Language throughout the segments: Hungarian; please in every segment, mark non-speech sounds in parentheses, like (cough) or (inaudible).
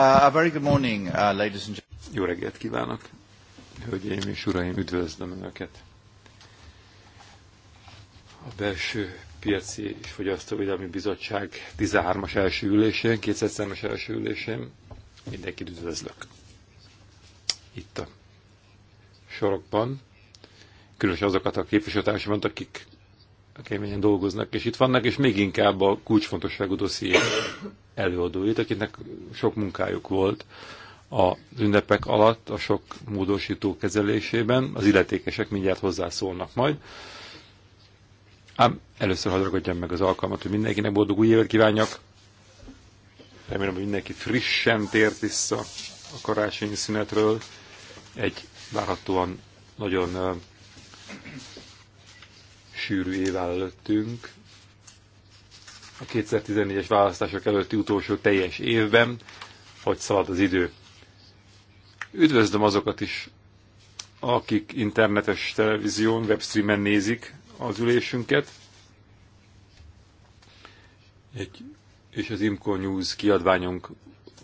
Uh, a very good morning, uh, ladies and gentlemen. Jó reggelt kívánok, hölgyeim és uraim, üdvözlöm Önöket. A belső piaci és fogyasztóvédelmi bizottság 13-as első ülésén, 200-as első ülésén mindenkit üdvözlök. Itt a sorokban, különösen azokat a képviselőtársamat, akik keményen dolgoznak, és itt vannak, és még inkább a kulcsfontosságú dossziék előadóit, akiknek sok munkájuk volt a ünnepek alatt, a sok módosító kezelésében. Az illetékesek mindjárt hozzászólnak majd. Ám először hadragadjam meg az alkalmat, hogy mindenkinek boldog új évet kívánjak. Remélem, hogy mindenki frissen tért vissza a karácsonyi szünetről. Egy várhatóan nagyon uh, sűrű év előttünk, a 2014-es választások előtti utolsó teljes évben, hogy szalad az idő. Üdvözlöm azokat is, akik internetes televízión, webstreamen nézik az ülésünket. Egy, és az Imco News kiadványunk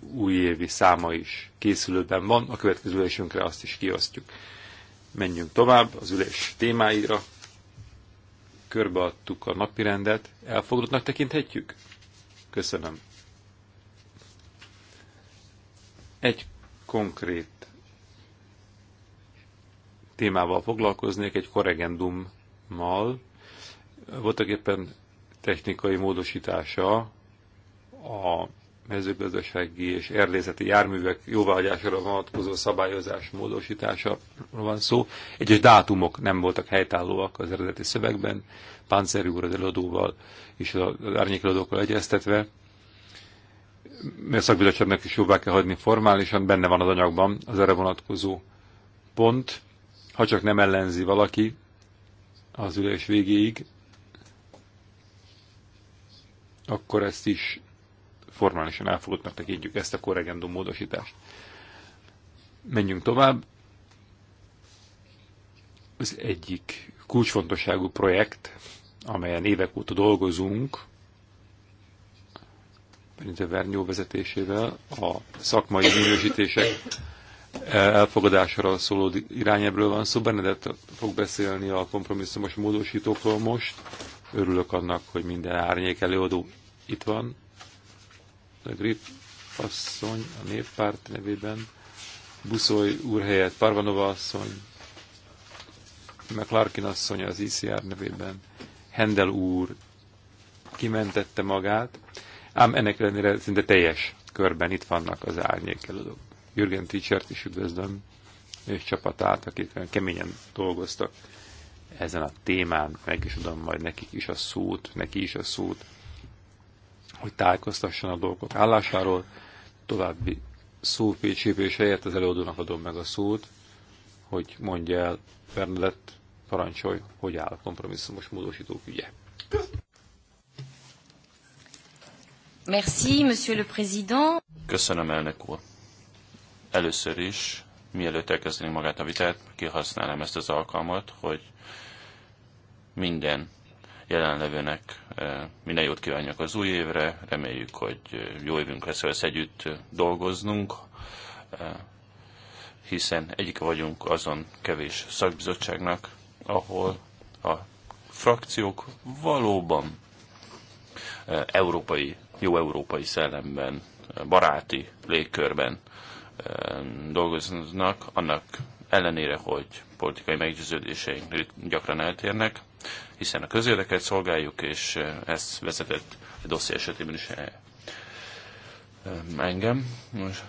újévi száma is készülőben van, a következő ülésünkre azt is kiosztjuk. Menjünk tovább az ülés témáira körbeadtuk a napirendet, elfogadottnak tekinthetjük? Köszönöm. Egy konkrét témával foglalkoznék, egy korregendummal. Voltak éppen technikai módosítása a mezőgazdasági és erdészeti járművek jóváhagyására vonatkozó szabályozás módosítása van szó. Egyes dátumok nem voltak helytállóak az eredeti szövegben, Pánceri úr az előadóval és az árnyékeladókkal egyeztetve, mert szakbizottságnak is jóvá kell hagyni formálisan, benne van az anyagban az erre vonatkozó pont, ha csak nem ellenzi valaki az ülés végéig, akkor ezt is formálisan elfogadottnak tekintjük ezt a korregendum módosítást. Menjünk tovább. Az egyik kulcsfontosságú projekt, amelyen évek óta dolgozunk, Benite Vernyó vezetésével a szakmai minősítések elfogadására szóló irányebről van szó. Benedett fog beszélni a kompromisszumos módosítókról most. Örülök annak, hogy minden árnyék előadó itt van. A Grip asszony a néppárt nevében, Buszoly úr helyett Parvanova asszony, McLarkin asszony az ICR nevében, Hendel úr kimentette magát, ám ennek ellenére szinte teljes körben itt vannak az árnyékelődők. Jürgen Tichert is üdvözlöm, és csapatát, akik olyan keményen dolgoztak ezen a témán, meg is adom majd nekik is a szót, neki is a szót hogy tájékoztasson a dolgok állásáról. További szófécsépés helyett az előadónak adom meg a szót, hogy mondja el Bernadett, parancsolj, hogy áll a kompromisszumos módosítók ügye. Merci, Monsieur le Président. Köszönöm, elnök úr. Először is, mielőtt elkezdenénk magát a vitát, kihasználnám ezt az alkalmat, hogy minden jelenlevőnek eh, minden jót kívánjak az új évre, reméljük, hogy eh, jó évünk lesz, lesz együtt eh, dolgoznunk, hiszen egyik vagyunk azon kevés szakbizottságnak, ahol a frakciók valóban európai, jó európai szellemben, baráti légkörben dolgoznak, annak ellenére, hogy politikai meggyőződéseink gyakran eltérnek, hiszen a közérdeket szolgáljuk, és eh, ez vezetett a dosszi esetében is eh, eh, engem. Most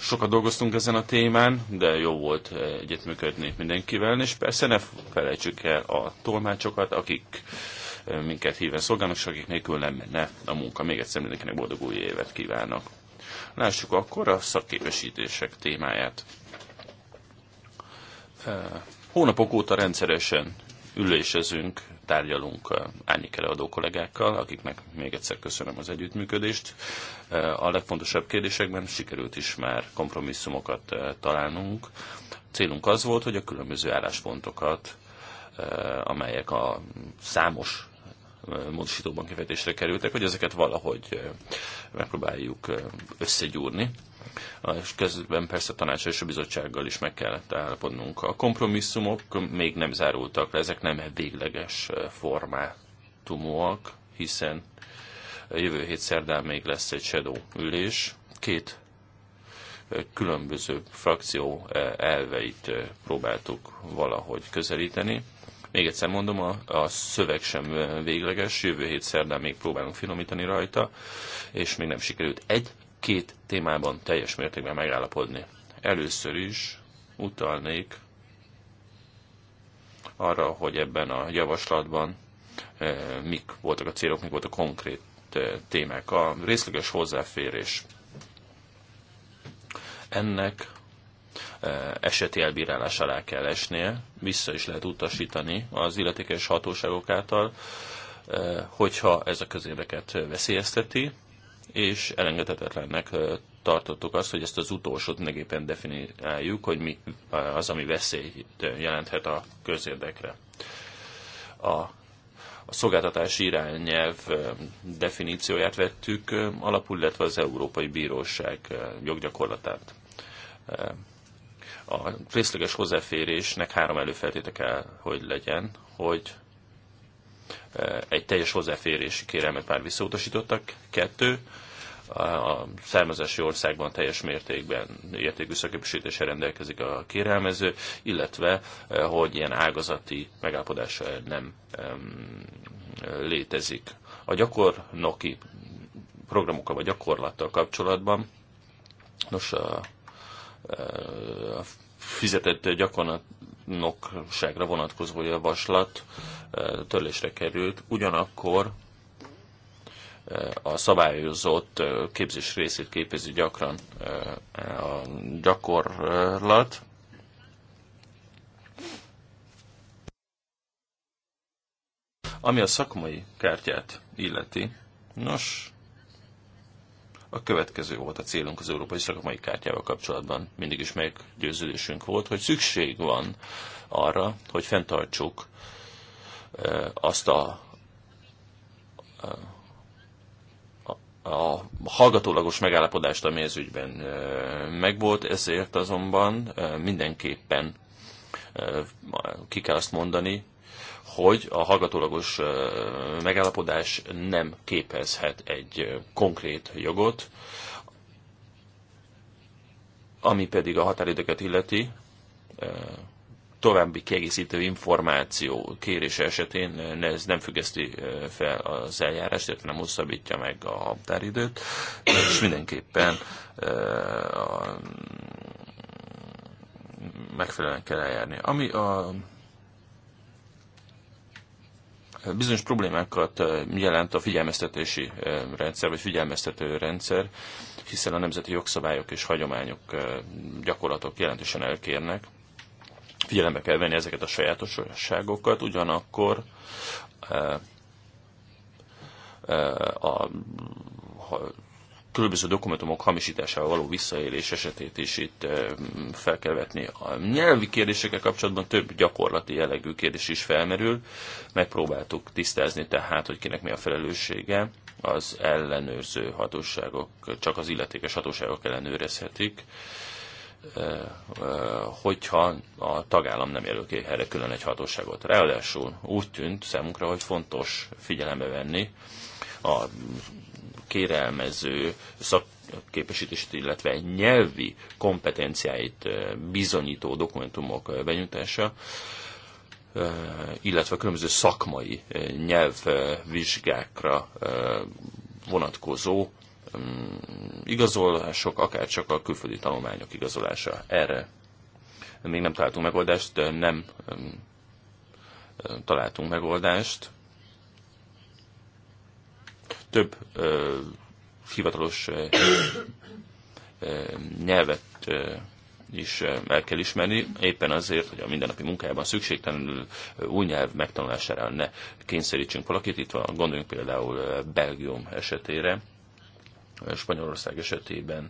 sokat dolgoztunk ezen a témán, de jó volt egyetműködni mindenkivel, és persze ne felejtsük el a tolmácsokat, akik minket híven szolgálnak, és akik nélkül nem menne a munka. Még egyszer mindenkinek boldog új évet kívánok. Lássuk akkor a szakképesítések témáját. Hónapok óta rendszeresen ülésezünk, tárgyalunk adó kollégákkal, akiknek még egyszer köszönöm az együttműködést. A legfontosabb kérdésekben sikerült is már kompromisszumokat találnunk. A célunk az volt, hogy a különböző álláspontokat, amelyek a számos módosítóban kifejtésre kerültek, hogy ezeket valahogy megpróbáljuk összegyúrni és közben persze a tanács és a bizottsággal is meg kellett állapodnunk. A kompromisszumok még nem zárultak le, ezek nem végleges eh, formátumúak, hiszen jövő hét szerdán még lesz egy shadow ülés. Két eh, különböző frakció eh, elveit próbáltuk valahogy közelíteni. Még egyszer mondom, a, a szöveg sem végleges, jövő hét szerdán még próbálunk finomítani rajta, és még nem sikerült egy két témában teljes mértékben megállapodni. Először is utalnék arra, hogy ebben a javaslatban eh, mik voltak a célok, mik voltak a konkrét eh, témák. A részleges hozzáférés ennek eh, eseti elbírálás alá kell esnie, vissza is lehet utasítani az illetékes hatóságok által, hogyha ez a közérdeket veszélyezteti, és elengedhetetlennek tartottuk azt, hogy ezt az utolsót mindenképpen definiáljuk, hogy mi az, ami veszélyt jelenthet a közérdekre. A a szolgáltatási irányelv definícióját vettük alapul, illetve az Európai Bíróság joggyakorlatát. A részleges hozzáférésnek három előfeltéte kell, hogy legyen, hogy Eh, egy teljes hozzáférési kérelmet már visszautasítottak, kettő, a származási országban teljes mértékben értékű szaképesítése rendelkezik a kérelmező, illetve eh, hogy ilyen ágazati megállapodása nem létezik. A gyakornoki programokkal vagy gyakorlattal kapcsolatban, nos, a, eh, a fizetett gyakornok, bajnokságra vonatkozó javaslat e, törlésre került, ugyanakkor e, a szabályozott e, képzés részét képezi gyakran a gyakorlat. Ami a szakmai kártyát illeti, nos, a következő volt a célunk az Európai Szakmai Kártyával kapcsolatban. Mindig is meggyőződésünk volt, hogy szükség van arra, hogy fenntartsuk azt a, a, a hallgatólagos megállapodást, ami ez ügyben megvolt, ezért azonban mindenképpen ki kell azt mondani, hogy a hallgatólagos megállapodás nem képezhet egy konkrét jogot, ami pedig a határidőket illeti, további kiegészítő információ kérése esetén ez nem függeszti fel az eljárást, illetve nem hosszabbítja meg a határidőt, és mindenképpen megfelelően kell eljárni. Ami a bizonyos problémákat jelent a figyelmeztetési rendszer, vagy figyelmeztető rendszer, hiszen a nemzeti jogszabályok és hagyományok, gyakorlatok jelentősen elkérnek. Figyelembe kell venni ezeket a sajátosságokat, ugyanakkor a különböző dokumentumok hamisításával való visszaélés esetét is itt fel kell vetni. A nyelvi kérdésekkel kapcsolatban több gyakorlati jellegű kérdés is felmerül. Megpróbáltuk tisztázni tehát, hogy kinek mi a felelőssége. Az ellenőrző hatóságok, csak az illetékes hatóságok ellenőrezhetik hogyha a tagállam nem jelöl ki erre külön egy hatóságot. Ráadásul úgy tűnt számunkra, hogy fontos figyelembe venni a kérelmező szakképesítését, illetve nyelvi kompetenciáit eh, bizonyító dokumentumok eh, benyújtása, eh, illetve különböző szakmai nyelvvizsgákra vonatkozó mm, igazolások, akár csak a külföldi tanulmányok igazolása. Erre még nem találtunk megoldást, nem mm, találtunk megoldást több ö, hivatalos ö, ö, nyelvet ö, is el kell ismerni, éppen azért, hogy a mindennapi munkájában szükségtelenül új nyelv megtanulására ne kényszerítsünk valakit. Itt van, gondoljunk például Belgium esetére, Spanyolország esetében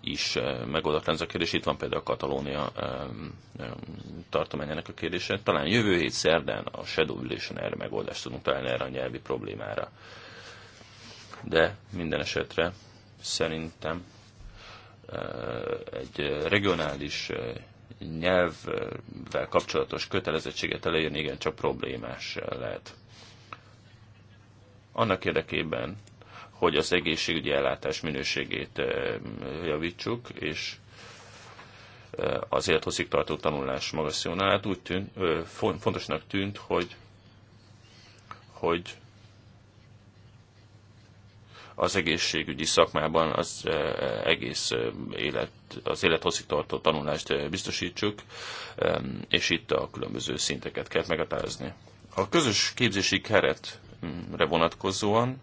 is megoldatlan ez a kérdés. Itt van például a Katalónia tartományának a kérdése. Talán jövő hét szerdán a Shadow ülésen erre megoldást tudunk találni erre a nyelvi problémára de minden esetre szerintem egy regionális nyelvvel kapcsolatos kötelezettséget elejön igencsak problémás lehet. Annak érdekében, hogy az egészségügyi ellátás minőségét javítsuk, és az élethosszig tartó tanulás magas színvonalát úgy tűnt, fontosnak tűnt, hogy, hogy az egészségügyi szakmában az eh, egész eh, élet, az élethosszígtartó tanulást eh, biztosítsuk, és itt a különböző szinteket kell meghatározni. A közös képzési keretre vonatkozóan,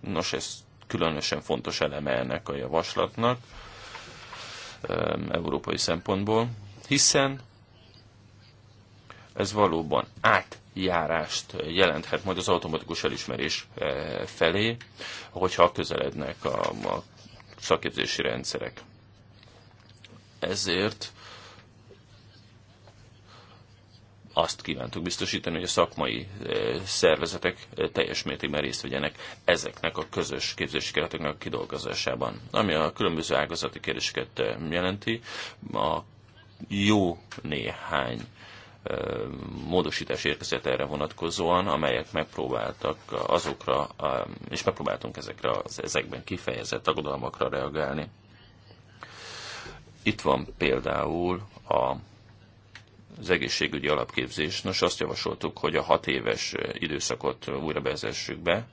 nos ez különösen fontos eleme ennek a javaslatnak, európai szempontból, hiszen ez valóban átjárást jelenthet majd az automatikus elismerés eh, felé, hogyha közelednek a, a szakképzési rendszerek. Ezért azt kívántuk biztosítani, hogy a szakmai eh, szervezetek eh, teljes mértékben részt vegyenek ezeknek a közös képzési kereteknek a kidolgozásában. Ami a különböző ágazati kérdéseket jelenti, a jó néhány módosítás érkezett erre vonatkozóan, amelyek megpróbáltak azokra, és megpróbáltunk ezekre az ezekben kifejezett aggodalmakra reagálni. Itt van például a az egészségügyi alapképzés. Nos, azt javasoltuk, hogy a hat éves időszakot újra bevezessük be,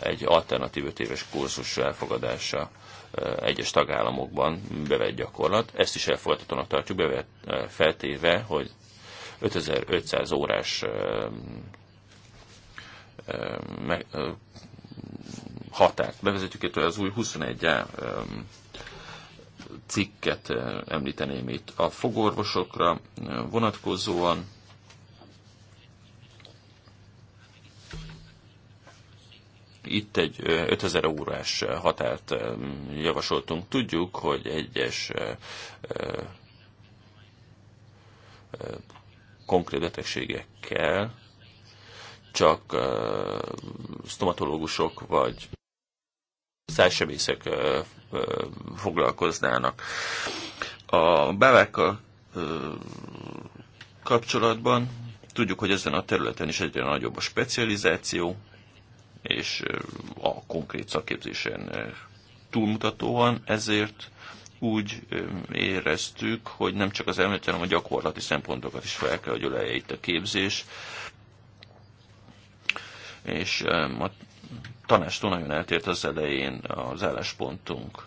egy alternatív öt éves kurzus elfogadása egyes tagállamokban bevett gyakorlat. Ezt is elfogadhatónak tartjuk, bevett feltéve, hogy 5500 órás határt bevezetjük, illetve az új 21 cikket említeném itt. A fogorvosokra vonatkozóan Itt egy 5000 órás határt javasoltunk. Tudjuk, hogy egyes konkrét betegségekkel csak stomatológusok vagy szájsebészek foglalkoznának. A bevákkal kapcsolatban tudjuk, hogy ezen a területen is egyre nagyobb a specializáció, és a konkrét szakképzésen túlmutatóan, ezért úgy éreztük, hogy nem csak az elméleti, hanem a gyakorlati szempontokat is fel kell, hogy ölelje itt a képzés. És a tanástól nagyon eltért az elején az álláspontunk.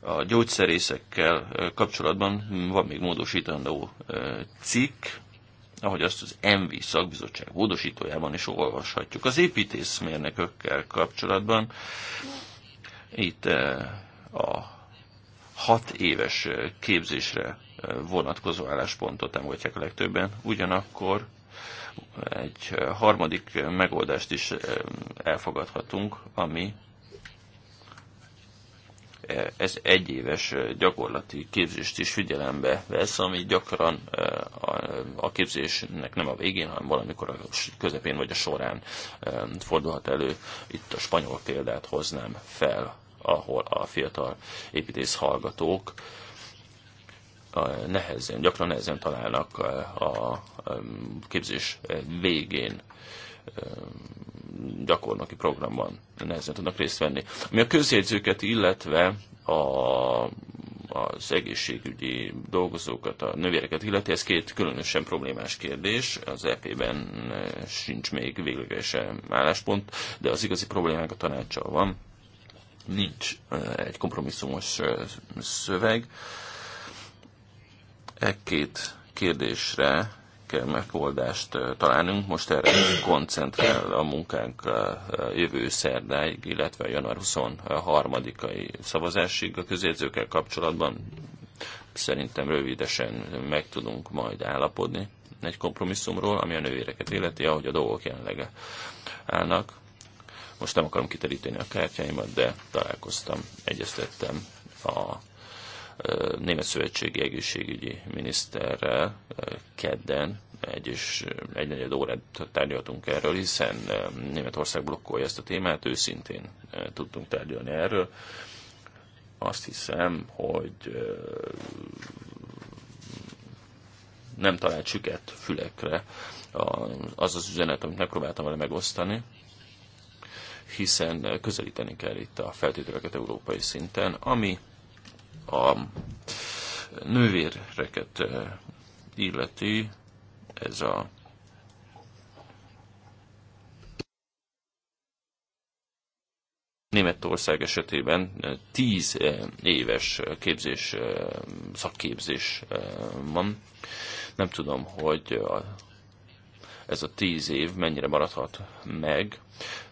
A gyógyszerészekkel kapcsolatban van még módosítandó cikk, ahogy azt az MV szakbizottság hódosítójában is olvashatjuk. Az építészmérnökökkel kapcsolatban itt eh, a hat éves eh, képzésre eh, vonatkozó álláspontot támogatják a legtöbben, ugyanakkor egy harmadik megoldást is elfogadhatunk, ami ez egyéves gyakorlati képzést is figyelembe vesz, ami gyakran a képzésnek nem a végén, hanem valamikor a közepén vagy a során fordulhat elő. Itt a spanyol példát hoznám fel, ahol a fiatal építész hallgatók nehezen, gyakran nehezen találnak a képzés végén gyakornoki programban nehezen tudnak részt venni. Ami a közjegyzőket, illetve a, az egészségügyi dolgozókat, a növéreket illeti, ez két különösen problémás kérdés. Az EP-ben eh, sincs még véglegesen álláspont, de az igazi problémák a tanácsal van. Nincs eh, egy kompromisszumos eh, szöveg. E két kérdésre kell megoldást eh, találnunk. Most erre koncentrál a munkánk eh, jövő szerdáig, illetve január 23-ai szavazásig a közjegyzőkkel kapcsolatban. Szerintem rövidesen meg tudunk majd állapodni egy kompromisszumról, ami a nővéreket illeti, ahogy a dolgok jelenleg állnak. Most nem akarom kiteríteni a kártyáimat, de találkoztam, egyeztettem a Német Szövetségi Egészségügyi Miniszterrel kedden egy és egy negyed órát tárgyaltunk erről, hiszen Németország blokkolja ezt a témát, őszintén tudtunk tárgyalni erről. Azt hiszem, hogy nem talált süket fülekre az az üzenet, amit megpróbáltam vele megosztani, hiszen közelíteni kell itt a feltételeket európai szinten, ami a nővéreket eh, illeti, ez a Németország esetében 10 eh, eh, éves képzés, szakképzés van. Nem tudom, hogy ez a 10 év mennyire maradhat meg.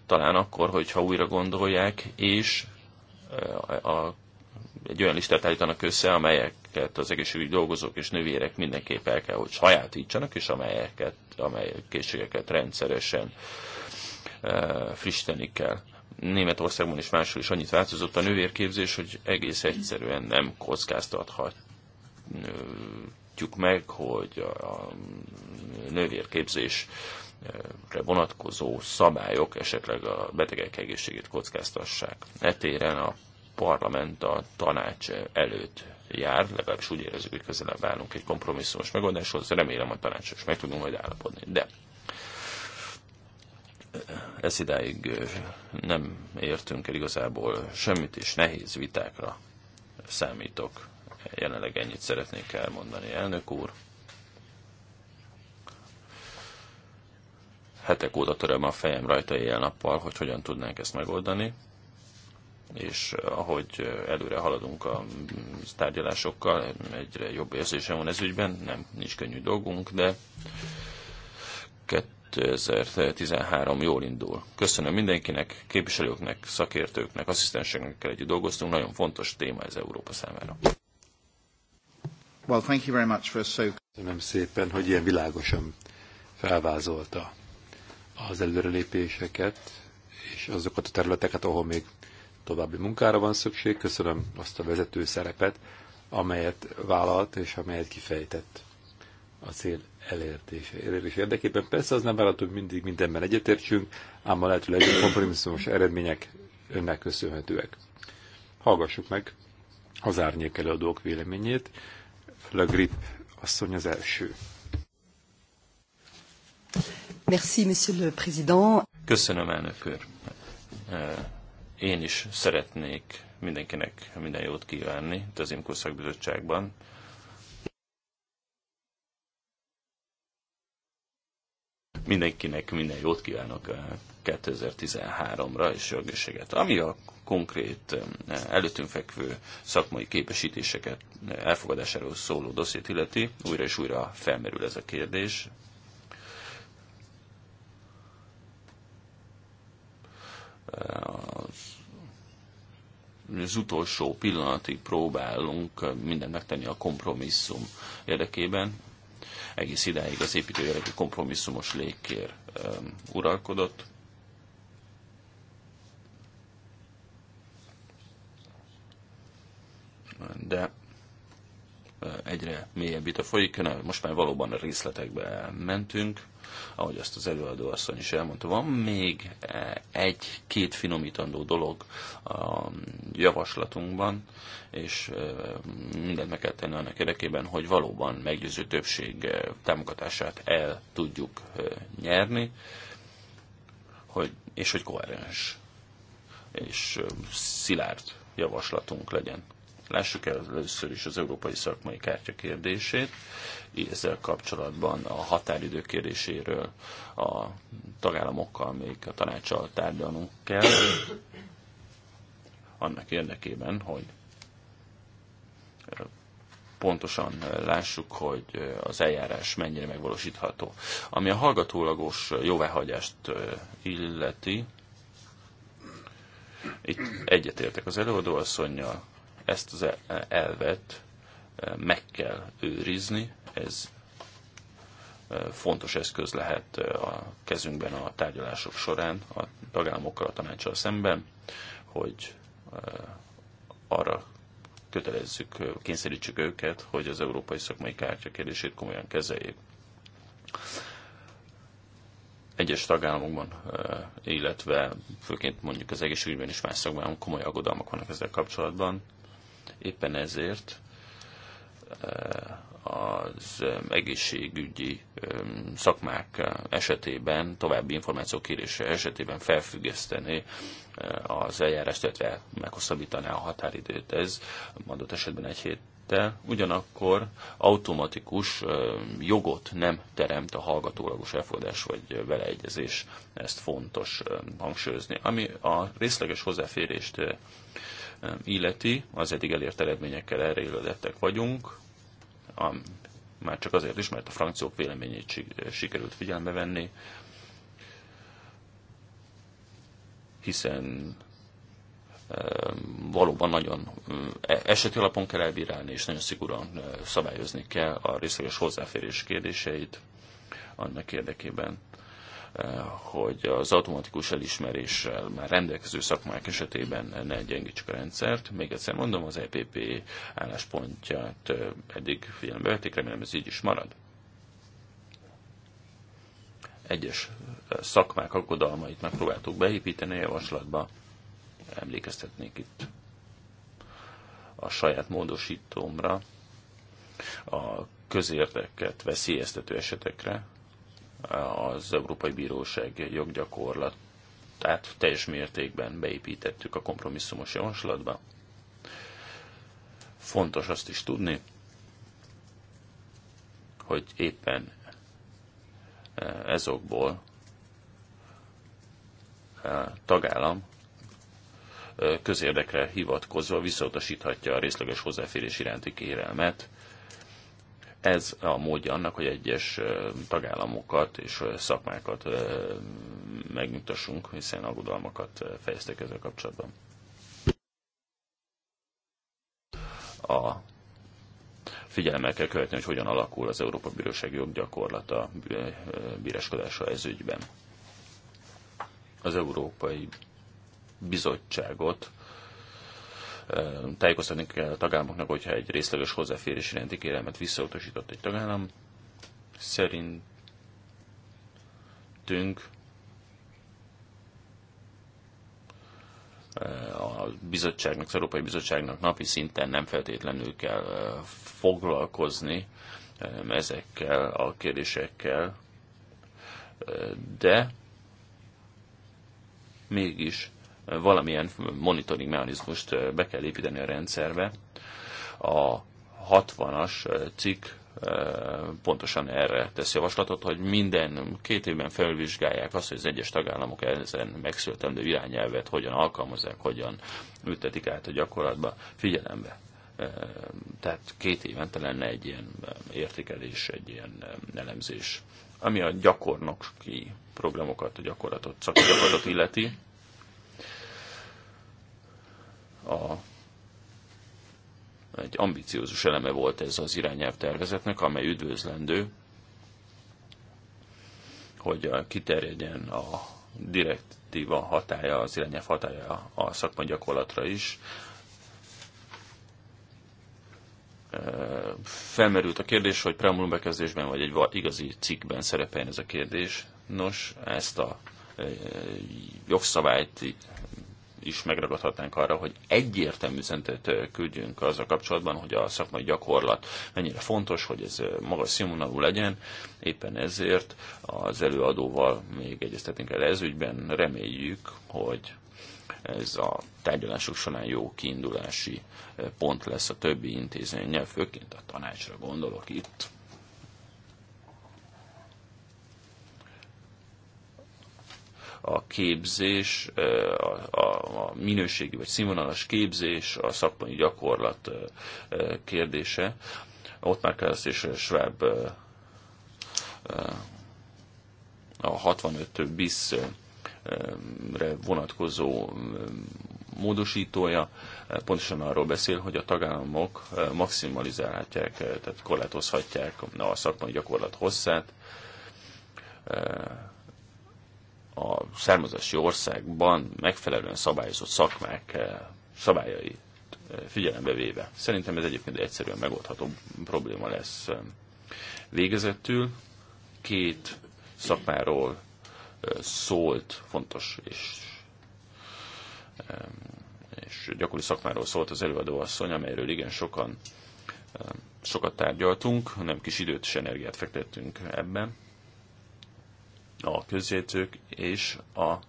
Talán akkor, hogyha újra gondolják, és a egy olyan listát állítanak össze, amelyeket az egészségügyi dolgozók és nővérek mindenképp el kell, hogy sajátítsanak, és amelyeket, amely készségeket rendszeresen e, frissíteni kell. Németországban is máshol is annyit változott a nővérképzés, hogy egész egyszerűen nem kockáztathatjuk meg, hogy a nővérképzésre vonatkozó szabályok esetleg a betegek egészségét kockáztassák. Etéren a parlament a tanács előtt jár, legalábbis úgy érezzük, hogy közelebb állunk egy kompromisszumos megoldáshoz, remélem a tanács is meg tudunk majd állapodni. De ez idáig nem értünk el igazából semmit, és nehéz vitákra számítok. Jelenleg ennyit szeretnék elmondani, elnök úr. Hetek óta töröm a fejem rajta éjjel-nappal, hogy hogyan tudnánk ezt megoldani és eh, ahogy eh, előre haladunk a mm, tárgyalásokkal, egyre jobb érzésem van ez ügyben, nem, nincs könnyű dolgunk, de 2013 jól indul. Köszönöm mindenkinek, képviselőknek, szakértőknek, asszisztenseknek együtt dolgoztunk, nagyon fontos téma ez Európa számára. Well, thank you very much for so... Köszönöm szépen, hogy ilyen világosan felvázolta az előrelépéseket, és azokat a területeket, ahol még további munkára van szükség. Köszönöm azt a vezető szerepet, amelyet vállalt és amelyet kifejtett a cél elértése. Elérés érdekében persze az nem várható, hogy mindig mindenben egyetértsünk, ám a lehető legjobb kompromisszumos eredmények önnek köszönhetőek. Hallgassuk meg az árnyék előadók véleményét. Le Grip asszony az első. Merci, Monsieur le Président. Köszönöm, elnök úr. Én is szeretnék mindenkinek minden jót kívánni itt az IMKO szakbizottságban. Mindenkinek minden jót kívánok 2013-ra és jogészséget. Ami a konkrét előttünk fekvő szakmai képesítéseket elfogadásáról szóló dossziét illeti, újra és újra felmerül ez a kérdés, Eh, az, az utolsó pillanatig próbálunk eh, mindent megtenni a kompromisszum érdekében. Egész idáig az építőjelekű kompromisszumos légkér eh, uralkodott. De egyre mélyebb vita folyik, most már valóban a részletekbe mentünk ahogy azt az előadó asszony is elmondta. Van még eh, egy-két finomítandó dolog a javaslatunkban, és eh, mindent meg kell tenni annak érdekében, hogy valóban meggyőző többség eh, támogatását el tudjuk nyerni, hogy, és hogy koherens és szilárd javaslatunk legyen. Lássuk el először is az európai szakmai kártya kérdését ezzel kapcsolatban a határidő kérdéséről a tagállamokkal még a tanácssal tárgyalnunk kell, annak érdekében, hogy pontosan lássuk, hogy az eljárás mennyire megvalósítható. Ami a hallgatólagos jóváhagyást illeti, itt egyetértek az előadóasszonynal, ezt az e- elvet meg kell őrizni, ez fontos eszköz lehet a kezünkben a tárgyalások során a tagállamokkal, a tanácssal szemben, hogy arra kötelezzük, kényszerítsük őket, hogy az európai szakmai kártya kérdését komolyan kezeljék. Egyes tagállamokban, illetve főként mondjuk az egészségügyben és más szakmában komoly aggodalmak vannak ezzel kapcsolatban. Éppen ezért Eh, az eh, egészségügyi eh, szakmák esetében, további információk kérése esetében felfüggeszteni az eljárást, illetve meghosszabbítaná a határidőt. Ez adott esetben egy héttel. Ugyanakkor automatikus jogot nem teremt a hallgatólagos elfogadás vagy beleegyezés. Ezt fontos hangsúlyozni. Ami a részleges hozzáférést illeti, az eddig elért eredményekkel erre illettek vagyunk, a, már csak azért is, mert a frankciók véleményét sikerült figyelembe venni, hiszen valóban nagyon e, eseti alapon kell elbírálni, és nagyon szigorúan szabályozni kell a részleges hozzáférés kérdéseit annak érdekében, Eh, hogy az automatikus elismeréssel már rendelkező szakmák esetében ne gyengítsük a rendszert. Még egyszer mondom, az EPP álláspontját eh, eddig figyelembe vették, remélem ez így is marad. Egyes eh, szakmák aggodalmait megpróbáltuk beépíteni a javaslatba, emlékeztetnék itt a saját módosítómra, a közérdeket veszélyeztető esetekre, az Európai Bíróság tehát teljes mértékben beépítettük a kompromisszumos javaslatba. Fontos azt is tudni, hogy éppen e, ezokból e, tagállam e, közérdekre hivatkozva visszautasíthatja a részleges hozzáférés iránti kérelmet, ez a módja annak, hogy egyes tagállamokat és szakmákat megnyugtassunk, hiszen aggodalmakat fejeztek ezzel kapcsolatban. A figyelemmel kell követni, hogy hogyan alakul az Európa Bíróság joggyakorlata bíráskodása ez ügyben. Az Európai Bizottságot tájékoztatni kell a tagállamoknak, hogyha egy részleges hozzáférés rendi kérelmet visszautasított egy tagállam. Szerintünk eh, a bizottságnak, az Európai Bizottságnak napi szinten nem feltétlenül kell eh, foglalkozni eh, ezekkel a kérdésekkel, de mégis valamilyen monitoring mechanizmust eh, be kell építeni a rendszerbe. A 60-as eh, cikk eh, pontosan erre tesz javaslatot, hogy minden két évben felvizsgálják azt, hogy az egyes tagállamok ezen megszültendő irányelvet hogyan alkalmazzák, hogyan ültetik át a gyakorlatba figyelembe. Tehát két évente lenne egy ilyen értékelés, egy ilyen elemzés. Ami a gyakornoki programokat, a gyakorlatot, szakgyakorlatot illeti, a egy ambiciózus eleme volt ez az irányelv tervezetnek, amely üdvözlendő, hogy kiterjedjen a direktíva hatája, az irányelv hatája a szakmai gyakorlatra is. Felmerült a kérdés, hogy preambulum bekezdésben vagy egy igazi cikkben szerepeljen ez a kérdés. Nos, ezt a jogszabályt is megragadhatnánk arra, hogy egyértelmű üzenetet küldjünk az a kapcsolatban, hogy a szakmai gyakorlat mennyire fontos, hogy ez magas színvonalú legyen. Éppen ezért az előadóval még egyeztetünk el ez ügyben. Reméljük, hogy ez a tárgyalások során jó kiindulási pont lesz a többi intézménynél, főként a tanácsra gondolok itt. a képzés, a, a minőségi vagy színvonalas képzés, a szakmai gyakorlat kérdése. Ott már kell és Schwab a 65 bis vonatkozó módosítója pontosan arról beszél, hogy a tagállamok maximalizálhatják, tehát korlátozhatják a szakmai gyakorlat hosszát, a származási országban megfelelően szabályozott szakmák eh, szabályait eh, figyelembe véve. Szerintem ez egyébként egyszerűen megoldható probléma lesz. Eh, végezetül két szakmáról szólt, fontos és, és gyakori szakmáról szólt az előadó, asszony, amelyről igen sokan sokat tárgyaltunk, nem kis időt és energiát fektettünk ebben a közjegyzők és a e,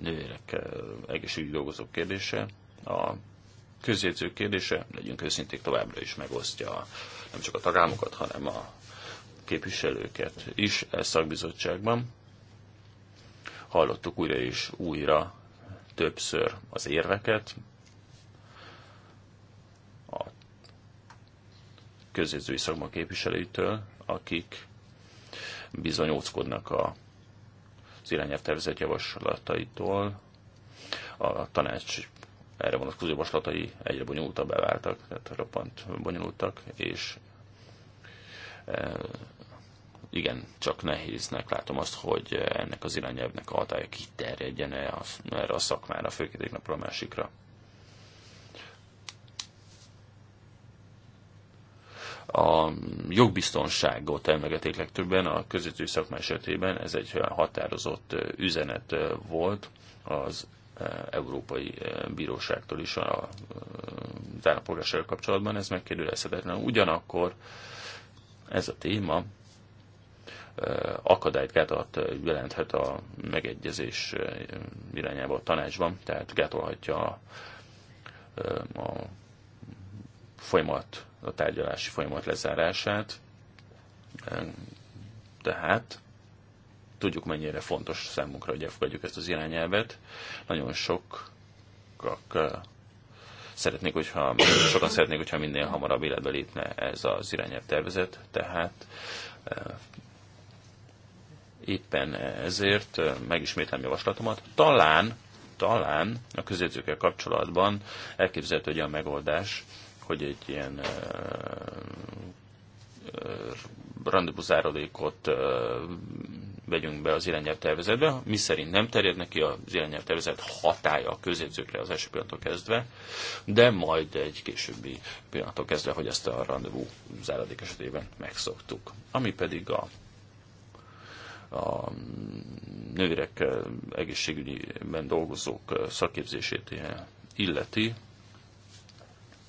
nőnek e, egészségügyi dolgozók kérdése. A közjegyzők kérdése, legyünk őszinték, továbbra is megosztja nem csak a tagállamokat, hanem a képviselőket is e szakbizottságban. Hallottuk újra és újra többször az érveket, a közjegyzői szakma képviselőitől, akik bizony óckodnak a, az irányelvtervezet javaslataitól. A tanács erre vonatkozó javaslatai egyre bonyolultabbá váltak, tehát roppant bonyolultak, és e, igen, csak nehéznek látom azt, hogy ennek az irányelvnek a hatája kiterjedjen -e erre a szakmára, főként egy napra a másikra. a jogbiztonságot emlegeték legtöbben, a közvető szakmai esetében ez egy határozott üzenet volt az Európai Bíróságtól is a állampolgársággal kapcsolatban, ez megkérdőjelezhetetlen. Ugyanakkor ez a téma akadályt, gátat jelenthet a megegyezés irányába a tanácsban, tehát gátolhatja a, a folyamat a tárgyalási folyamat lezárását. Tehát tudjuk, mennyire fontos számunkra, hogy elfogadjuk ezt az irányelvet. Nagyon sok szeretnék, hogyha, sokan szeretnék, hogyha minél hamarabb életbe lépne ez az irányelv tervezet, tehát éppen ezért megismétlem javaslatomat. Talán, talán a közjegyzőkkel kapcsolatban elképzelhető egy olyan megoldás, hogy egy ilyen randebuzárodékot vegyünk be az tervezetbe, mi szerint nem terjed neki az tervezet hatája a közjegyzőkre az első pillanatok kezdve, de majd egy későbbi pillanatok kezdve, hogy ezt a rendezvú záradék esetében megszoktuk. Ami pedig a a nőrek egészségügyben dolgozók szakképzését illeti,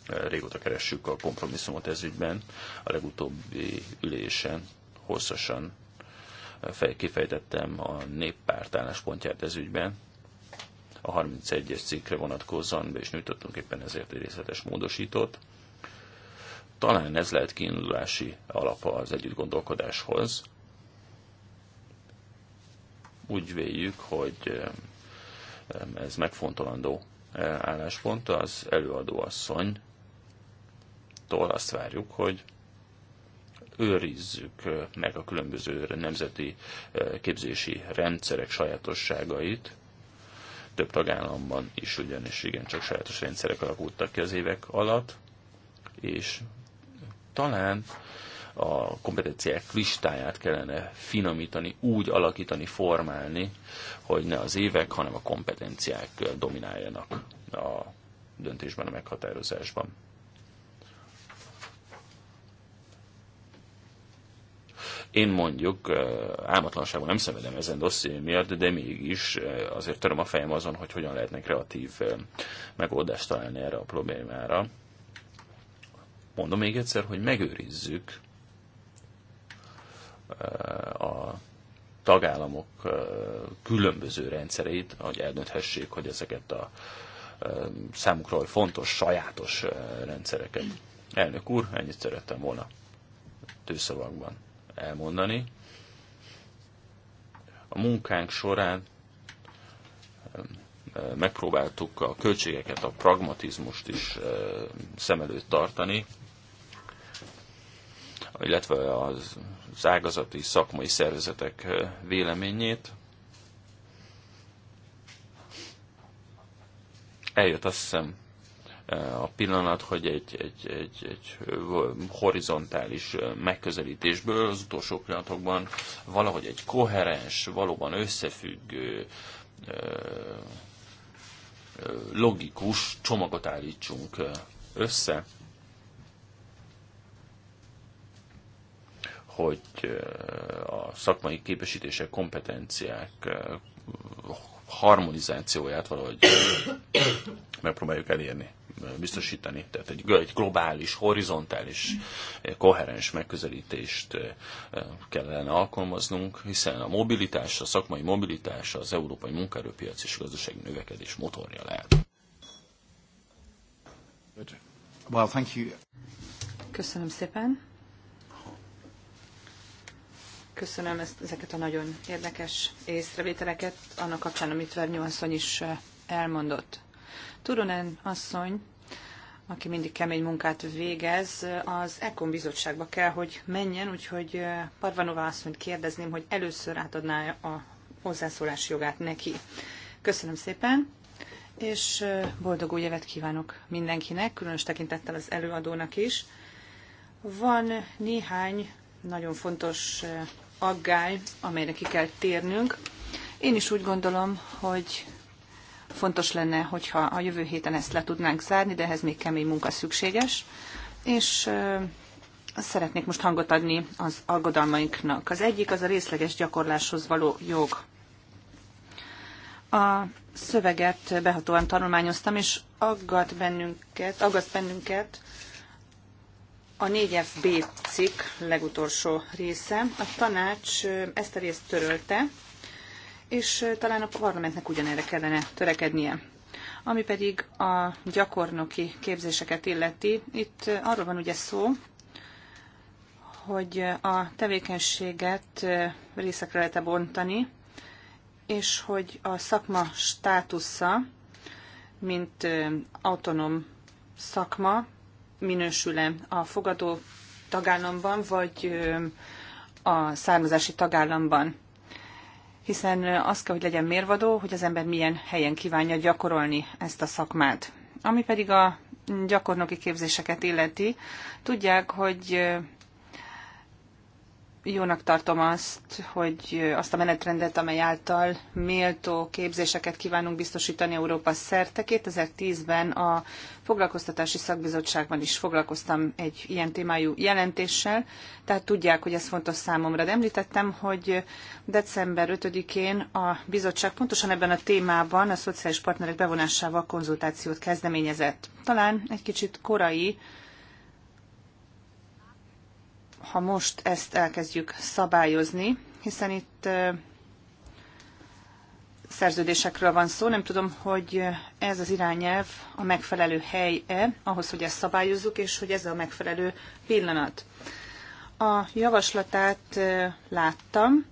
régóta keressük a kompromisszumot ez ügyben. A legutóbbi ülésen hosszasan eh, kifejtettem a néppárt álláspontját ez ügyben. A 31-es cikkre vonatkozóan be is nyújtottunk éppen ezért egy részletes módosítót. Talán ez lehet kiindulási alapa az együtt gondolkodáshoz. Úgy véljük, hogy eh, ez megfontolandó eh, álláspont, az előadó asszony kormánytól azt várjuk, hogy őrizzük meg a különböző nemzeti képzési rendszerek sajátosságait. Több tagállamban is ugyanis csak sajátos rendszerek alakultak ki az évek alatt, és talán a kompetenciák listáját kellene finomítani, úgy alakítani, formálni, hogy ne az évek, hanem a kompetenciák domináljanak a döntésben, a meghatározásban. Én mondjuk álmatlanságban nem szenvedem ezen dosszié miatt, de mégis azért töröm a fejem azon, hogy hogyan lehetne kreatív megoldást találni erre a problémára. Mondom még egyszer, hogy megőrizzük a tagállamok különböző rendszereit, hogy eldönthessék, hogy ezeket a számukra fontos, sajátos rendszereket. Elnök úr, ennyit szerettem volna tőszavakban elmondani. A munkánk során megpróbáltuk a költségeket, a pragmatizmust is szem előtt tartani, illetve az, ágazati szakmai szervezetek véleményét. Eljött azt hiszem a pillanat, hogy egy, egy, egy, egy horizontális megközelítésből az utolsó pillanatokban valahogy egy koherens, valóban összefüggő, logikus csomagot állítsunk össze, hogy a szakmai képesítések, kompetenciák harmonizációját valahogy megpróbáljuk elérni biztosítani, tehát egy, egy globális, horizontális, koherens megközelítést kellene alkalmaznunk, hiszen a mobilitás, a szakmai mobilitás az európai munkaerőpiac és gazdasági növekedés motorja lehet. Well, thank you. Köszönöm szépen. Köszönöm ezt, ezeket a nagyon érdekes észrevételeket, annak kapcsán, amit Vernyó asszony is elmondott. Turunen asszony, aki mindig kemény munkát végez, az Ekon bizottságba kell, hogy menjen, úgyhogy eh, Parvanova asszonyt kérdezném, hogy először átadná a hozzászólás jogát neki. Köszönöm szépen, és eh, boldog új évet kívánok mindenkinek, különös tekintettel az előadónak is. Van néhány nagyon fontos eh, aggály, amelyre ki kell térnünk. Én is úgy gondolom, hogy Fontos lenne, hogyha a jövő héten ezt le tudnánk zárni, de ehhez még kemény munka szükséges. És szeretnék most hangot adni az aggodalmainknak. Az egyik az a részleges gyakorláshoz való jog. A szöveget behatóan tanulmányoztam, és aggat bennünket, aggaszt bennünket a 4FB cikk legutolsó része. A tanács ezt a részt törölte, és talán a parlamentnek ugyanerre kellene törekednie. Ami pedig a gyakornoki képzéseket illeti, itt arról van ugye szó, hogy a tevékenységet részekre lehet -e bontani, és hogy a szakma státusza, mint autonóm szakma, minősül-e a fogadó tagállamban, vagy a származási tagállamban hiszen az kell, hogy legyen mérvadó, hogy az ember milyen helyen kívánja gyakorolni ezt a szakmát. Ami pedig a gyakornoki képzéseket illeti, tudják, hogy jónak tartom azt, hogy azt a menetrendet, amely által méltó képzéseket kívánunk biztosítani Európa szerte. 2010-ben a foglalkoztatási szakbizottságban is foglalkoztam egy ilyen témájú jelentéssel, tehát tudják, hogy ez fontos számomra. De említettem, hogy december 5-én a bizottság pontosan ebben a témában a szociális partnerek bevonásával konzultációt kezdeményezett. Talán egy kicsit korai, ha most ezt elkezdjük szabályozni, hiszen itt szerződésekről van szó. Nem tudom, hogy ez az irányelv a megfelelő hely-e ahhoz, hogy ezt szabályozzuk, és hogy ez a megfelelő pillanat. A javaslatát láttam.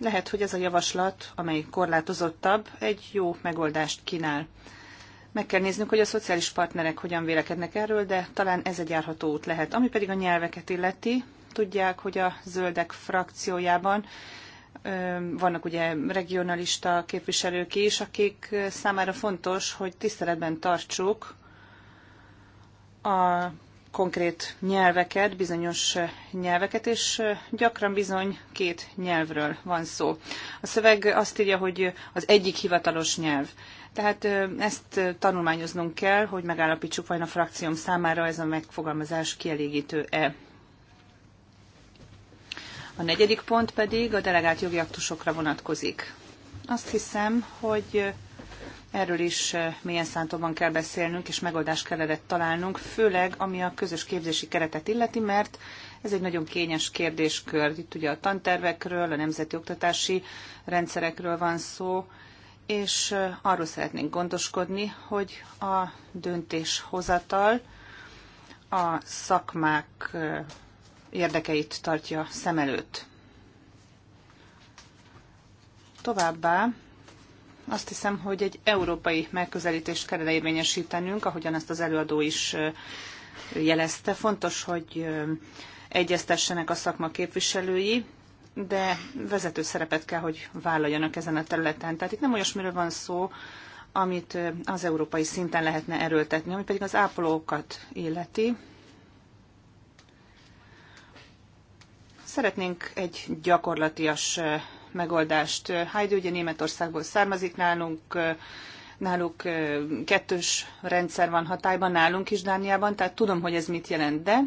Lehet, hogy ez a javaslat, amely korlátozottabb, egy jó megoldást kínál. Meg kell néznünk, hogy a szociális partnerek hogyan vélekednek erről, de talán ez egy járható út lehet. Ami pedig a nyelveket illeti, tudják, hogy a zöldek frakciójában vannak ugye regionalista képviselők is, akik számára fontos, hogy tiszteletben tartsuk a konkrét nyelveket, bizonyos nyelveket, és gyakran bizony két nyelvről van szó. A szöveg azt írja, hogy az egyik hivatalos nyelv. Tehát ezt tanulmányoznunk kell, hogy megállapítsuk, vajon a frakcióm számára ez a megfogalmazás kielégítő-e. A negyedik pont pedig a delegált jogi aktusokra vonatkozik. Azt hiszem, hogy erről is eh, milyen szántóban kell beszélnünk, és megoldást kellene találnunk, főleg ami a közös képzési keretet illeti, mert ez egy nagyon kényes kérdéskör. Itt ugye a tantervekről, a nemzeti oktatási rendszerekről van szó, és eh, arról szeretnénk gondoskodni, hogy a döntéshozatal a szakmák eh, érdekeit tartja szem előtt. Továbbá azt hiszem, hogy egy európai megközelítést kellene érvényesítenünk, ahogyan ezt az előadó is jelezte. Fontos, hogy egyeztessenek a szakma képviselői, de vezető szerepet kell, hogy vállaljanak ezen a területen. Tehát itt nem olyasmiről van szó, amit az európai szinten lehetne erőltetni, ami pedig az ápolókat illeti. Szeretnénk egy gyakorlatias megoldást. Heidi ugye Németországból származik nálunk, náluk kettős rendszer van hatályban, nálunk is Dániában, tehát tudom, hogy ez mit jelent, de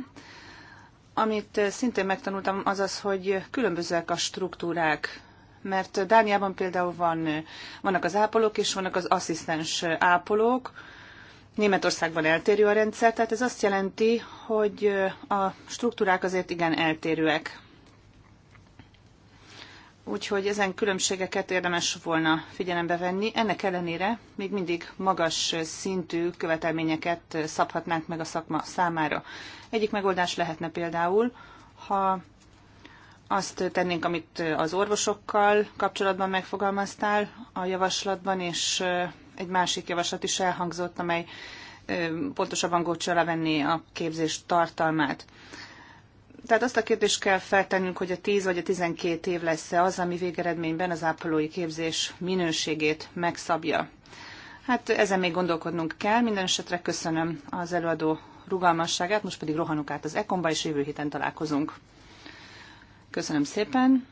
amit szintén megtanultam, az az, hogy különbözőek a struktúrák, mert Dániában például van, vannak az ápolók és vannak az asszisztens ápolók, Németországban eltérő a rendszer, tehát ez azt jelenti, hogy a struktúrák azért igen eltérőek. Úgyhogy ezen különbségeket érdemes volna figyelembe venni. Ennek ellenére még mindig magas szintű követelményeket szabhatnánk meg a szakma számára. Egyik megoldás lehetne például, ha azt tennénk, amit az orvosokkal kapcsolatban megfogalmaztál a javaslatban, és egy másik javaslat is elhangzott, amely pontosabban gócsa venni a képzés tartalmát tehát azt a kérdést kell feltennünk, hogy a 10 vagy a 12 év lesz-e az, ami végeredményben az ápolói képzés minőségét megszabja. Hát ezen még gondolkodnunk kell. Minden esetre köszönöm az előadó rugalmasságát, most pedig rohanunk át az ekomba, és jövő héten találkozunk. Köszönöm szépen.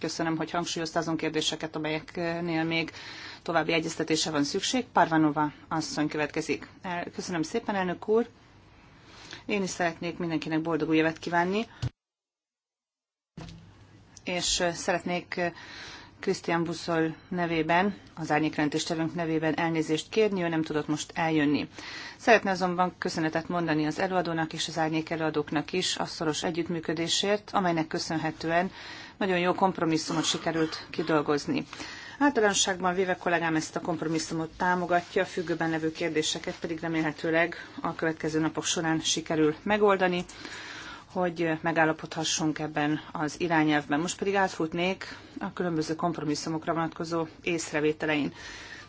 Köszönöm, hogy hangsúlyozta azon kérdéseket, amelyeknél még további egyeztetése van szükség. Parvanova asszony következik. Köszönöm szépen, elnök úr. Én is szeretnék mindenkinek boldog új évet kívánni, és szeretnék Krisztián Buszol nevében, az árnyékrendéstevőnk nevében elnézést kérni, ő nem tudott most eljönni. Szeretne azonban köszönetet mondani az előadónak és az árnyék előadóknak is a szoros együttműködésért, amelynek köszönhetően nagyon jó kompromisszumot sikerült kidolgozni. Általánosságban véve kollégám ezt a kompromisszumot támogatja, a függőben levő kérdéseket pedig remélhetőleg a következő napok során sikerül megoldani, hogy megállapodhassunk ebben az irányelvben. Most pedig átfutnék a különböző kompromisszumokra vonatkozó észrevételein.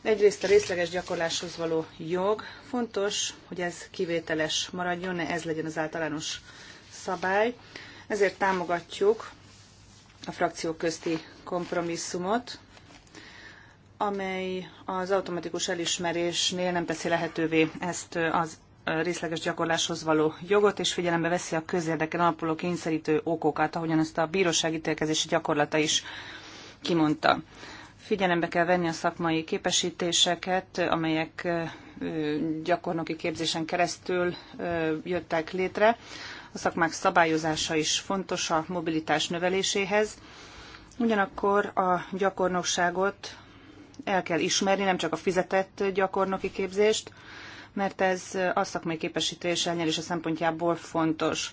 Egyrészt a részleges gyakorláshoz való jog. Fontos, hogy ez kivételes maradjon, ne ez legyen az általános szabály. Ezért támogatjuk a frakciók közti kompromisszumot, amely az automatikus elismerésnél nem teszi lehetővé ezt az részleges gyakorláshoz való jogot, és figyelembe veszi a közérdeken alapuló kényszerítő okokat, ahogyan ezt a bíróság ítélkezési gyakorlata is kimondta. Figyelembe kell venni a szakmai képesítéseket, amelyek gyakornoki képzésen keresztül jöttek létre. A szakmák szabályozása is fontos a mobilitás növeléséhez. Ugyanakkor a gyakornokságot el kell ismerni, nem csak a fizetett gyakornoki képzést, mert ez a szakmai képesítés elnyerése szempontjából fontos.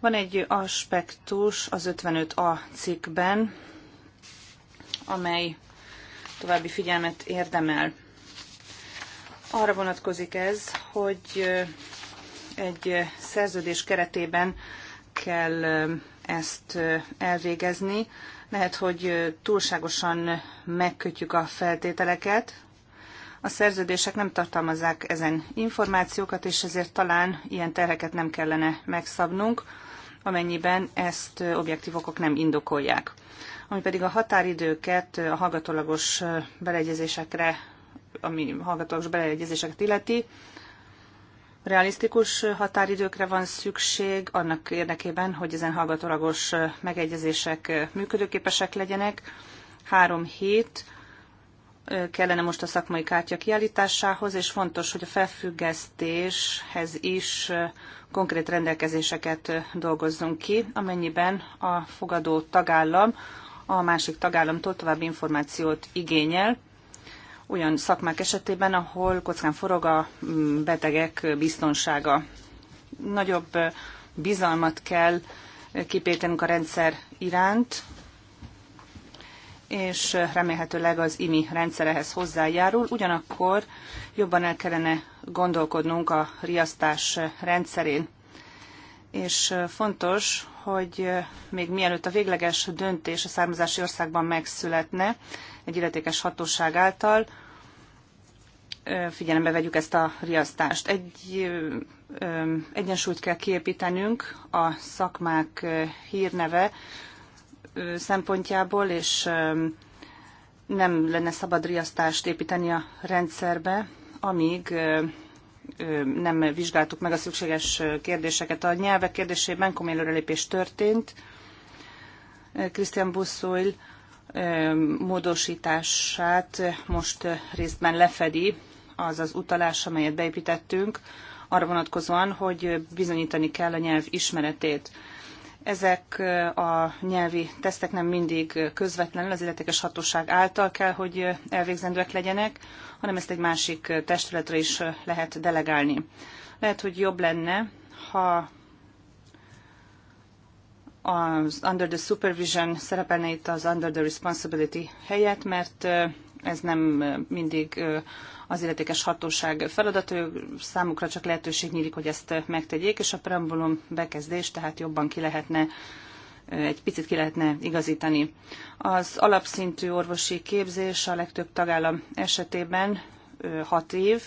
Van egy aspektus az 55A cikkben, amely további figyelmet érdemel. Arra vonatkozik ez, hogy egy szerződés keretében kell ezt elvégezni, lehet, hogy túlságosan megkötjük a feltételeket. A szerződések nem tartalmazzák ezen információkat, és ezért talán ilyen terheket nem kellene megszabnunk, amennyiben ezt objektív okok nem indokolják. Ami pedig a határidőket a hallgatólagos beleegyezésekre, ami hallgatólagos beleegyezéseket illeti, realisztikus határidőkre van szükség annak érdekében, hogy ezen hallgatólagos megegyezések működőképesek legyenek. Három hét kellene most a szakmai kártya kiállításához, és fontos, hogy a felfüggesztéshez is konkrét rendelkezéseket dolgozzunk ki, amennyiben a fogadó tagállam a másik tagállamtól további információt igényel, olyan szakmák esetében, ahol kockán forog a mm, betegek biztonsága. Nagyobb bizalmat kell kipétenünk a rendszer iránt, és remélhetőleg az IMI rendszerehez hozzájárul. Ugyanakkor jobban el kellene gondolkodnunk a riasztás rendszerén. És fontos, hogy még mielőtt a végleges döntés a származási országban megszületne, egy illetékes hatóság által. Figyelembe vegyük ezt a riasztást. Egy egyensúlyt kell kiépítenünk a szakmák hírneve szempontjából, és nem lenne szabad riasztást építeni a rendszerbe, amíg nem vizsgáltuk meg a szükséges kérdéseket. A nyelvek kérdésében komoly előrelépés történt. Christian Bussoil módosítását most részben lefedi az az utalás, amelyet beépítettünk, arra vonatkozóan, hogy bizonyítani kell a nyelv ismeretét. Ezek a nyelvi tesztek nem mindig közvetlenül az illetékes hatóság által kell, hogy elvégzendőek legyenek, hanem ezt egy másik testületre is lehet delegálni. Lehet, hogy jobb lenne, ha az under the supervision szerepelne itt az under the responsibility helyett, mert ez nem mindig az illetékes hatóság feladat, ő számukra csak lehetőség nyílik, hogy ezt megtegyék, és a preambulum bekezdés tehát jobban ki lehetne egy picit ki lehetne igazítani. Az alapszintű orvosi képzés a legtöbb tagállam esetében hat év,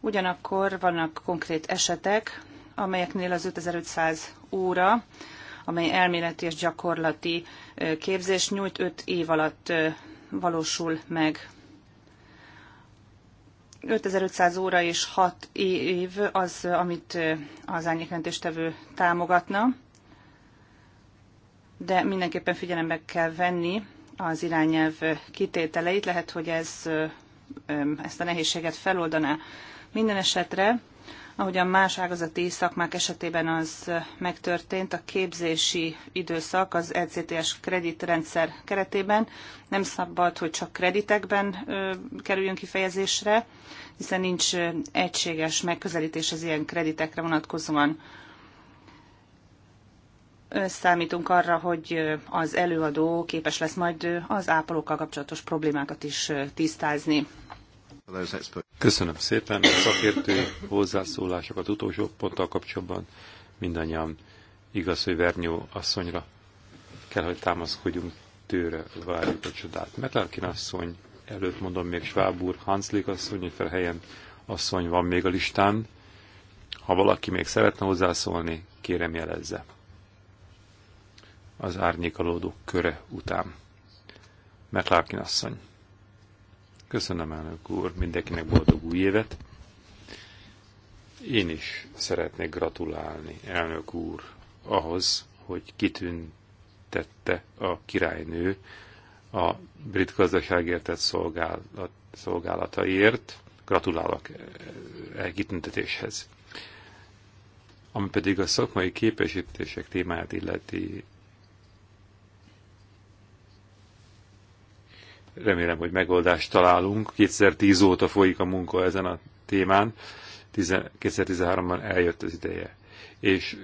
ugyanakkor vannak konkrét esetek, amelyeknél az 5500 óra amely elméleti és gyakorlati képzés nyújt öt év alatt valósul meg. 5500 óra és 6 év az, amit az árnyékmentéstevő támogatna, de mindenképpen figyelembe kell venni az irányelv kitételeit. Lehet, hogy ez ezt a nehézséget feloldaná. Minden esetre ahogyan más ágazati szakmák esetében az megtörtént, a képzési időszak az ECTS kreditrendszer keretében nem szabad, hogy csak kreditekben kerüljön kifejezésre, hiszen nincs egységes megközelítés az ilyen kreditekre vonatkozóan. Számítunk arra, hogy az előadó képes lesz majd az ápolókkal kapcsolatos problémákat is tisztázni. Köszönöm szépen a szakértő hozzászólásokat utolsó ponttal kapcsolatban mindannyian igaz, hogy Vernyó asszonyra kell, hogy támaszkodjunk tőre, várjuk a csodát. Metlárkin asszony, előtt mondom még Schwab úr, Hanslik asszony, fel helyen asszony van még a listán. Ha valaki még szeretne hozzászólni, kérem jelezze. Az árnyékalódók köre után. Metlárkin asszony. Köszönöm, elnök úr, mindenkinek boldog új évet. Én is szeretnék gratulálni, elnök úr, ahhoz, hogy kitüntette a királynő a brit gazdaságért tett szolgálat, szolgálataiért. Gratulálok e, e kitüntetéshez. Ami pedig a szakmai képesítések témáját illeti, Remélem, hogy megoldást találunk. 2010 óta folyik a munka ezen a témán. 2013-ban eljött az ideje. És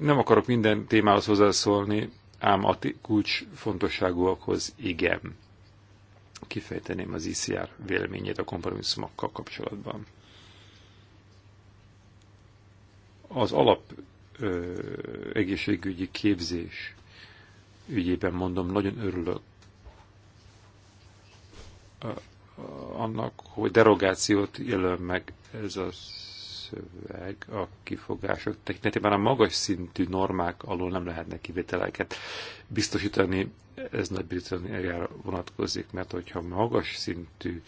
nem akarok minden témához hozzászólni, ám a kulcs fontosságúakhoz igen. Kifejteném az ICR véleményét a kompromisszumokkal kapcsolatban. Az alap ö, egészségügyi képzés ügyében mondom, nagyon örülök annak, hogy derogációt jelöl meg ez a szöveg a kifogások tekintetében a magas szintű normák alól nem lehetne kivételeket biztosítani, ez Nagy-Britanniára vonatkozik, mert hogyha magas szintű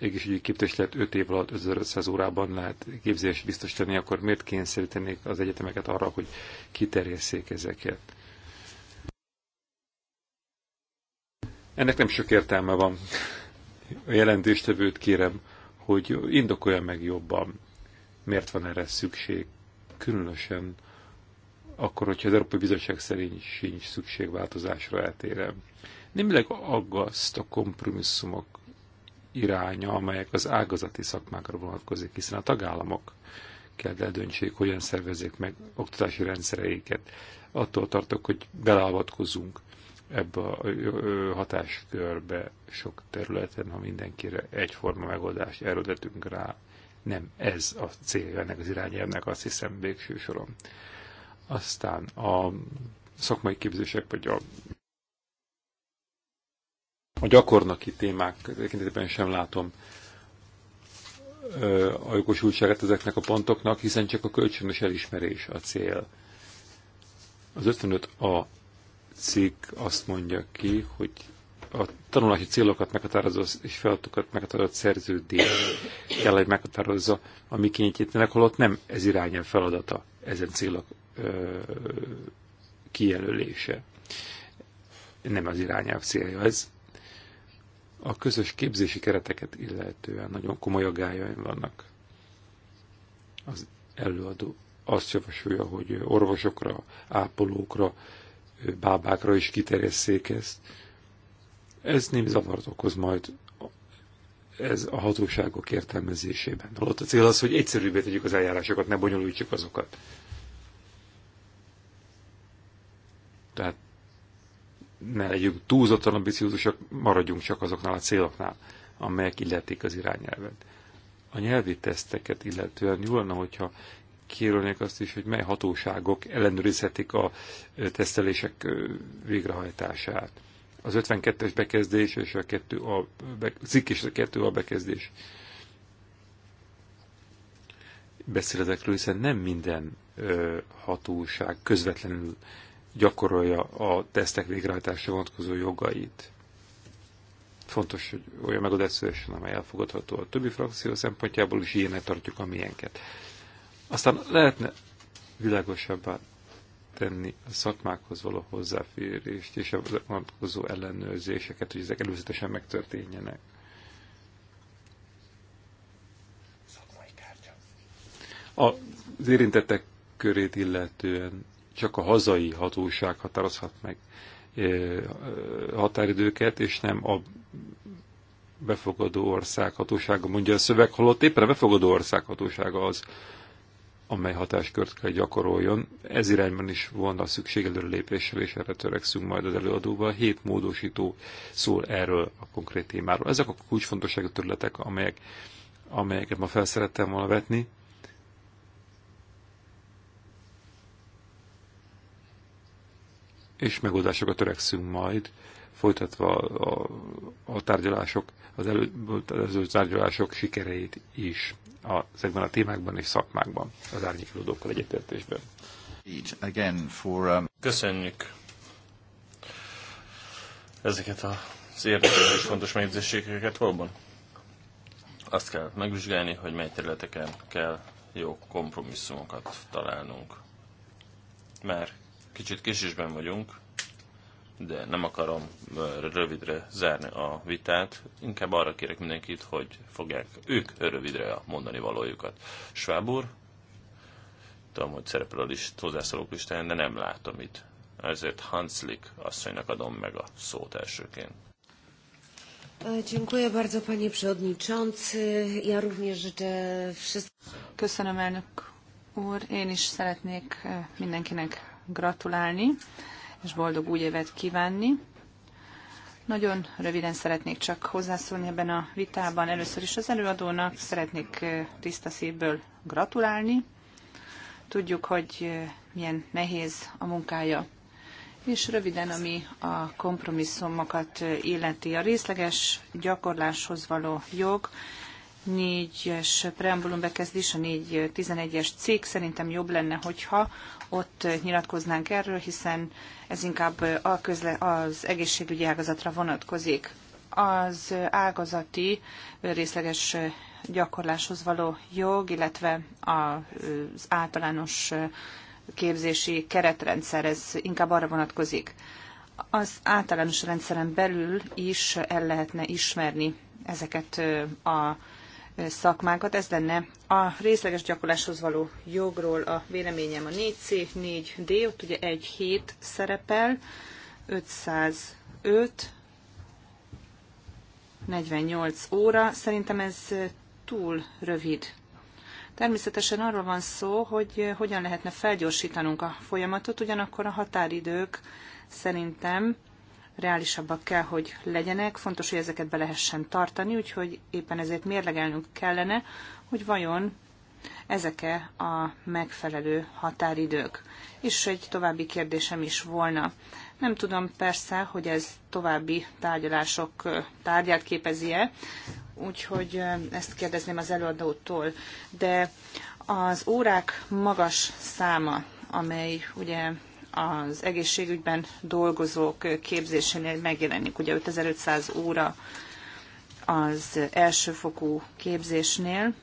egészségügyi képzés lehet 5 év alatt 5500 órában lehet képzés biztosítani, akkor miért kényszerítenék az egyetemeket arra, hogy kiterjesszék ezeket? Ennek nem sok értelme van. A jelentéstevőt kérem, hogy indokolja meg jobban, miért van erre szükség. Különösen akkor, hogyha az Európai Bizottság szerint sincs szükség változásra eltére. Némileg aggaszt a kompromisszumok iránya, amelyek az ágazati szakmákra vonatkozik, hiszen a tagállamok kell eldöntsék, hogyan szervezzék meg oktatási rendszereiket. Attól tartok, hogy beleavatkozunk ebbe a hatáskörbe sok területen, ha mindenkire egyforma megoldást erőltetünk rá. Nem ez a célja ennek az irányelvnek, azt hiszem végső soron. Aztán a szakmai képzések, vagy a, a gyakornoki témák tekintetében sem látom a jogosultságát ezeknek a pontoknak, hiszen csak a kölcsönös elismerés a cél. Az 55 a cikk azt mondja ki, hogy a tanulási célokat meghatározó és feladatokat meghatározott szerződés kell, hogy meghatározza a mi kényítjétnek, holott nem ez a feladata ezen célok ö, kijelölése. Nem az irányelv célja ez. A közös képzési kereteket illetően nagyon komoly agályai vannak. Az előadó azt javasolja, hogy orvosokra, ápolókra, bábákra is kiterjesszék ezt. Ez nem zavart okoz majd ez a hatóságok értelmezésében. Holott a cél az, hogy egyszerűbbé tegyük az eljárásokat, ne bonyolítsuk azokat. Tehát ne legyünk túlzottan ambiciózusak, maradjunk csak azoknál a céloknál, amelyek illetik az irányelvet. A nyelvi teszteket illetően jó lenne, hogyha kijelölnék azt is, hogy mely hatóságok ellenőrizhetik a tesztelések végrehajtását. Az 52-es bekezdés és a 2 a cikk a 2 a bekezdés beszél ezekről, hiszen nem minden hatóság közvetlenül gyakorolja a tesztek végrehajtásra vonatkozó jogait. Fontos, hogy olyan megadás szülessen, amely elfogadható a többi frakció szempontjából, is. ilyenek tartjuk a miénket. Aztán lehetne világosabbá tenni a szakmákhoz való hozzáférést és a vonatkozó ellenőrzéseket, hogy ezek előzetesen megtörténjenek. Az érintettek körét illetően csak a hazai hatóság határozhat meg határidőket, és nem a befogadó ország hatósága, mondja a szöveg, holott éppen a befogadó ország hatósága az, amely hatáskört kell gyakoroljon. Ez irányban is van a szükség előrelépésre, és erre törekszünk majd az előadóval. Hét módosító szól erről a konkrét témáról. Ezek a kulcsfontosságú területek, amelyek, amelyeket ma felszerettem volna vetni. És megoldásokat törekszünk majd folytatva a, a, a tárgyalások, az előző tárgyalások sikereit is a, ezekben a témákban és szakmákban, az árnyékelődókkal egyetértésben. Um, Köszönjük ezeket az érdekes és fontos megjegyzéseket valóban. Azt kell megvizsgálni, hogy mely területeken kell jó kompromisszumokat találnunk. Már kicsit késésben vagyunk, de nem akarom rövidre zárni a vitát. Inkább arra kérek mindenkit, hogy fogják ők rövidre a mondani valójukat. Schwabur, tudom, hogy szerepel a list, hozzászólók listáján, de nem látom itt. Ezért Hanslik asszonynak adom meg a szót elsőként. E, dziękuję bardzo, panie przewodniczący. Ja również życzę wszystkim. Köszönöm, elnök úr. Én is szeretnék e, mindenkinek gratulálni és boldog új évet kívánni. Nagyon röviden szeretnék csak hozzászólni ebben a vitában. Először is az előadónak szeretnék tiszta szívből gratulálni. Tudjuk, hogy milyen nehéz a munkája. És röviden, ami a kompromisszumokat illeti, a részleges gyakorláshoz való jog, 4-es preambulum bekezdés, a 4.11-es cég szerintem jobb lenne, hogyha ott nyilatkoznánk erről, hiszen ez inkább a közle, az egészségügyi ágazatra vonatkozik. Az ágazati részleges gyakorláshoz való jog, illetve az általános képzési keretrendszer, ez inkább arra vonatkozik. Az általános rendszeren belül is el lehetne ismerni ezeket a szakmákat. Ez lenne a részleges gyakorláshoz való jogról a véleményem a 4C, 4D, ott ugye egy hét szerepel, 505, 48 óra. Szerintem ez túl rövid. Természetesen arról van szó, hogy hogyan lehetne felgyorsítanunk a folyamatot, ugyanakkor a határidők szerintem reálisabbak kell, hogy legyenek. Fontos, hogy ezeket be lehessen tartani, úgyhogy éppen ezért mérlegelnünk kellene, hogy vajon ezek-e a megfelelő határidők. És egy további kérdésem is volna. Nem tudom persze, hogy ez további tárgyalások tárgyát képezi-e, úgyhogy ezt kérdezném az előadótól. De az órák magas száma, amely ugye az egészségügyben dolgozók képzésénél megjelenik. Ugye 5500 óra az elsőfokú képzésnél,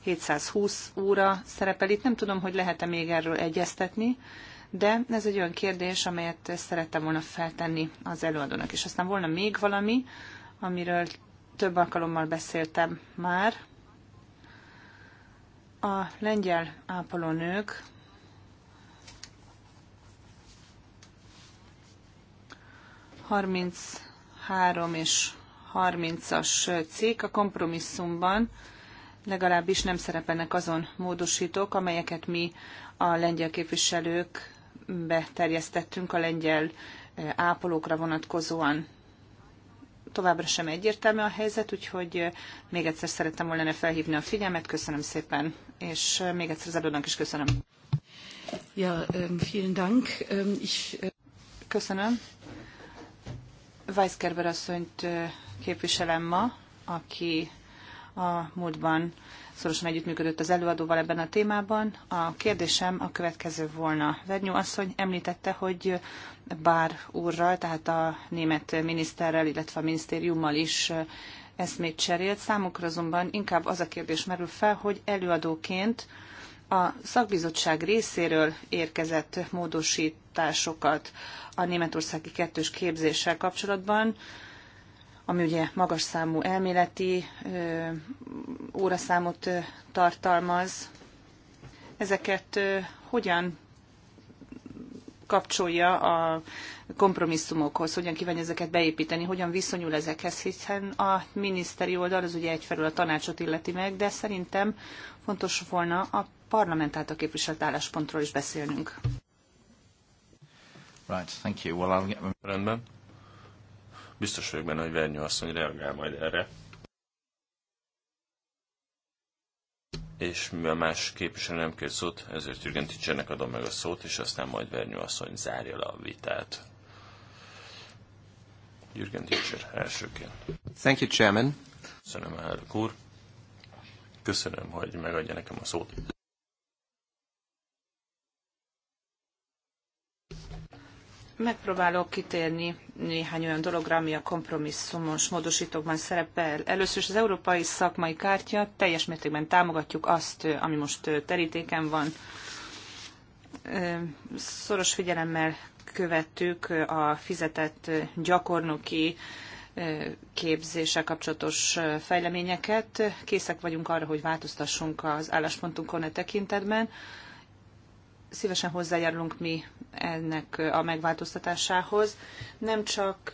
720 óra szerepel itt. Nem tudom, hogy lehet-e még erről egyeztetni, de ez egy olyan kérdés, amelyet szerettem volna feltenni az előadónak. És aztán volna még valami, amiről több alkalommal beszéltem már. A lengyel ápolónők 33 és 30-as cikk a kompromisszumban legalábbis nem szerepelnek azon módosítók, amelyeket mi a lengyel képviselők beterjesztettünk a lengyel e, ápolókra vonatkozóan. Továbbra sem egyértelmű a helyzet, úgyhogy e, még egyszer szerettem volna felhívni a figyelmet. Köszönöm szépen, és e, még egyszer az adónak is köszönöm. Ja, vielen Dank. Ich... Köszönöm. Weiskerber asszonyt képviselem ma, aki a múltban szorosan együttműködött az előadóval ebben a témában. A kérdésem a következő volna. Vernyó asszony említette, hogy Bár úrral, tehát a német miniszterrel, illetve a minisztériummal is eszmét cserélt. Számukra azonban inkább az a kérdés merül fel, hogy előadóként a szakbizottság részéről érkezett módosításokat a németországi kettős képzéssel kapcsolatban, ami ugye magas számú elméleti ö, óraszámot ö, tartalmaz. Ezeket ö, hogyan kapcsolja a kompromisszumokhoz, hogyan kívánja ezeket beépíteni, hogyan viszonyul ezekhez, hiszen a miniszteri oldal az ugye egyfelől a tanácsot illeti meg, de szerintem fontos volna a parlament által képviselt álláspontról is beszélnünk. Right, thank you. Well, I'll get... Rendben. Biztos vagyok benne, hogy Vernyő asszony reagál majd erre. És mivel más képviselő nem kér szót, ezért Jürgen Ticsernek adom meg a szót, és aztán majd Vernyő asszony zárja le a vitát. Jürgen Ticser elsőként. Thank you, Chairman. Köszönöm, elnök úr. Köszönöm, hogy megadja nekem a szót. Megpróbálok kitérni néhány olyan dologra, ami a kompromisszumos módosítókban szerepel. Először is az európai szakmai kártya, teljes mértékben támogatjuk azt, ami most terítéken van. Szoros figyelemmel követtük a fizetett gyakornoki képzéssel kapcsolatos fejleményeket. Készek vagyunk arra, hogy változtassunk az álláspontunkon a e tekintetben szívesen hozzájárulunk mi ennek a megváltoztatásához. Nem csak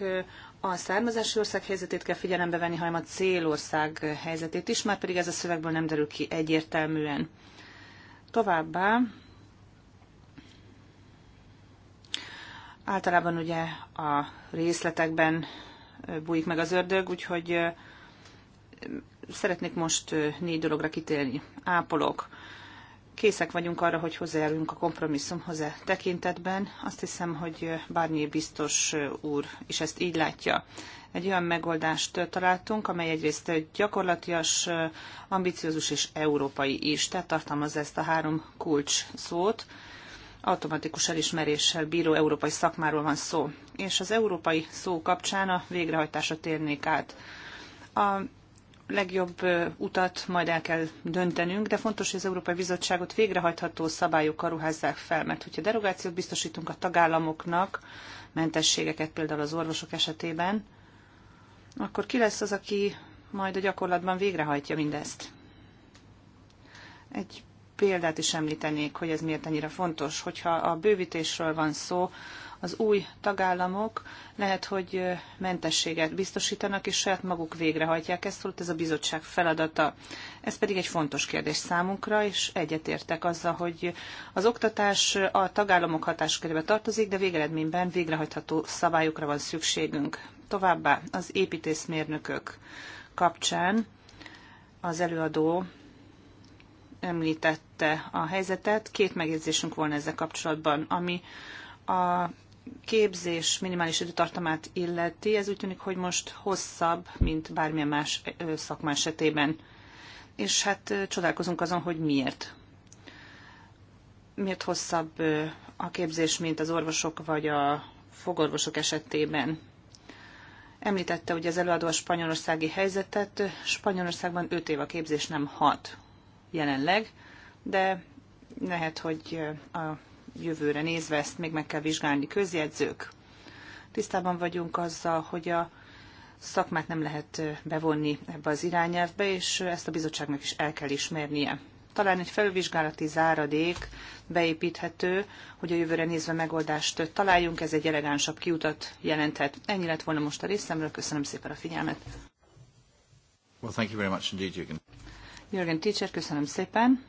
a származási ország helyzetét kell figyelembe venni, hanem a célország helyzetét is, már pedig ez a szövegből nem derül ki egyértelműen. Továbbá általában ugye a részletekben bújik meg az ördög, úgyhogy szeretnék most négy dologra kitérni. Ápolók készek vagyunk arra, hogy hozzájárulunk a kompromisszumhoz e tekintetben. Azt hiszem, hogy Barnier biztos úr is ezt így látja. Egy olyan megoldást találtunk, amely egyrészt gyakorlatias, ambiciózus és európai is, tehát tartalmazza ezt a három kulcs szót automatikus elismeréssel bíró európai szakmáról van szó. És az európai szó kapcsán a végrehajtásra térnék át. A legjobb utat majd el kell döntenünk, de fontos, hogy az Európai Bizottságot végrehajtható szabályok ruházzák fel, mert hogyha derogációt biztosítunk a tagállamoknak, mentességeket például az orvosok esetében, akkor ki lesz az, aki majd a gyakorlatban végrehajtja mindezt? Egy példát is említenék, hogy ez miért ennyire fontos. Hogyha a bővítésről van szó, az új tagállamok lehet, hogy mentességet biztosítanak, és saját maguk végrehajtják ezt, holott ez a bizottság feladata. Ez pedig egy fontos kérdés számunkra, és egyetértek azzal, hogy az oktatás a tagállamok hatáskörébe tartozik, de végeredményben végrehajtható szabályokra van szükségünk. Továbbá az építészmérnökök kapcsán az előadó említette a helyzetet. Két megjegyzésünk volna ezzel kapcsolatban, ami a képzés minimális időtartamát illeti, ez úgy tűnik, hogy most hosszabb, mint bármilyen más szakma esetében. És hát csodálkozunk azon, hogy miért. Miért hosszabb a képzés, mint az orvosok vagy a fogorvosok esetében. Említette hogy az előadó a spanyolországi helyzetet. Spanyolországban 5 év a képzés, nem 6 jelenleg, de lehet, hogy a jövőre nézve ezt még meg kell vizsgálni közjegyzők. Tisztában vagyunk azzal, hogy a szakmát nem lehet bevonni ebbe az irányelvbe, és ezt a bizottságnak is el kell ismernie. Talán egy felvizsgálati záradék beépíthető, hogy a jövőre nézve megoldást találjunk, ez egy elegánsabb kiutat jelenthet. Ennyi lett volna most a részemről, köszönöm szépen a figyelmet. Well, thank you very much indeed, Jürgen. Jürgen Teacher, köszönöm szépen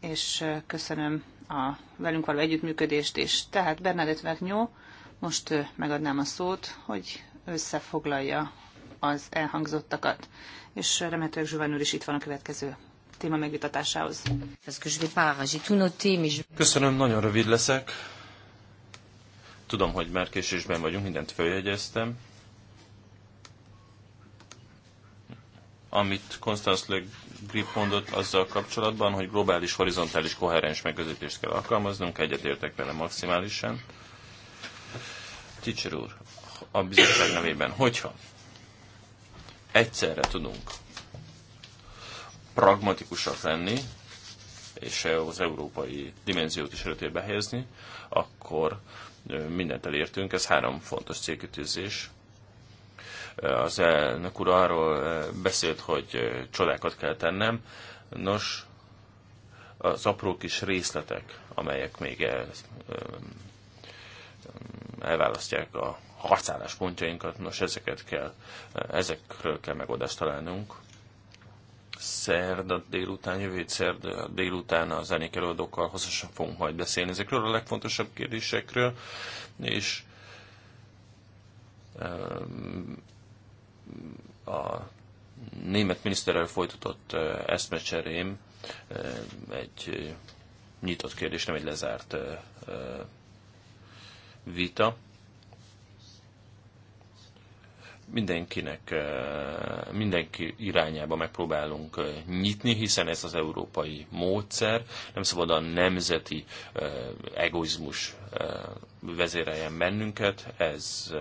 és köszönöm a velünk való együttműködést és Tehát Bernadett Vernyó, most megadnám a szót, hogy összefoglalja az elhangzottakat. És remélhetőleg Zsuvány úr is itt van a következő téma megvitatásához. Köszönöm, nagyon rövid leszek. Tudom, hogy már késésben vagyunk, mindent följegyeztem. Amit Constance Le Grip mondott azzal kapcsolatban, hogy globális, horizontális, koherens megközelítést kell alkalmaznunk, egyetértek vele maximálisan. Ticser úr, a bizottság nevében, hogyha egyszerre tudunk pragmatikusak lenni, és az európai dimenziót is előtérbe helyezni, akkor mindent elértünk. Ez három fontos célkütőzés. Az elnök úr arról eh, beszélt, hogy eh, csodákat kell tennem. Nos, az apró kis részletek, amelyek még el, eh, elválasztják a harcálás pontjainkat, nos ezeket kell, ezekről kell megoldást találnunk. Szerda délután, jövő szerda délután a zenékelőadókkal hosszasan fogunk majd beszélni ezekről a legfontosabb kérdésekről, és a német miniszterrel folytatott eszmecserém egy nyitott kérdés, nem egy lezárt vita mindenkinek, mindenki irányába megpróbálunk nyitni, hiszen ez az európai módszer, nem szabad a nemzeti egoizmus vezéreljen bennünket, ez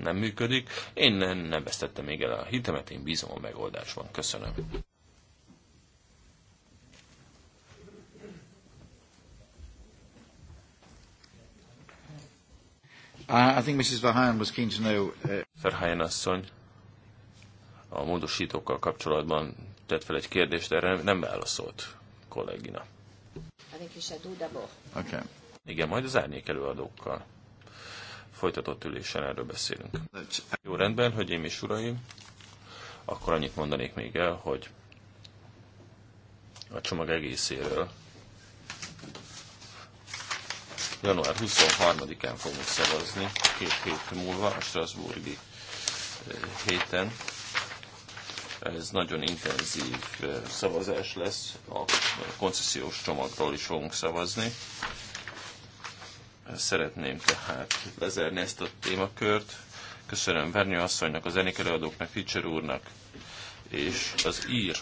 nem működik. Én nem vesztettem még el a hitemet, én bízom a megoldásban. Köszönöm. I think Mrs. Verheyen was keen to know... Uh, Verheyen asszony a módosítókkal kapcsolatban tett fel egy kérdést, erre nem válaszolt kollégina. Okay. Igen, majd az árnyék előadókkal folytatott ülésen erről beszélünk. Jó rendben, hogy én is uraim, akkor annyit mondanék még el, hogy a csomag egészéről január 23-án fogunk szavazni, két hét múlva a Strasburgi eh, héten. Ez nagyon intenzív eh, szavazás lesz, a koncesziós csomagról is fogunk szavazni. Szeretném tehát lezerni ezt a témakört. Köszönöm Vernyő asszonynak, az zenék előadóknak, Fitcher úrnak, és az ír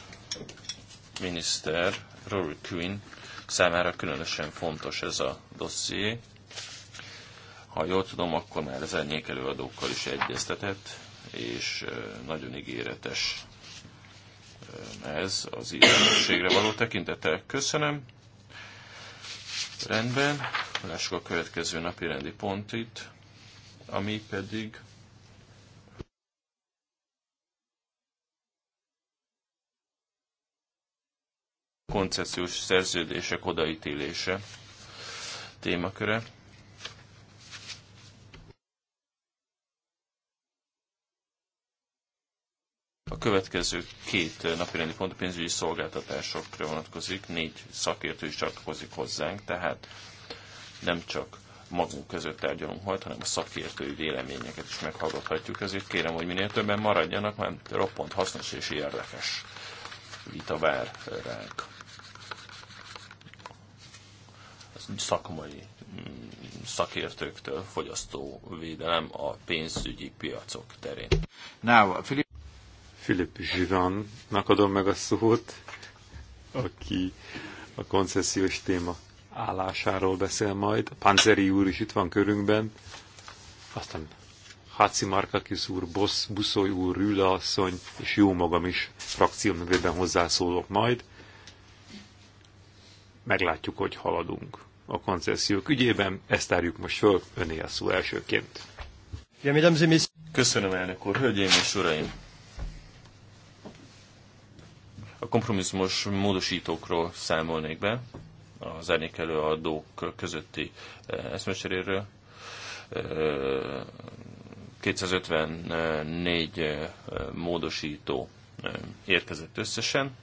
miniszter Rory Quinn számára különösen fontos ez a dosszié. Ha jól tudom, akkor már az árnyék előadókkal is egyeztetett, és nagyon ígéretes ez az írásségre való tekintettel. Köszönöm. Rendben, lássuk a következő napi rendi pontit, ami pedig koncesziós szerződések odaítélése témaköre. A következő két napirendi pont a pénzügyi szolgáltatásokra vonatkozik, négy szakértő is csatlakozik hozzánk, tehát nem csak magunk között tárgyalunk majd, hanem a szakértői véleményeket is meghallgathatjuk. Ezért kérem, hogy minél többen maradjanak, mert roppant hasznos és érdekes vita vár ránk. szakmai mm, szakértőktől fogyasztóvédelem a pénzügyi piacok terén. Now, Philip... Philip Zsivannak adom meg a szót, aki a koncesziós téma állásáról beszél majd. Panzeri úr is itt van körünkben. Aztán Háci Markakis úr, Bosz, Buszoly úr, Rüla asszony, és jó magam is frakcióm nevében hozzászólok majd. Meglátjuk, hogy haladunk a koncesziók ügyében. Ezt tárjuk most föl, öné a szó elsőként. Köszönöm, elnök úr, hölgyeim és uraim! A kompromisszumos módosítókról számolnék be, az elnékelő adók közötti eh, eszmecseréről. 254 eh, eh, módosító érkezett összesen.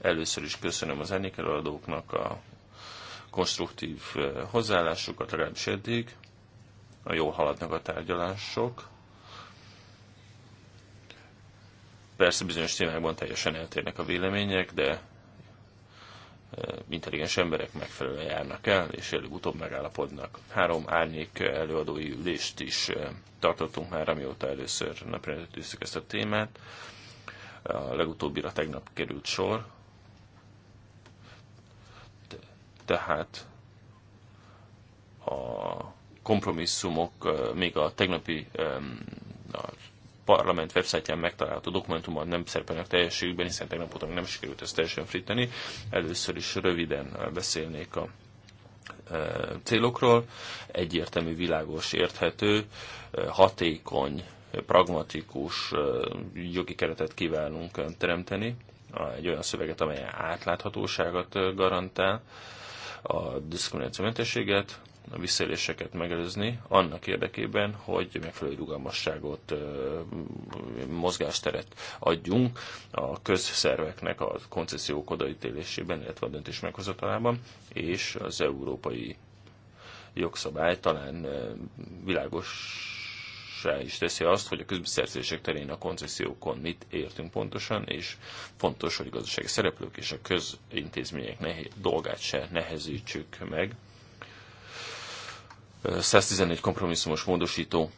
Először is köszönöm az elnékelő adóknak a konstruktív hozzáállásukat, legalábbis eddig. A jól haladnak a tárgyalások. Persze bizonyos témákban teljesen eltérnek a vélemények, de intelligens emberek megfelelően járnak el, és előbb-utóbb megállapodnak. Három árnyék előadói ülést is tartottunk már, amióta először napirendre ezt a témát. A legutóbbira tegnap került sor, tehát a kompromisszumok még a tegnapi a parlament websájtján megtalálható dokumentumban nem szerepelnek teljességükben, hiszen tegnap óta még nem sikerült ezt teljesen fríteni. Először is röviden beszélnék a célokról. Egyértelmű, világos, érthető, hatékony, pragmatikus jogi keretet kívánunk teremteni, egy olyan szöveget, amely átláthatóságot garantál, a diszkriminációmentességet, a visszaéléseket megelőzni annak érdekében, hogy megfelelő rugalmasságot, mozgásteret adjunk a közszerveknek a koncesziók odaítélésében, illetve a döntés meghozatalában, és az európai jogszabály talán világos világossá is teszi azt, hogy a közbeszerzések terén a koncesziókon mit értünk pontosan, és fontos, hogy a gazdasági szereplők és a közintézmények nehéz, dolgát se nehezítsük meg. 114 kompromisszumos módosító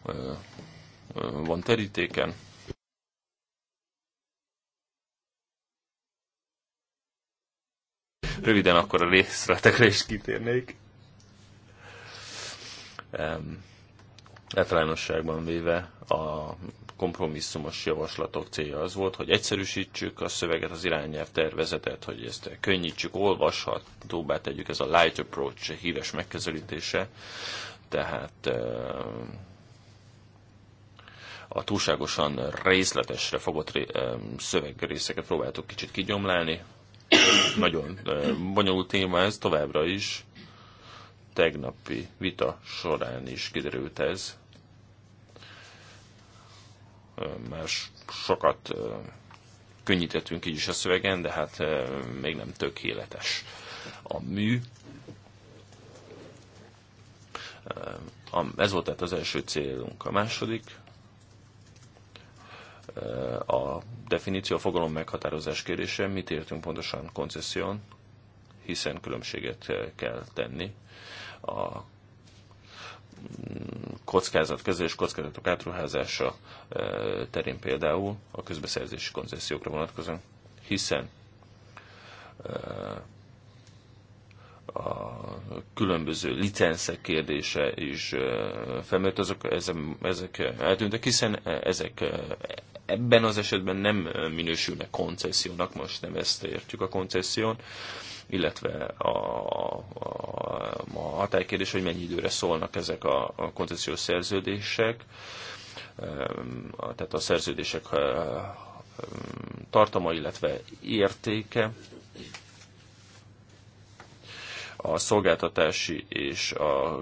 van terítéken, röviden akkor a részletekre is kitérnék. Um, általánosságban véve a kompromisszumos javaslatok célja az volt, hogy egyszerűsítsük a szöveget, az irányelv tervezetet, hogy ezt könnyítsük, olvashatóbbá tegyük, ez a light approach híres megközelítése, tehát a túlságosan részletesre fogott szövegrészeket próbáltuk kicsit kigyomlálni. Nagyon bonyolult téma ez továbbra is, tegnapi vita során is kiderült ez. Már sokat könnyítettünk így is a szövegen, de hát még nem tökéletes a mű. Ez volt tehát az első célunk. A második a definíció, a fogalom meghatározás kérése, mit értünk pontosan koncesszión, hiszen különbséget kell tenni a kockázat, közös kockázatok átruházása e, terén például a közbeszerzési koncesziókra vonatkozóan, hiszen e, a különböző licenszek kérdése is e, felmerült, azok, ezek eltűntek, hiszen ezek ebben az esetben nem minősülnek koncesziónak, most nem ezt értjük a koncesziót, illetve a, a, a hatálykérdés, hogy mennyi időre szólnak ezek a, a koncepciós szerződések, tehát a szerződések tartama, illetve értéke, a szolgáltatási és a,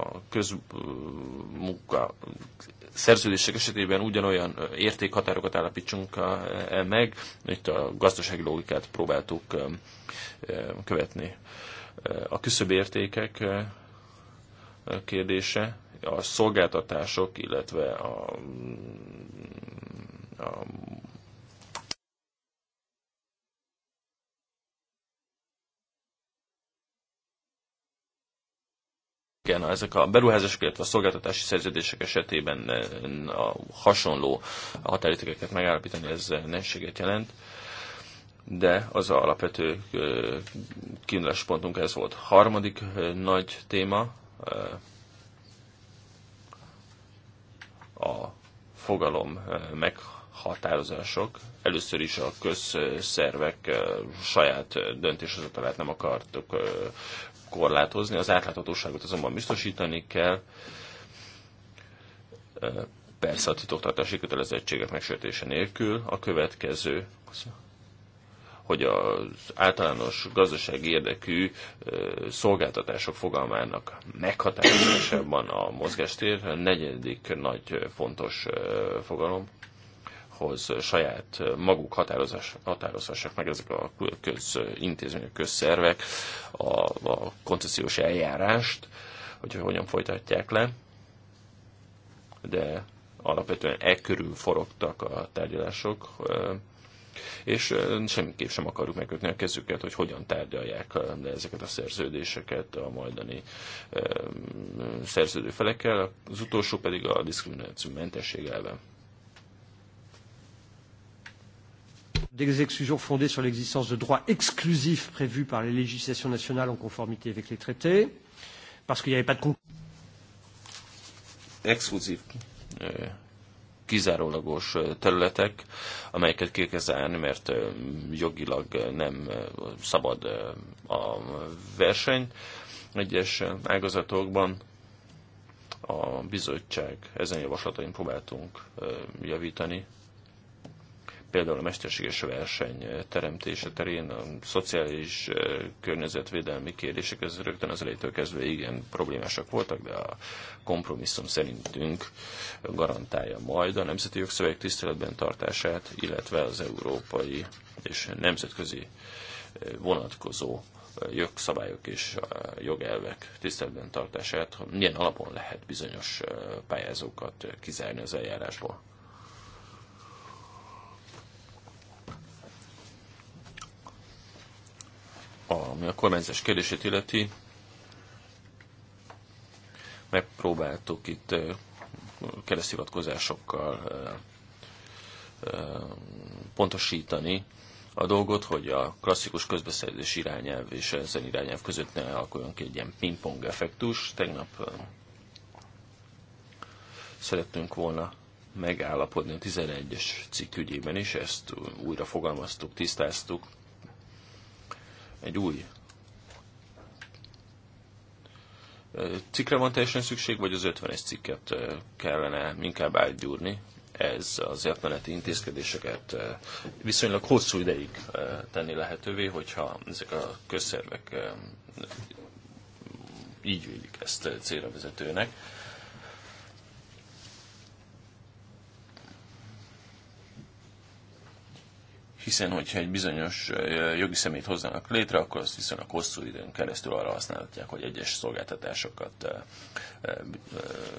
a közmunka szerződések esetében ugyanolyan értékhatárokat állapítsunk e, meg, itt a gazdasági logikát próbáltuk követni. A értékek kérdése, a szolgáltatások, illetve a, a csökken. Ezek a beruházások, illetve a szolgáltatási szerződések esetében eh, a hasonló határítékeket megállapítani, ez eh, nehézséget jelent de az alapvető eh, kiindulási pontunk ez volt. Harmadik nagy téma a fogalom meghatározások. Először is a közszervek saját döntéshozatalát nem akartuk korlátozni, az átláthatóságot azonban biztosítani kell, persze a titoktartási kötelezettségek megsértése nélkül. A következő, hogy az általános gazdasági érdekű szolgáltatások fogalmának meghatározásában a mozgástér a negyedik nagy fontos fogalom hoz saját maguk határozhassák meg ezek a közintézmények, közszervek a, a koncesziós eljárást, hogy hogyan folytatják le, de alapvetően e körül forogtak a tárgyalások, eh, és eh, semmiképp sem akarjuk megkötni a kezüket, hogy hogyan tárgyalják le eh, ezeket a szerződéseket a majdani szerződő felekkel, az utolsó pedig a diszkrimináció mentesség elve. Des exclusions fondées sur l'existence de droits exclusifs prévus par les législations nationales en conformité avec les traités, parce qu'il n'y avait pas de... Exclusif. Euh, kizárólagos euh, területek, amelyeket ki kell zárni, mert jogilag nem szabad a verseny. Egyes ágazatokban a bizottság ezen javaslatain próbáltunk javítani, például a mesterséges verseny teremtése terén, a szociális eh, környezetvédelmi kérdések, ez rögtön az elejétől kezdve igen problémásak voltak, de a kompromisszum szerintünk garantálja majd a nemzeti jogszöveg tiszteletben tartását, illetve az európai és nemzetközi eh, vonatkozó eh, jogszabályok és jogelvek tiszteletben tartását, milyen alapon lehet bizonyos pályázókat kizárni az eljárásból. ami a kormányzás kérdését illeti, megpróbáltuk itt kereszthivatkozásokkal pontosítani a dolgot, hogy a klasszikus közbeszerzés irányelv és ezen irányelv között ne alakuljon ki egy ilyen pingpong effektus. Tegnap szerettünk volna megállapodni a 11-es cikk ügyében is, ezt újra fogalmaztuk, tisztáztuk, egy új cikkre van teljesen szükség, vagy az 51 cikket kellene inkább átgyúrni? Ez az átmeneti intézkedéseket viszonylag hosszú ideig tenni lehetővé, hogyha ezek a közszervek így vélik ezt célra vezetőnek hiszen hogyha egy bizonyos jogi szemét hoznának létre, akkor azt viszonylag hosszú időn keresztül arra használhatják, hogy egyes szolgáltatásokat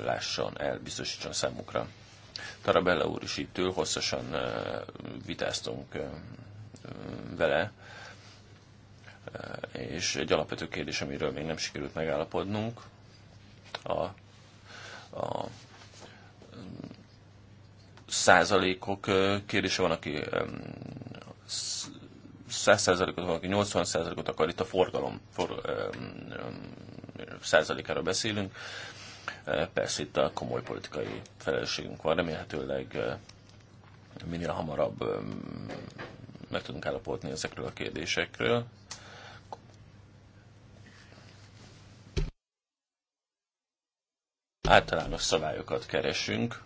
lásson el, biztosítson számukra. Tarabella úr is itt ül, hosszasan vitáztunk vele, és egy alapvető kérdés, amiről még nem sikerült megállapodnunk, a, a százalékok kérdése van, aki 100%-ot, valaki 80%-ot akar, itt a forgalom for, százalékára beszélünk. Persze itt a komoly politikai felelősségünk van, remélhetőleg minél hamarabb meg tudunk állapodni ezekről a kérdésekről. Általános szabályokat keresünk.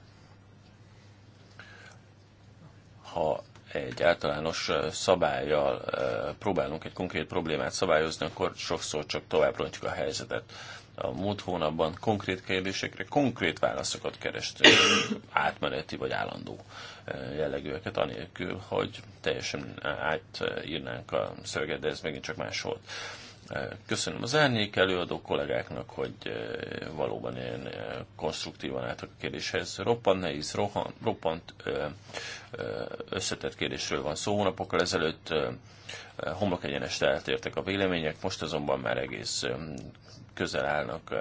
Ha egy általános szabályjal próbálunk egy konkrét problémát szabályozni, akkor sokszor csak tovább rontjuk a helyzetet. A múlt hónapban konkrét kérdésekre konkrét válaszokat kerestünk, (coughs) átmeneti vagy állandó jellegűeket, anélkül, hogy teljesen átírnánk a szöveget, de ez megint csak más volt. Köszönöm az árnyék előadó kollégáknak, hogy eh, valóban ilyen eh, konstruktívan álltak a kérdéshez. Roppant nehéz, rohan, roppant eh, összetett kérdésről van szó. Hónapokkal ezelőtt homlok egyenest eltértek a vélemények, most azonban már egész közel állnak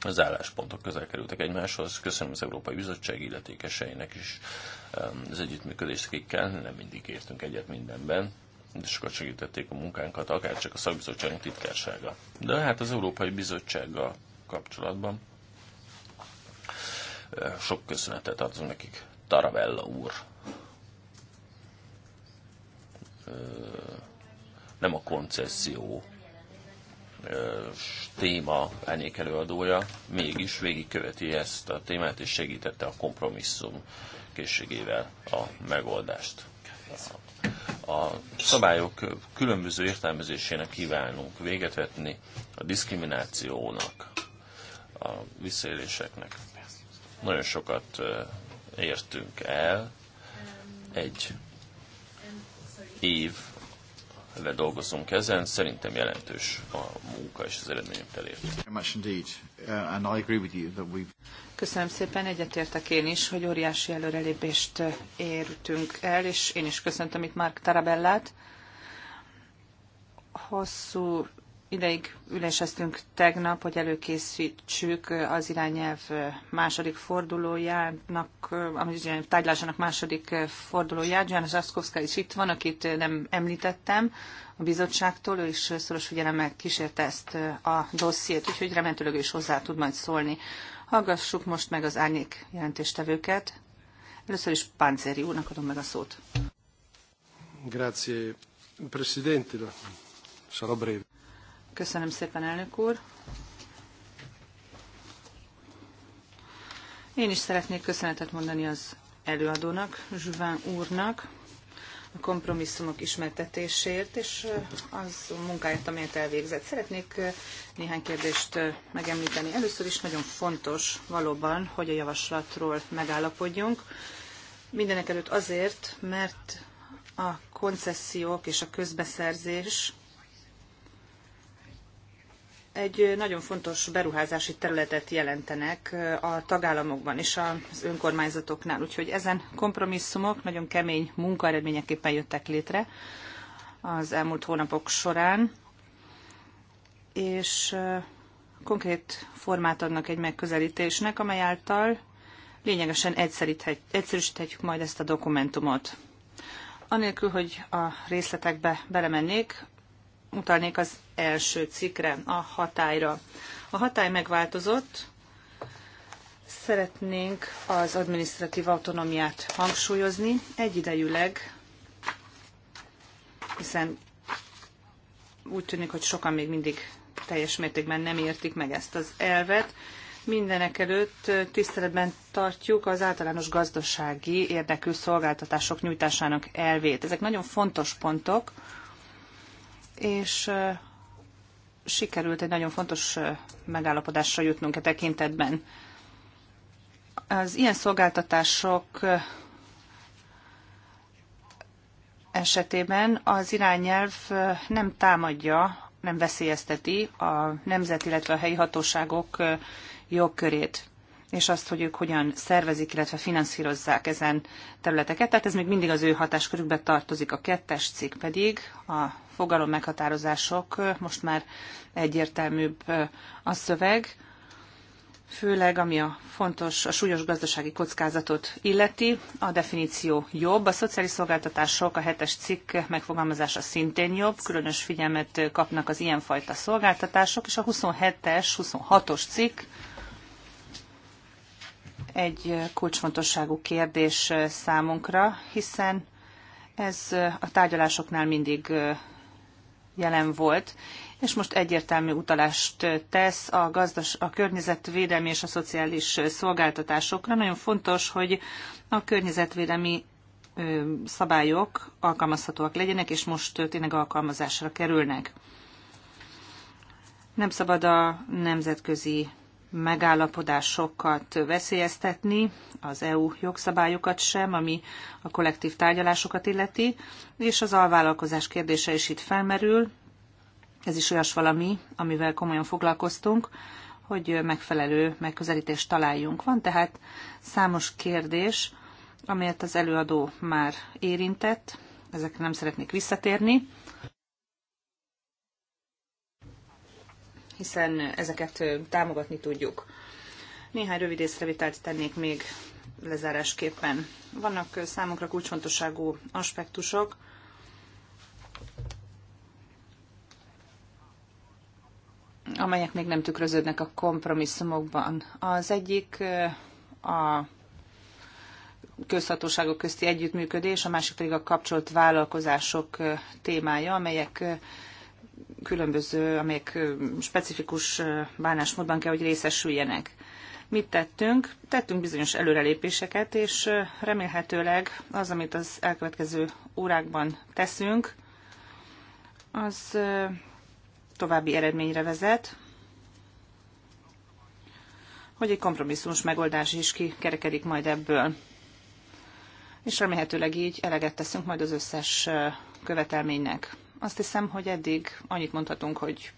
az álláspontok közel kerültek egymáshoz. Köszönöm az Európai Bizottság illetékeseinek is az együttműködést, akikkel nem mindig értünk egyet mindenben, sokat segítették a munkánkat, akár csak a szakbizottságunk titkársága. De hát az Európai Bizottsággal kapcsolatban sok köszönetet adunk nekik. Taravella úr. Nem a koncesszió téma elnyék előadója, mégis végigköveti ezt a témát, és segítette a kompromisszum készségével a megoldást a szabályok különböző értelmezésének kívánunk véget vetni a diszkriminációnak, a visszaéléseknek. Nagyon sokat értünk el egy um, um, év le dolgozunk ezen. Szerintem jelentős a munka és az eredmények elért. Uh, Köszönöm szépen, egyetértek én is, hogy óriási előrelépést eh, értünk el, és én is köszöntöm itt Mark Tarabellát. Hosszú ideig üléseztünk tegnap, hogy előkészítsük az irányelv második fordulójának, az irányelv tárgyalásának második fordulóját. Johannes Aszkowska is itt van, akit nem említettem a bizottságtól, ő is szoros figyelemmel kísérte ezt a dossziét, úgyhogy remélhetőleg is hozzá tud majd szólni. Hallgassuk most meg az árnyék jelentéstevőket. Először is Pánzeri úrnak adom meg a szót. Grazie, Presidente. Sarò breve. Köszönöm szépen, elnök úr. Én is szeretnék köszönetet mondani az előadónak, Zsuván úrnak, a kompromisszumok ismertetésért, és az munkáját, amelyet elvégzett. Szeretnék néhány kérdést megemlíteni. Először is nagyon fontos valóban, hogy a javaslatról megállapodjunk. Mindenek előtt azért, mert a koncesziók és a közbeszerzés egy nagyon fontos beruházási területet jelentenek a tagállamokban és az önkormányzatoknál, úgyhogy ezen kompromisszumok nagyon kemény munka eredményeképpen jöttek létre az elmúlt hónapok során, és konkrét formát adnak egy megközelítésnek, amely által lényegesen egyszerűsíthetjük majd ezt a dokumentumot. Anélkül, hogy a részletekbe belemennék, utalnék az első cikkre, a hatályra. A hatály megváltozott, szeretnénk az adminisztratív autonómiát hangsúlyozni egyidejűleg, hiszen úgy tűnik, hogy sokan még mindig teljes mértékben nem értik meg ezt az elvet. Mindenek előtt tiszteletben tartjuk az általános gazdasági érdekű szolgáltatások nyújtásának elvét. Ezek nagyon fontos pontok, és sikerült egy nagyon fontos megállapodásra jutnunk e tekintetben. Az ilyen szolgáltatások esetében az irányelv nem támadja, nem veszélyezteti a nemzet, illetve a helyi hatóságok jogkörét és azt, hogy ők hogyan szervezik, illetve finanszírozzák ezen területeket. Tehát ez még mindig az ő hatáskörükbe tartozik. A kettes cikk pedig a fogalom meghatározások, most már egyértelműbb a szöveg, főleg ami a fontos, a súlyos gazdasági kockázatot illeti. A definíció jobb, a szociális szolgáltatások, a hetes cikk megfogalmazása szintén jobb, különös figyelmet kapnak az ilyenfajta szolgáltatások, és a 27-es, 26-os cikk egy kulcsfontosságú kérdés számunkra, hiszen ez a tárgyalásoknál mindig jelen volt, és most egyértelmű utalást tesz a, gazdas, a környezetvédelmi és a szociális szolgáltatásokra. Nagyon fontos, hogy a környezetvédelmi szabályok alkalmazhatóak legyenek, és most tényleg alkalmazásra kerülnek. Nem szabad a nemzetközi megállapodásokat veszélyeztetni, az EU jogszabályokat sem, ami a kollektív tárgyalásokat illeti, és az alvállalkozás kérdése is itt felmerül. Ez is olyas valami, amivel komolyan foglalkoztunk, hogy megfelelő megközelítést találjunk. Van tehát számos kérdés, amelyet az előadó már érintett, ezekre nem szeretnék visszatérni. hiszen ezeket támogatni tudjuk. Néhány rövid észrevételt tennék még lezárásképpen. Vannak számunkra kulcsfontosságú aspektusok, amelyek még nem tükröződnek a kompromisszumokban. Az egyik a közhatóságok közti együttműködés, a másik pedig a kapcsolt vállalkozások témája, amelyek különböző, amelyek specifikus bánásmódban kell, hogy részesüljenek. Mit tettünk? Tettünk bizonyos előrelépéseket, és remélhetőleg az, amit az elkövetkező órákban teszünk, az további eredményre vezet, hogy egy kompromisszumos megoldás is kikerekedik majd ebből. És remélhetőleg így eleget teszünk majd az összes követelménynek. Azt hiszem, hogy eddig annyit mondhatunk, hogy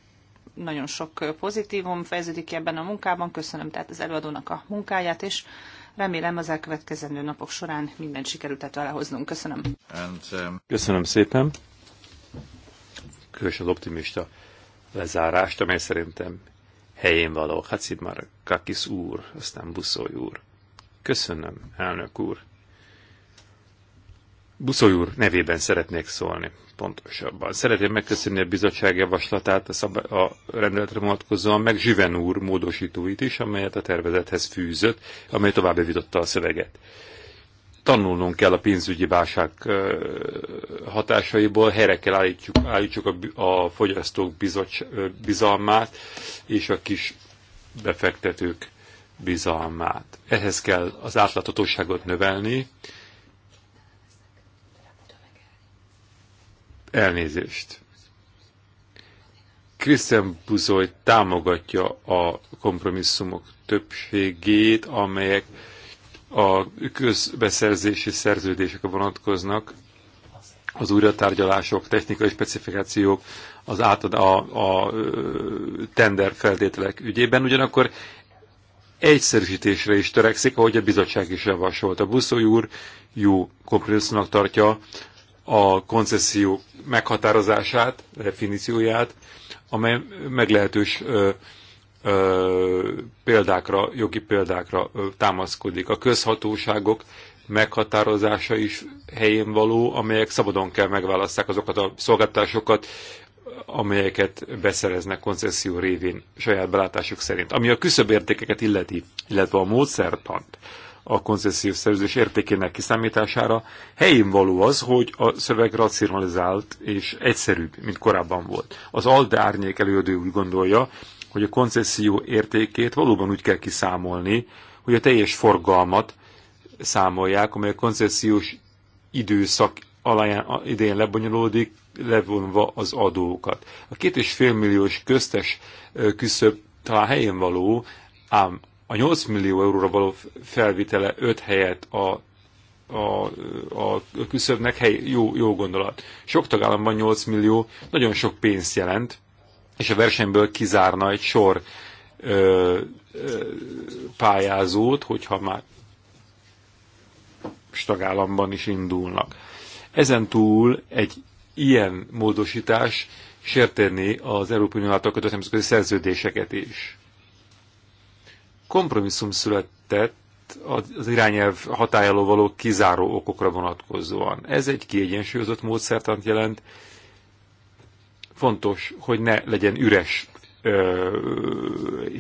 nagyon sok pozitívum fejeződik ki ebben a munkában. Köszönöm tehát az előadónak a munkáját, és remélem az elkövetkezendő napok során minden sikerült elhoznunk. Köszönöm. And, um... Köszönöm szépen. Különösen az optimista lezárást, amely szerintem helyén való. Hacid már Kakis úr, aztán Buszoly úr. Köszönöm, elnök úr. Buszoly úr nevében szeretnék szólni pontosabban. Szeretném megköszönni a bizottság javaslatát a, szab- a rendeletre vonatkozóan, meg Zsiven úr módosítóit is, amelyet a tervezethez fűzött, amely tovább vitotta a szöveget. Tanulnunk kell a pénzügyi válság hatásaiból, helyre kell állítsuk, állítsuk a, a fogyasztók bizalmát és a kis befektetők bizalmát. Ehhez kell az átláthatóságot növelni, Elnézést. Krisztián Buzoy támogatja a kompromisszumok többségét, amelyek a közbeszerzési szerződésekre vonatkoznak, az újratárgyalások, technikai specifikációk, az átad a, a tender feltételek ügyében. Ugyanakkor egyszerűsítésre is törekszik, ahogy a bizottság is javasolt. A buszói úr jó kompromisszumnak tartja a koncesszió meghatározását, definícióját, amely meglehetős ö, ö, példákra, jogi példákra ö, támaszkodik. A közhatóságok meghatározása is helyén való, amelyek szabadon kell megválasztják azokat a szolgáltatásokat, amelyeket beszereznek koncesszió révén saját belátásuk szerint. Ami a küszöbértékeket illeti, illetve a módszertant, a koncesziós szerződés értékének kiszámítására. Helyén való az, hogy a szöveg racionalizált és egyszerűbb, mint korábban volt. Az ALDE árnyék előadó úgy gondolja, hogy a koncesszió értékét valóban úgy kell kiszámolni, hogy a teljes forgalmat számolják, amely a koncesziós időszak alaján, idén lebonyolódik, levonva az adókat. A két és fél milliós köztes küszöb talán helyén való, ám a 8 millió euróra való felvitele 5 helyet a a, a küszöbnek hely, jó, jó gondolat. Sok tagállamban 8 millió nagyon sok pénzt jelent, és a versenyből kizárna egy sor ö, ö, pályázót, hogyha már tagállamban is indulnak. Ezen túl egy ilyen módosítás sértené az Európai Unió által kötött nemzetközi szerződéseket is kompromisszum született az irányelv hatájáló való kizáró okokra vonatkozóan. Ez egy kiegyensúlyozott módszertant jelent. Fontos, hogy ne legyen üres ö,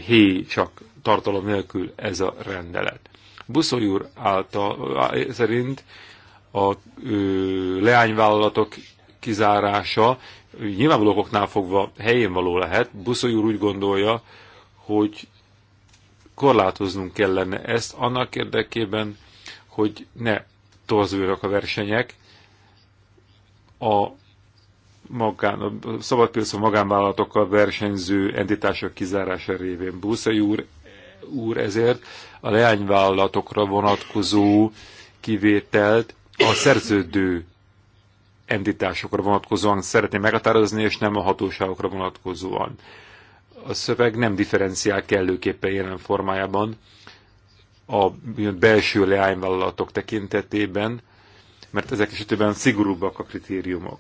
hé csak tartalom nélkül ez a rendelet. Buszoly úr által, szerint a ö, leányvállalatok kizárása nyilvánvaló okoknál fogva helyén való lehet. Buszoly úr úgy gondolja, hogy korlátoznunk kellene ezt annak érdekében, hogy ne torzuljanak a versenyek a magán, a a magánvállalatokkal versenyző entitások kizárása révén. Buszai úr, úr ezért a leányvállalatokra vonatkozó kivételt a szerződő entitásokra vonatkozóan szeretné meghatározni, és nem a hatóságokra vonatkozóan a szöveg nem differenciál kellőképpen jelen formájában a belső leányvállalatok tekintetében, mert ezek esetében szigorúbbak a kritériumok.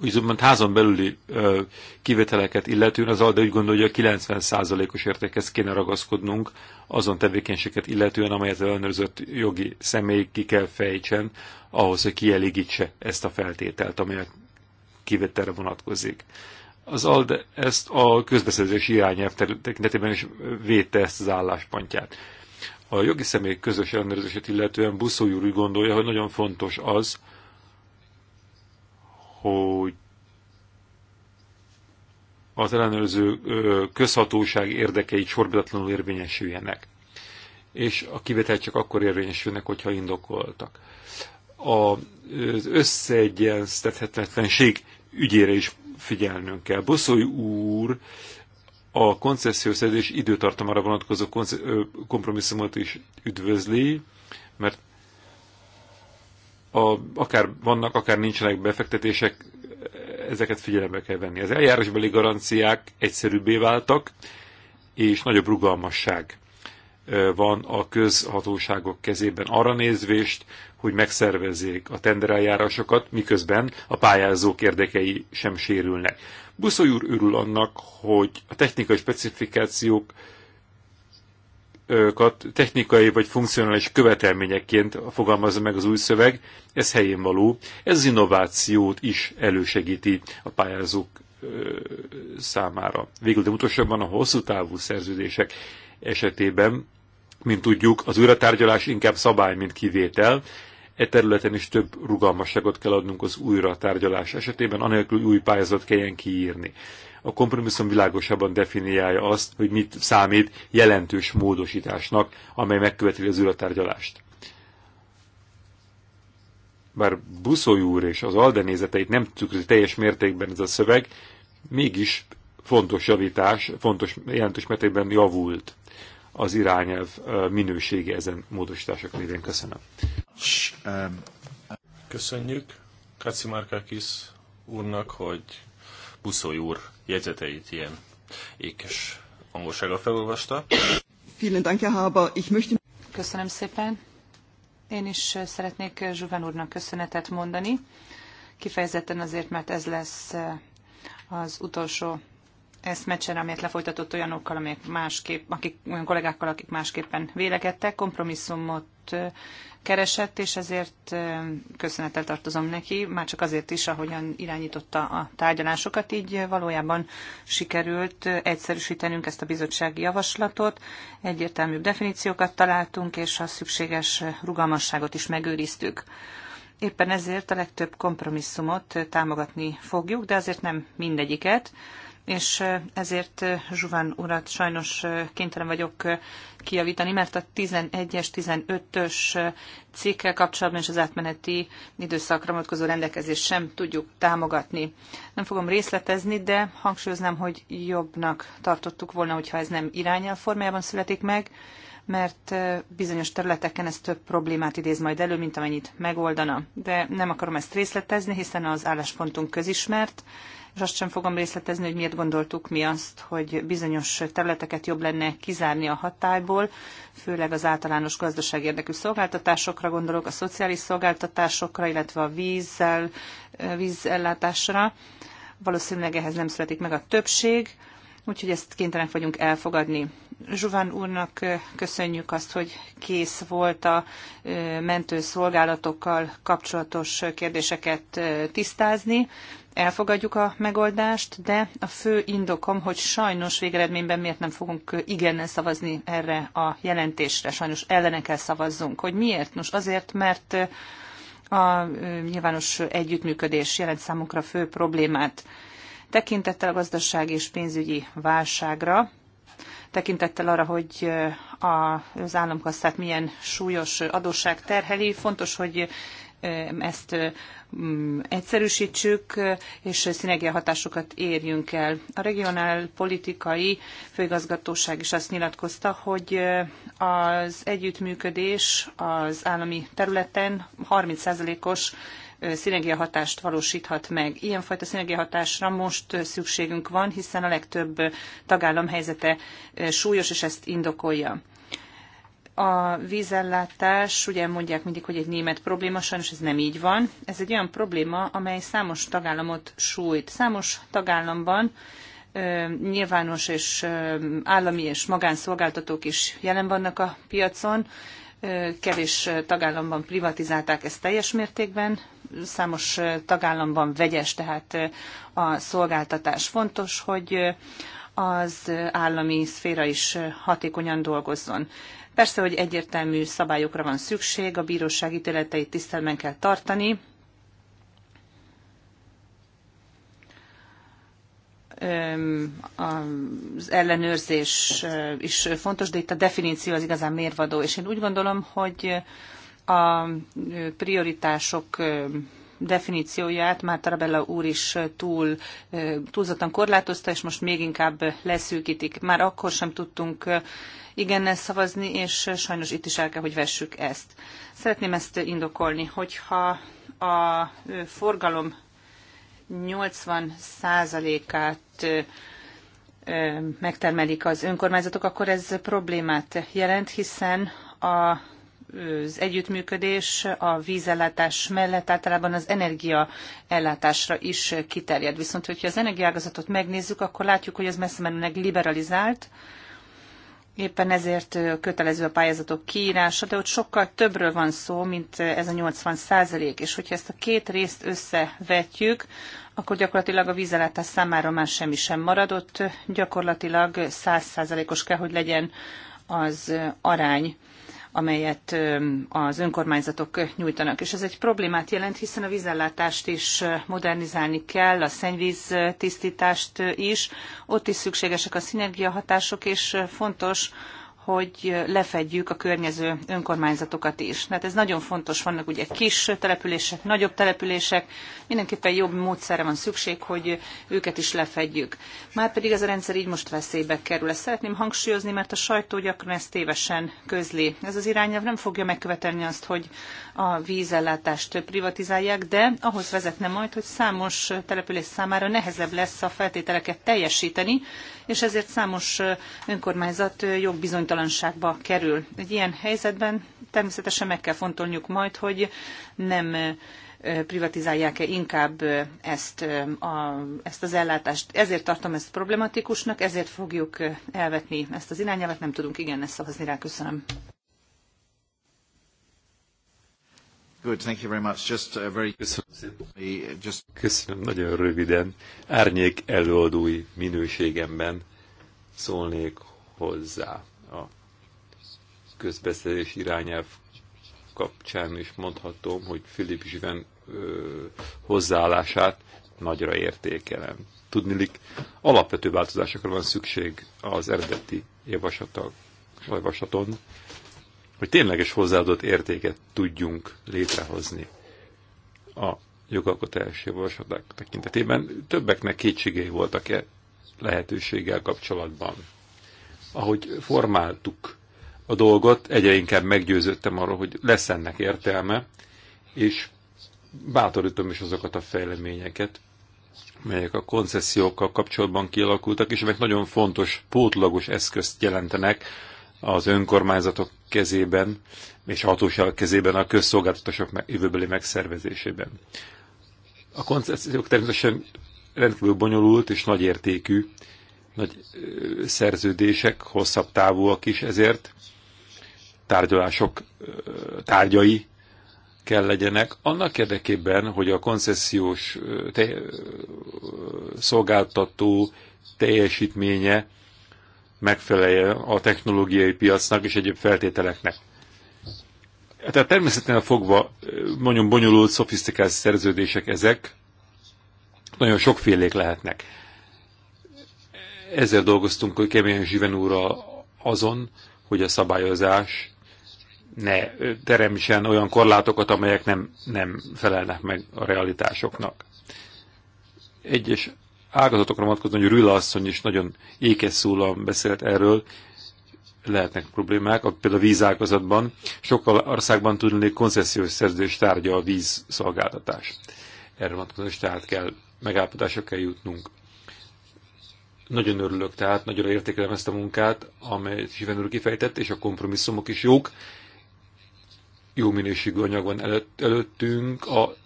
Úgymond házon belüli ö, kivételeket illetően az ALDE úgy gondolja, hogy a 90%-os értékhez kéne ragaszkodnunk azon tevékenységet illetően, amelyet ellenőrzött jogi személy ki kell fejtsen, ahhoz, hogy kielégítse ezt a feltételt, amelyet kivételre vonatkozik az ALDE ezt a közbeszerzési irányelv tekintetében is védte ezt az álláspontját. A jogi személy közös ellenőrzését illetően Buszó úr úgy gondolja, hogy nagyon fontos az, hogy az ellenőrző közhatóság érdekeit sorbitatlanul érvényesüljenek. És a kivétel csak akkor érvényesülnek, hogyha indokoltak. Az összeegyeztethetetlenség ügyére is figyelnünk kell. Boszói úr a koncesziószerzés időtartamára vonatkozó kompromisszumot is üdvözli, mert a, akár vannak, akár nincsenek befektetések, ezeket figyelembe kell venni. Az eljárásbeli garanciák egyszerűbbé váltak, és nagyobb rugalmasság van a közhatóságok kezében arra nézvést, hogy megszervezzék a tendereljárásokat, miközben a pályázók érdekei sem sérülnek. Buszoly úr örül annak, hogy a technikai specifikációk technikai vagy funkcionális követelményekként fogalmazza meg az új szöveg, ez helyén való. Ez innovációt is elősegíti a pályázók számára. Végül, de utolsóban a hosszú távú szerződések esetében, mint tudjuk, az újratárgyalás inkább szabály, mint kivétel, E területen is több rugalmasságot kell adnunk az újra tárgyalás esetében, anélkül új pályázat kelljen kiírni. A kompromisszum világosabban definiálja azt, hogy mit számít jelentős módosításnak, amely megköveteli az újra tárgyalást bár Buszoly úr és az Alde nézeteit nem tükrözi teljes mértékben ez a szöveg, mégis fontos javítás, fontos jelentős mértékben javult az irányelv minősége ezen módosítások révén. Köszönöm. Köszönjük Markakis úrnak, hogy Buszói úr jegyzeteit ilyen ékes angolsággal felolvasta. Köszönöm szépen. Én is szeretnék Zsuván úrnak köszönetet mondani, kifejezetten azért, mert ez lesz az utolsó eszmecsere, amelyet lefolytatott olyanokkal, amelyek másképp, akik, olyan kollégákkal, akik másképpen vélekedtek, kompromisszumot keresett, és ezért köszönettel tartozom neki, már csak azért is, ahogyan irányította a tárgyalásokat, így valójában sikerült egyszerűsítenünk ezt a bizottsági javaslatot, egyértelmű definíciókat találtunk, és a szükséges rugalmasságot is megőriztük. Éppen ezért a legtöbb kompromisszumot támogatni fogjuk, de azért nem mindegyiket és ezért Zsuvan urat sajnos kénytelen vagyok kijavítani, mert a 11-es, 15-ös cikkel kapcsolatban és az átmeneti időszakra vonatkozó rendelkezést sem tudjuk támogatni. Nem fogom részletezni, de hangsúlyoznám, hogy jobbnak tartottuk volna, hogyha ez nem irányel formájában születik meg, mert bizonyos területeken ez több problémát idéz majd elő, mint amennyit megoldana. De nem akarom ezt részletezni, hiszen az álláspontunk közismert, és azt sem fogom részletezni, hogy miért gondoltuk mi azt, hogy bizonyos területeket jobb lenne kizárni a hatályból, főleg az általános gazdaság érdekű szolgáltatásokra gondolok, a szociális szolgáltatásokra, illetve a vízzel, vízellátásra. Valószínűleg ehhez nem születik meg a többség, úgyhogy ezt kénytelenek vagyunk elfogadni. Zsuván úrnak köszönjük azt, hogy kész volt a mentőszolgálatokkal kapcsolatos kérdéseket tisztázni. Elfogadjuk a megoldást, de a fő indokom, hogy sajnos végeredményben miért nem fogunk igennel szavazni erre a jelentésre, sajnos ellene kell szavazzunk. Hogy miért? Nos, azért, mert a nyilvános együttműködés jelent számunkra fő problémát. Tekintettel a gazdaság és pénzügyi válságra, tekintettel arra, hogy az államkasszát milyen súlyos adósság terheli. Fontos, hogy ezt egyszerűsítsük, és hatásokat érjünk el. A regionál politikai főigazgatóság is azt nyilatkozta, hogy az együttműködés az állami területen 30%-os szinergiahatást valósíthat meg. Ilyenfajta szinergiahatásra most szükségünk van, hiszen a legtöbb tagállam helyzete eh, súlyos, és ezt indokolja. A vízellátás, ugye mondják mindig, hogy egy német probléma, sajnos ez nem így van. Ez egy olyan probléma, amely számos tagállamot sújt. Számos tagállamban eh, nyilvános és eh, állami és magánszolgáltatók is jelen vannak a piacon. Kevés tagállamban privatizálták ezt teljes mértékben, számos tagállamban vegyes, tehát a szolgáltatás fontos, hogy az állami szféra is hatékonyan dolgozzon. Persze, hogy egyértelmű szabályokra van szükség, a bíróság ítéleteit tisztelmen kell tartani, az ellenőrzés is fontos, de itt a definíció az igazán mérvadó, és én úgy gondolom, hogy a prioritások definícióját már Tarabella úr is túl, túlzottan korlátozta, és most még inkább leszűkítik. Már akkor sem tudtunk igennel szavazni, és sajnos itt is el kell, hogy vessük ezt. Szeretném ezt indokolni, hogyha a forgalom 80%-át megtermelik az önkormányzatok, akkor ez problémát jelent, hiszen a az együttműködés a vízellátás mellett általában az energiaellátásra is kiterjed. Viszont, hogyha az energiaágazatot megnézzük, akkor látjuk, hogy ez messze menőleg liberalizált, Éppen ezért kötelező a pályázatok kiírása, de ott sokkal többről van szó, mint ez a 80 százalék, és hogyha ezt a két részt összevetjük, akkor gyakorlatilag a vízellátás számára már semmi sem maradott. gyakorlatilag 100 százalékos kell, hogy legyen az arány amelyet az önkormányzatok nyújtanak. És ez egy problémát jelent, hiszen a vízellátást is modernizálni kell, a szennyvíz tisztítást is. Ott is szükségesek a szinergiahatások, és fontos, hogy lefedjük a környező önkormányzatokat is. Tehát ez nagyon fontos, vannak ugye kis települések, nagyobb települések, mindenképpen jobb módszerre van szükség, hogy őket is lefedjük. Márpedig ez a rendszer így most veszélybe kerül. Ezt szeretném hangsúlyozni, mert a sajtó gyakran ezt tévesen közli. Ez az irányelv nem fogja megkövetelni azt, hogy a vízellátást privatizálják, de ahhoz vezetne majd, hogy számos település számára nehezebb lesz a feltételeket teljesíteni, és ezért számos önkormányzat bizonyt bizonytalanságba kerül. Egy ilyen helyzetben természetesen meg kell fontolniuk majd, hogy nem privatizálják-e inkább ezt, a, ezt az ellátást. Ezért tartom ezt problematikusnak, ezért fogjuk elvetni ezt az irányelvet, nem tudunk igen ezt szavazni rá. Köszönöm. Good, thank you very much. Just a uh, very... Köszönöm. Uh, just... Köszönöm, nagyon röviden. Árnyék előadói minőségemben szólnék hozzá a közbeszerzés irányelv kapcsán is mondhatom, hogy Philip Zsiven hozzáállását nagyra értékelem. Tudnilik, alapvető változásokra van szükség az eredeti javaslaton, hogy tényleges hozzáadott értéket tudjunk létrehozni a jogalkotási javaslatok tekintetében. Többeknek kétségei voltak-e lehetőséggel kapcsolatban ahogy formáltuk a dolgot, egyre inkább meggyőződtem arról, hogy lesz ennek értelme, és bátorítom is azokat a fejleményeket, melyek a koncesziókkal kapcsolatban kialakultak, és amelyek nagyon fontos, pótlagos eszközt jelentenek az önkormányzatok kezében és a hatóságok kezében a közszolgáltatások jövőbeli megszervezésében. A koncesziók természetesen rendkívül bonyolult és nagyértékű nagy szerződések, hosszabb távúak is ezért, tárgyalások tárgyai kell legyenek, annak érdekében, hogy a koncesziós te, szolgáltató teljesítménye megfelelje a technológiai piacnak és egyéb feltételeknek. Tehát természetesen fogva nagyon bonyolult, szofisztikált szerződések ezek, nagyon sokfélék lehetnek ezért dolgoztunk hogy keményen Zsiven úrral azon, hogy a szabályozás ne teremtsen olyan korlátokat, amelyek nem, nem felelnek meg a realitásoknak. Egyes ágazatokra vonatkozóan, hogy Rüla asszony is nagyon ékes szólal beszélt erről, lehetnek problémák, például a vízágazatban sokkal országban tudnék koncesziós szerződés tárgya a vízszolgáltatás. Erre vonatkozóan is tehát kell, megállapodásra kell jutnunk. Nagyon örülök, tehát nagyon értékelem ezt a munkát, amelyet Sivan úr kifejtett, és a kompromisszumok is jók. Jó minőségű anyag van előtt, előttünk. A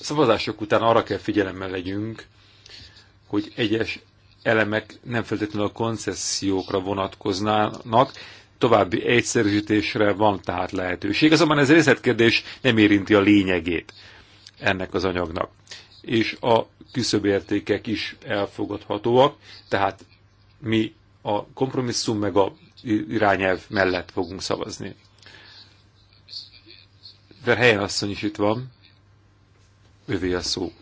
szavazások után arra kell figyelemmel legyünk, hogy egyes elemek nem feltétlenül a koncesziókra vonatkoznának, további egyszerűsítésre van tehát lehetőség, azonban ez részletkérdés nem érinti a lényegét ennek az anyagnak és a küszöbértékek is elfogadhatóak, tehát mi a kompromisszum meg a irányelv mellett fogunk szavazni. Verhelyen asszony is itt van, övé a szó.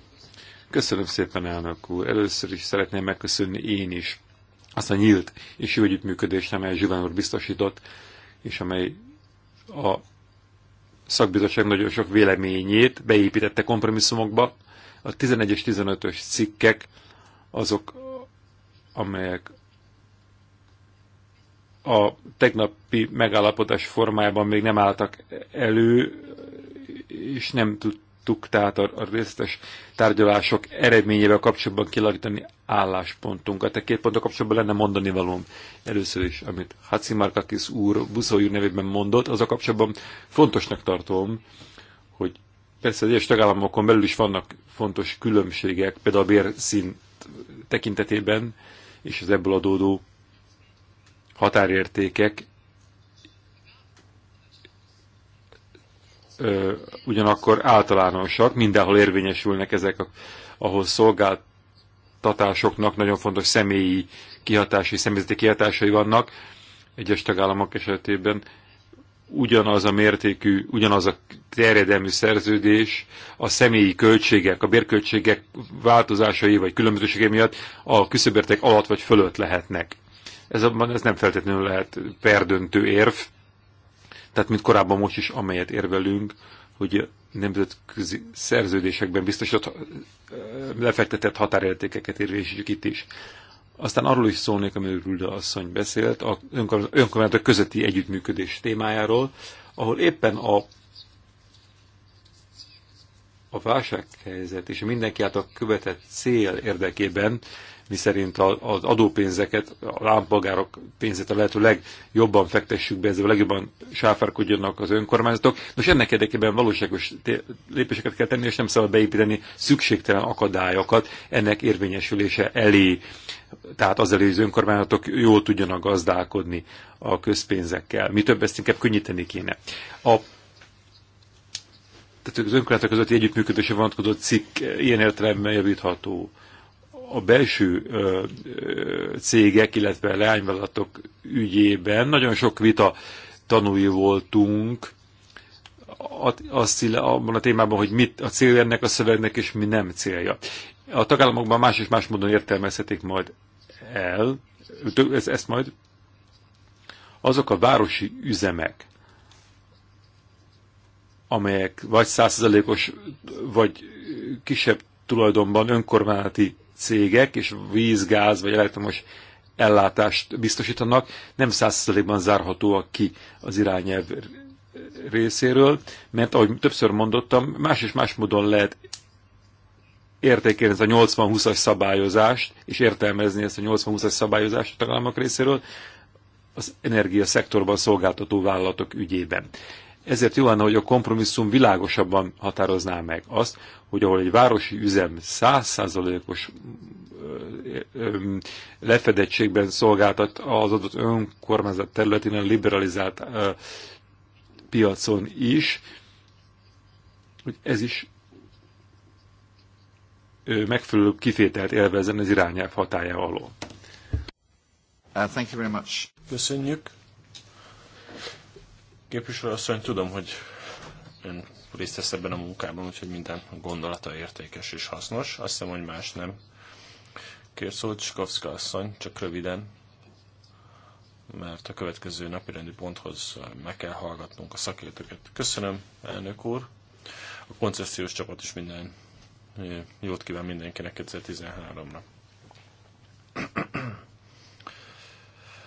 Köszönöm szépen, elnök úr. Először is szeretném megköszönni én is azt a nyílt és jó együttműködést, amely Zsiván úr biztosított, és amely a szakbizottság nagyon sok véleményét beépítette kompromisszumokba, a 11 és 15-ös cikkek azok, amelyek a tegnapi megállapodás formájában még nem álltak elő, és nem tudtuk tehát a, részletes tárgyalások eredményével kapcsolatban kilakítani álláspontunkat. A e két pontok kapcsolatban lenne mondani valóm először is, amit Markakis úr, Buszó úr nevében mondott, az a kapcsolatban fontosnak tartom, hogy Persze az egyes tagállamokon belül is vannak fontos különbségek, például a bérszint tekintetében, és az ebből adódó határértékek ö, ugyanakkor általánosak, mindenhol érvényesülnek ezek, ahol szolgáltatásoknak nagyon fontos személyi kihatásai, személyzeti kihatásai vannak. Egyes tagállamok esetében ugyanaz a mértékű, ugyanaz a terjedelmű szerződés a személyi költségek, a bérköltségek változásai vagy különbözőségei miatt a küszöbértek alatt vagy fölött lehetnek. Ez, a, ez nem feltétlenül lehet perdöntő érv, tehát mint korábban most is, amelyet érvelünk, hogy nemzetközi szerződésekben biztosított lefektetett határértékeket érvényesítjük itt is. Aztán arról is szólnék, amiről Rüde asszony beszélt, a önkormányzatok közötti együttműködés témájáról, ahol éppen a a válsághelyzet és a mindenki által követett cél érdekében, miszerint az adópénzeket, a lámpagárok pénzét a lehető legjobban fektessük be, ezzel a legjobban sáfárkodjanak az önkormányzatok. Nos, ennek érdekében valóságos lépéseket kell tenni, és nem szabad beépíteni szükségtelen akadályokat ennek érvényesülése elé tehát azzal, hogy az önkormányzatok jól tudjanak gazdálkodni a közpénzekkel. Mi több, ezt inkább könnyíteni kéne. A tehát az önkormányzatok közötti együttműködésre vonatkozó cikk ilyen értelemben javítható. A belső ö, ö, cégek, illetve leányvállalatok ügyében nagyon sok vita tanulni voltunk a, abban a témában, hogy mit a célja ennek a szövegnek, és mi nem célja. A tagállamokban más és más módon értelmezhetik majd el, ez, ezt majd azok a városi üzemek, amelyek vagy százszerzelékos, vagy kisebb tulajdonban önkormányzati cégek, és víz, gáz, vagy elektromos ellátást biztosítanak, nem százszerzelékben zárhatóak ki az irányelv részéről, mert ahogy többször mondottam, más és más módon lehet értékén ez a 80-20-as szabályozást, és értelmezni ezt a 80-20-as szabályozást a tagállamok részéről az energiaszektorban szolgáltató vállalatok ügyében. Ezért jó lenne, hogy a kompromisszum világosabban határozná meg azt, hogy ahol egy városi üzem 100%-os lefedettségben szolgáltat az adott önkormányzat területén a liberalizált piacon is, hogy ez is megfelelő kifételt élvezzen az irányelv hatája alól. Uh, thank you very much. Köszönjük. Képviselő asszony, tudom, hogy ön részt vesz ebben a munkában, úgyhogy minden gondolata értékes és hasznos. Azt hiszem, hogy más nem. Kér szót Skowska asszony, csak röviden, mert a következő napi rendi ponthoz meg kell hallgatnunk a szakértőket. Köszönöm, elnök úr. A koncesziós csapat is minden Jót kíván mindenkinek 2013 nak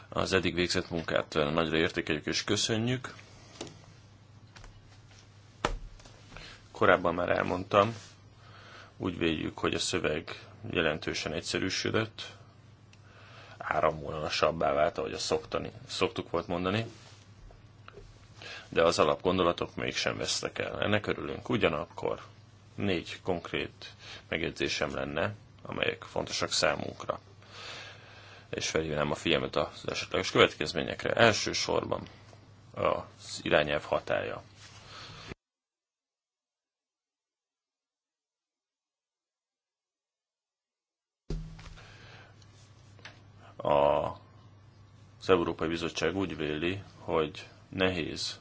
Az eddig végzett munkát nagyra értékeljük és köszönjük. Korábban már elmondtam, úgy véljük, hogy a szöveg jelentősen egyszerűsödött, áramvonalasabbá vált, ahogy a szoktani, szoktuk volt mondani, de az alapgondolatok mégsem vesztek el. Ennek örülünk. Ugyanakkor Négy konkrét megjegyzésem lenne, amelyek fontosak számunkra. És felhívnám a figyelmet az esetleges következményekre. Elsősorban az irányelv hatája. A, az Európai Bizottság úgy véli, hogy nehéz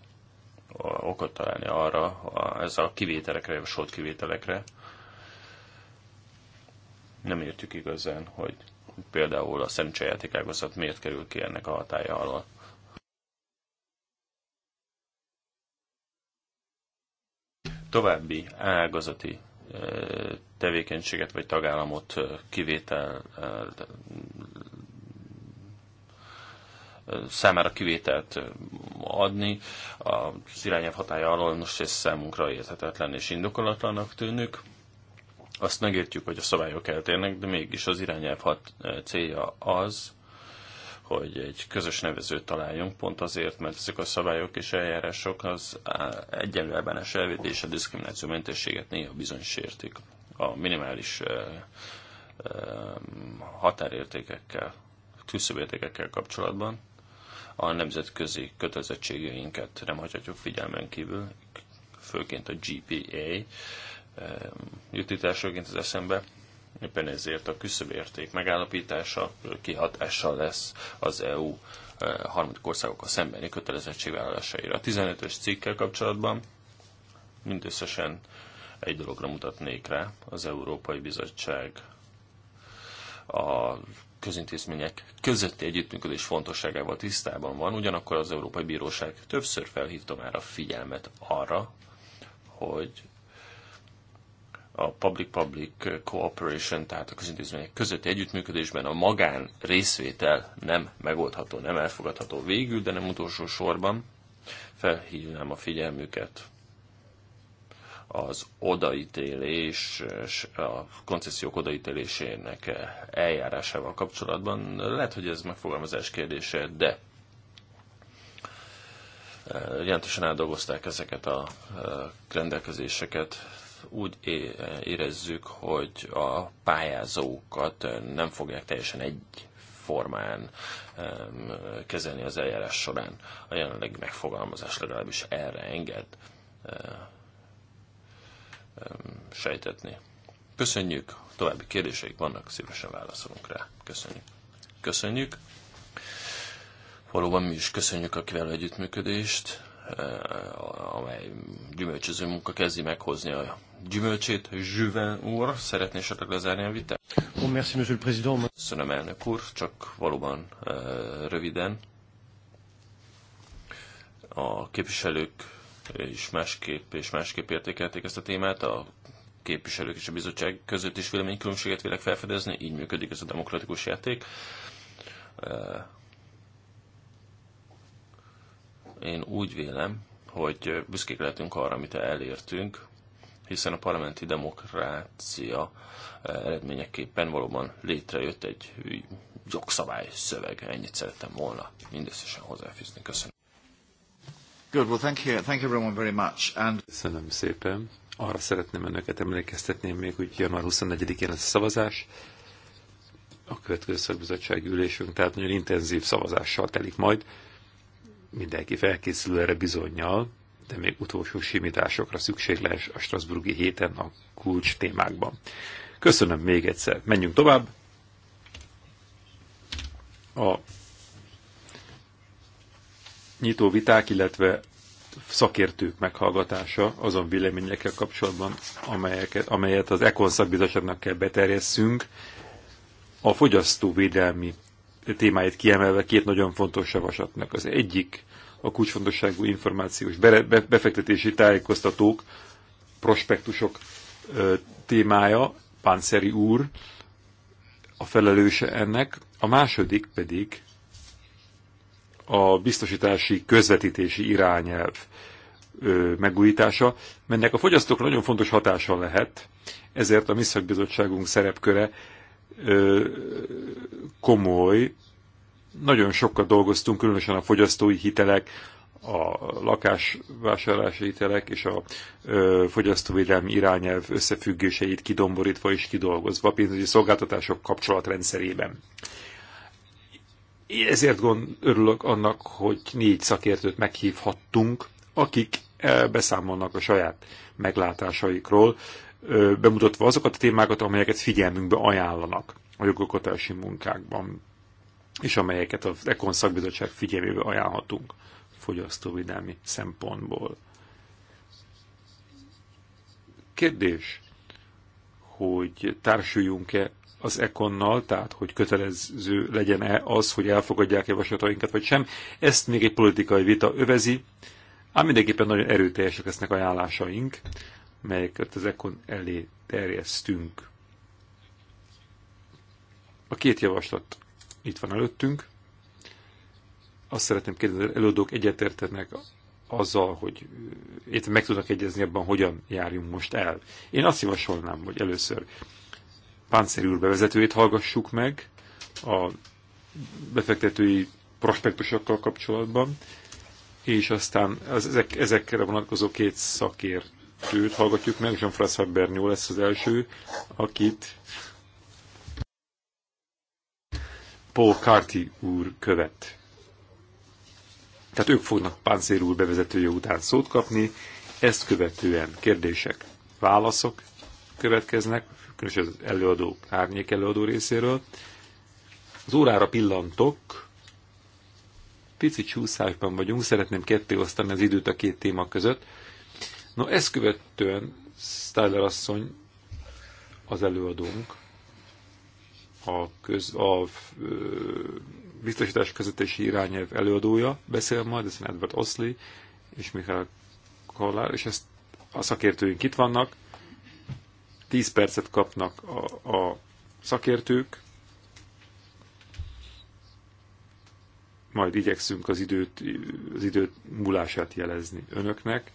okot találni arra, a, ez a kivételekre, sót kivételekre. Nem értjük igazán, hogy például a szerencsejáték ágazat miért kerül ki ennek a hatája alól. További ágazati tevékenységet vagy tagállamot kivétel számára kivételt adni. Az irányelv hatája alól most ez számunkra érthetetlen és indokolatlanak tűnik. Azt megértjük, hogy a szabályok eltérnek, de mégis az irányelv hat célja az, hogy egy közös nevezőt találjunk, pont azért, mert ezek a szabályok és eljárások az egyenlő elbánás elvét és a diszkrimináció mentességet néha bizony sértik a minimális határértékekkel, küszöbértékekkel kapcsolatban a nemzetközi kötelezettségeinket nem hagyhatjuk figyelmen kívül, főként a GPA eh, jutításaként az eszembe. Éppen ezért a küszöbérték megállapítása kihatással lesz az EU eh, harmadik országokkal szembeni kötelezettségvállalásaira. A 15-ös cikkel kapcsolatban mindösszesen egy dologra mutatnék rá, az Európai Bizottság a közintézmények közötti együttműködés fontosságával tisztában van, ugyanakkor az Európai Bíróság többször felhívta már a figyelmet arra, hogy a public-public cooperation, tehát a közintézmények közötti együttműködésben a magán részvétel nem megoldható, nem elfogadható végül, de nem utolsó sorban felhívnám a figyelmüket az odaítélés, a koncesziók odaítélésének eljárásával kapcsolatban. Lehet, hogy ez megfogalmazás kérdése, de e, jelentősen átdolgozták ezeket a e, rendelkezéseket. Úgy érezzük, hogy a pályázókat nem fogják teljesen egy formán e, kezelni az eljárás során. A jelenlegi megfogalmazás legalábbis erre enged sejtetni. Köszönjük, további kérdéseik vannak, szívesen válaszolunk rá. Köszönjük. Köszönjük. Valóban mi is köszönjük a kiváló együttműködést, amely gyümölcsöző munka kezdi meghozni a gyümölcsét. Zsüven úr, szeretné esetleg lezárni a vitát? Oh, merci, monsieur le président. Köszönöm, elnök úr, csak valóban röviden. A képviselők és másképp és másképp értékelték ezt a témát. A képviselők és a bizottság között is véleménykülönbséget vélek felfedezni, így működik ez a demokratikus játék. Eh, én úgy vélem, hogy büszkék lehetünk arra, amit elértünk, hiszen a parlamenti demokrácia eh, eredményeképpen valóban létrejött egy jogszabály szöveg. Ennyit szerettem volna mindösszesen hozzáfűzni. Köszönöm. Good, well thank you, thank you everyone very much. And... Köszönöm szépen. Arra szeretném önöket emlékeztetni, még hogy január 24-én lesz a szavazás. A következő szakbizottság ülésünk, tehát nagyon intenzív szavazással telik majd. Mindenki felkészül erre bizonyal, de még utolsó simításokra szükség lesz a Strasburgi héten a kulcs témákban. Köszönöm még egyszer. Menjünk tovább. A nyitó viták, illetve szakértők meghallgatása azon véleményekkel kapcsolatban, amelyeket, amelyet az ECON szakbizottságnak kell beterjesszünk. A fogyasztóvédelmi témáit kiemelve két nagyon fontos javaslatnak. Az egyik a kulcsfontosságú információs befektetési tájékoztatók, prospektusok témája, Pánceri úr, a felelőse ennek, a második pedig a biztosítási közvetítési irányelv megújítása, mennek a fogyasztók nagyon fontos hatása lehet, ezért a mi szakbizottságunk szerepköre komoly, nagyon sokat dolgoztunk, különösen a fogyasztói hitelek, a lakásvásárlási hitelek és a ö, fogyasztóvédelmi irányelv összefüggéseit kidomborítva és kidolgozva pénzügyi szolgáltatások kapcsolatrendszerében. Ezért gond, örülök annak, hogy négy szakértőt meghívhattunk, akik eh, beszámolnak a saját meglátásaikról, bemutatva azokat a témákat, amelyeket figyelmünkbe ajánlanak a jogokotási munkákban, és amelyeket az Ekon szakbizottság figyelmébe ajánlhatunk fogyasztóvédelmi szempontból. Kérdés, hogy társuljunk-e az Econnal, tehát hogy kötelező legyen-e az, hogy elfogadják javaslatainkat vagy sem, ezt még egy politikai vita övezi, ám mindenképpen nagyon erőteljesek lesznek ajánlásaink, melyeket az Econ elé terjesztünk. A két javaslat itt van előttünk. Azt szeretném kérdezni, előadók egyetértenek azzal, hogy itt meg tudnak egyezni abban, hogyan járjunk most el. Én azt javasolnám, hogy először Páncéli úr bevezetőjét hallgassuk meg a befektetői prospektusokkal kapcsolatban, és aztán ezek, ezekre vonatkozó két szakértőt hallgatjuk meg. Jean-François Bernió lesz az első, akit Paul Carty úr követ. Tehát ők fognak Páncér úr bevezetője után szót kapni, ezt követően kérdések, válaszok következnek, különösen az előadók, árnyék előadó részéről. Az órára pillantok, pici csúszásban vagyunk, szeretném ketté osztani az időt a két téma között. No, ezt követően Styler asszony, az előadónk, a, köz, a biztosítás közöttési irányelv előadója beszél majd, ez Edward Oszli és Michael Kollár, és ezt a szakértőink itt vannak, 10 percet kapnak a, a szakértők, majd igyekszünk az időt, az időt múlását jelezni önöknek,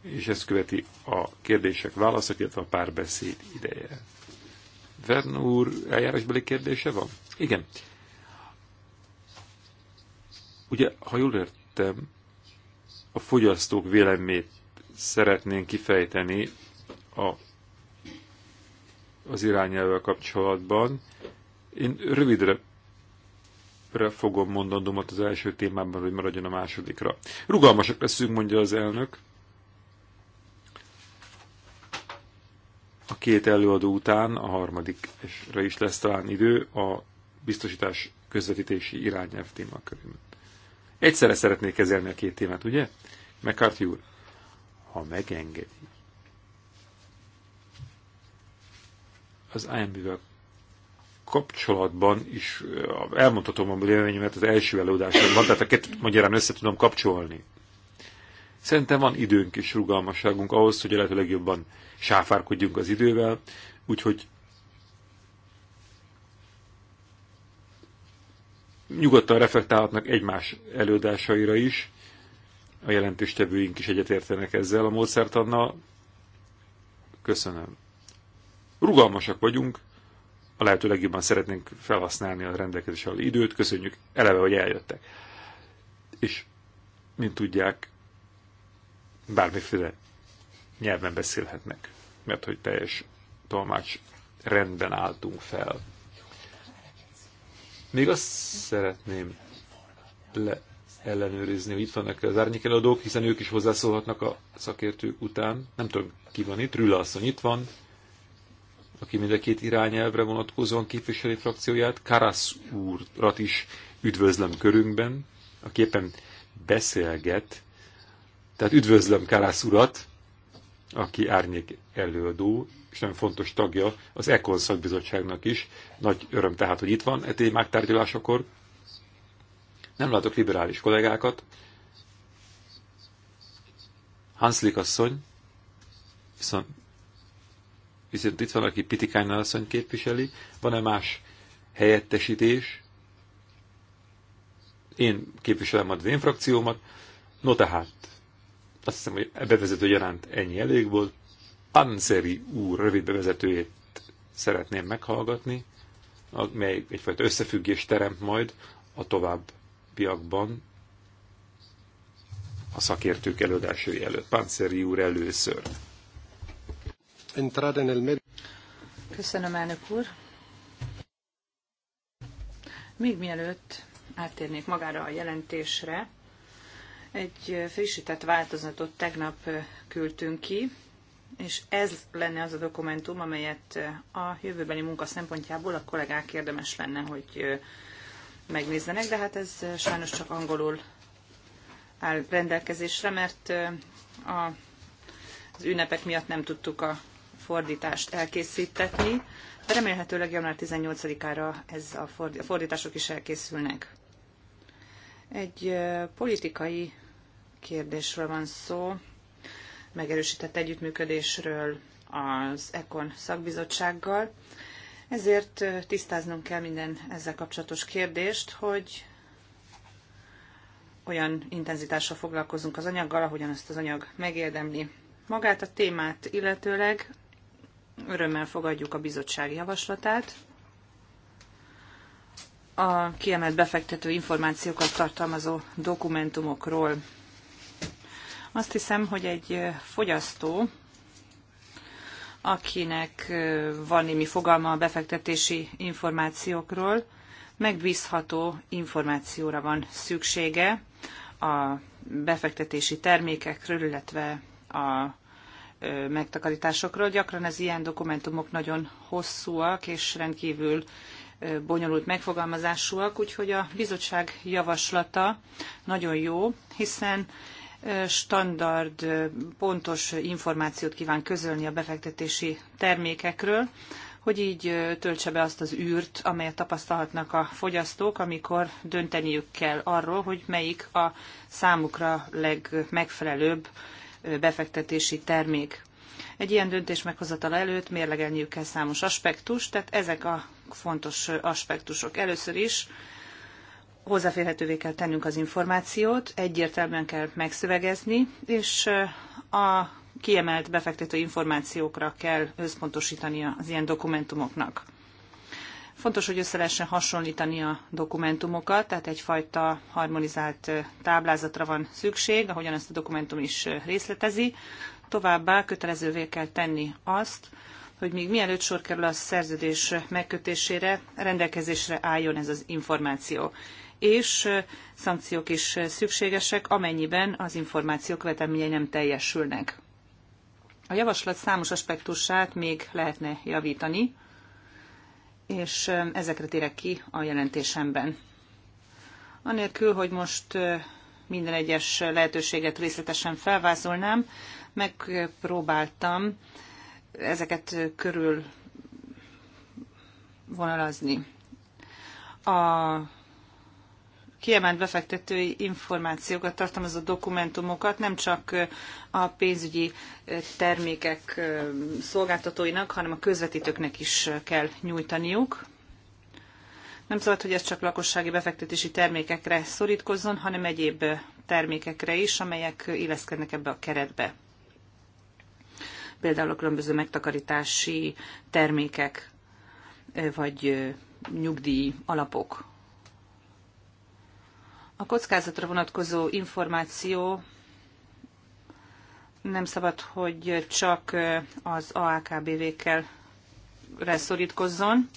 és ezt követi a kérdések válasz, illetve a párbeszéd ideje. Vern úr eljárásbeli kérdése van? Igen. Ugye, ha jól értem, a fogyasztók véleményét szeretnénk kifejteni a, az irányelvvel kapcsolatban. Én rövidre fogom mondandómat az első témában, hogy maradjon a másodikra. Rugalmasak leszünk, mondja az elnök. A két előadó után a harmadikra is lesz talán idő a biztosítás közvetítési irányelv témakörében. Egyszerre szeretnék kezelni a két témát, ugye? McCarthy úr, ha megengedi. az IMB-vel kapcsolatban is elmondhatom a véleményemet az első előadásomban, tehát a kettőt magyarán össze tudom kapcsolni. Szerintem van időnk és rugalmasságunk ahhoz, hogy a lehető legjobban sáfárkodjunk az idővel, úgyhogy nyugodtan reflektálhatnak egymás előadásaira is, a jelentéstevőink is egyetértenek ezzel a módszertannal. Köszönöm rugalmasak vagyunk, a lehető legjobban szeretnénk felhasználni a rendelkezésre álló időt, köszönjük eleve, hogy eljöttek. És, mint tudják, bármiféle nyelven beszélhetnek, mert hogy teljes tolmács rendben álltunk fel. Még azt szeretném le ellenőrizni, hogy itt vannak az árnyékeladók, hiszen ők is hozzászólhatnak a szakértők után. Nem tudom, ki van itt, Rüla asszony itt van, aki mind a két irányelvre vonatkozóan képviseli frakcióját, Karasz úrat is üdvözlöm körünkben, aki éppen beszélget. Tehát üdvözlöm Karasz urat, aki árnyék előadó, és nagyon fontos tagja az ECON szakbizottságnak is. Nagy öröm tehát, hogy itt van e témák tárgyalásakor. Nem látok liberális kollégákat. Hanslik asszony viszont viszont itt van, aki Pitikánynál asszony képviseli. Van-e más helyettesítés? Én képviselem az én frakciómat. No tehát, azt hiszem, hogy e bevezető jelent, ennyi elég volt. Panzeri úr rövid bevezetőjét szeretném meghallgatni, mely egyfajta összefüggést teremt majd a továbbiakban a szakértők előadásai előtt. Panzeri úr először entrare nel merito. Köszönöm, elnök úr. Még mielőtt áttérnék magára a jelentésre, egy frissített változatot tegnap küldtünk ki, és ez lenne az a dokumentum, amelyet a jövőbeni munka szempontjából a kollégák érdemes lenne, hogy megnézzenek, de hát ez sajnos csak angolul áll rendelkezésre, mert a, az ünnepek miatt nem tudtuk a fordítást elkészítetni, de remélhetőleg január 18-ára ez a, fordítások is elkészülnek. Egy politikai kérdésről van szó, megerősített együttműködésről az ECON szakbizottsággal. Ezért tisztáznunk kell minden ezzel kapcsolatos kérdést, hogy olyan intenzitással foglalkozunk az anyaggal, ahogyan ezt az anyag megérdemli. Magát a témát illetőleg Örömmel fogadjuk a bizottság javaslatát. A kiemelt befektető információkat tartalmazó dokumentumokról. Azt hiszem, hogy egy fogyasztó, akinek van némi fogalma a befektetési információkról, megbízható információra van szüksége a befektetési termékekről, illetve a megtakarításokról. Gyakran az ilyen dokumentumok nagyon hosszúak és rendkívül bonyolult megfogalmazásúak, úgyhogy a bizottság javaslata nagyon jó, hiszen standard, pontos információt kíván közölni a befektetési termékekről, hogy így töltse be azt az űrt, amelyet tapasztalhatnak a fogyasztók, amikor dönteniük kell arról, hogy melyik a számukra legmegfelelőbb befektetési termék. Egy ilyen döntés meghozatala előtt mérlegelniük kell számos aspektust, tehát ezek a fontos aspektusok. Először is hozzáférhetővé kell tennünk az információt, egyértelműen kell megszövegezni, és eh, a kiemelt befektető információkra kell összpontosítani az ilyen dokumentumoknak. Fontos, hogy össze lehessen hasonlítani a dokumentumokat, tehát egyfajta harmonizált táblázatra van szükség, ahogyan ezt a dokumentum is részletezi. Továbbá kötelezővé kell tenni azt, hogy még mielőtt sor kerül a szerződés megkötésére, rendelkezésre álljon ez az információ. És szankciók is szükségesek, amennyiben az információ követelményei nem teljesülnek. A javaslat számos aspektusát még lehetne javítani, és ezekre térek ki a jelentésemben. Anélkül, hogy most minden egyes lehetőséget részletesen felvázolnám, megpróbáltam ezeket körül vonalazni. A kiemelt befektetői információkat tartalmazó dokumentumokat nem csak a pénzügyi termékek szolgáltatóinak, hanem a közvetítőknek is kell nyújtaniuk. Nem szabad, hogy ez csak lakossági befektetési termékekre szorítkozzon, hanem egyéb termékekre is, amelyek illeszkednek ebbe a keretbe. Például a különböző megtakarítási termékek, vagy nyugdíj alapok. A kockázatra vonatkozó információ nem szabad, hogy csak az AAKBV-kkel reszorítkozzon,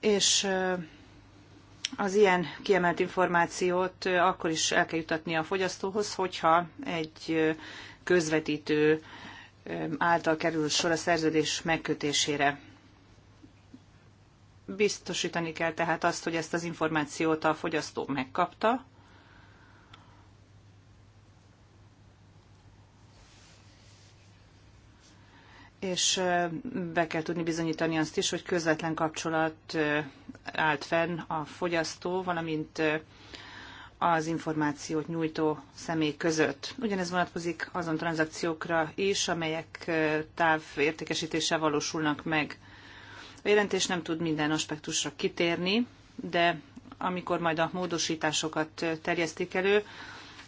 és az ilyen kiemelt információt akkor is el kell jutatni a fogyasztóhoz, hogyha egy közvetítő által kerül sor a szerződés megkötésére. Biztosítani kell tehát azt, hogy ezt az információt a fogyasztó megkapta, és be kell tudni bizonyítani azt is, hogy közvetlen kapcsolat állt fenn a fogyasztó, valamint az információt nyújtó személy között. Ugyanez vonatkozik azon tranzakciókra is, amelyek távértékesítése valósulnak meg. A jelentés nem tud minden aspektusra kitérni, de amikor majd a módosításokat terjesztik elő,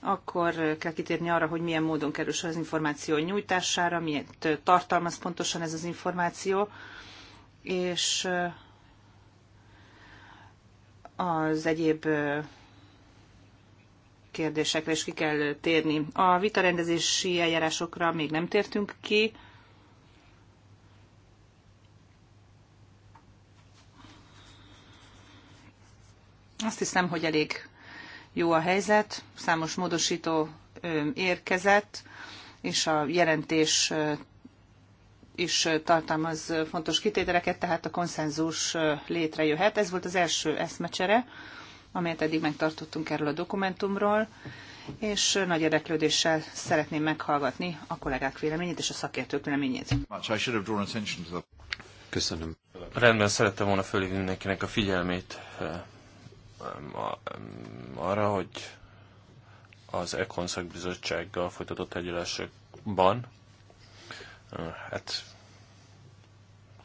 akkor kell kitérni arra, hogy milyen módon kerül sor az információ nyújtására, miért tartalmaz pontosan ez az információ, és az egyéb kérdésekre is ki kell térni. A vitarendezési eljárásokra még nem tértünk ki, Azt hiszem, hogy elég jó a helyzet, számos módosító érkezett, és a jelentés is tartalmaz fontos kitételeket, tehát a konszenzus létrejöhet. Ez volt az első eszmecsere, amelyet eddig megtartottunk erről a dokumentumról, és nagy érdeklődéssel szeretném meghallgatni a kollégák véleményét és a szakértők véleményét. Köszönöm. Rendben, szerettem volna fölhívni mindenkinek a figyelmét arra, hogy az Econ szakbizottsággal folytatott tárgyalásokban, hát,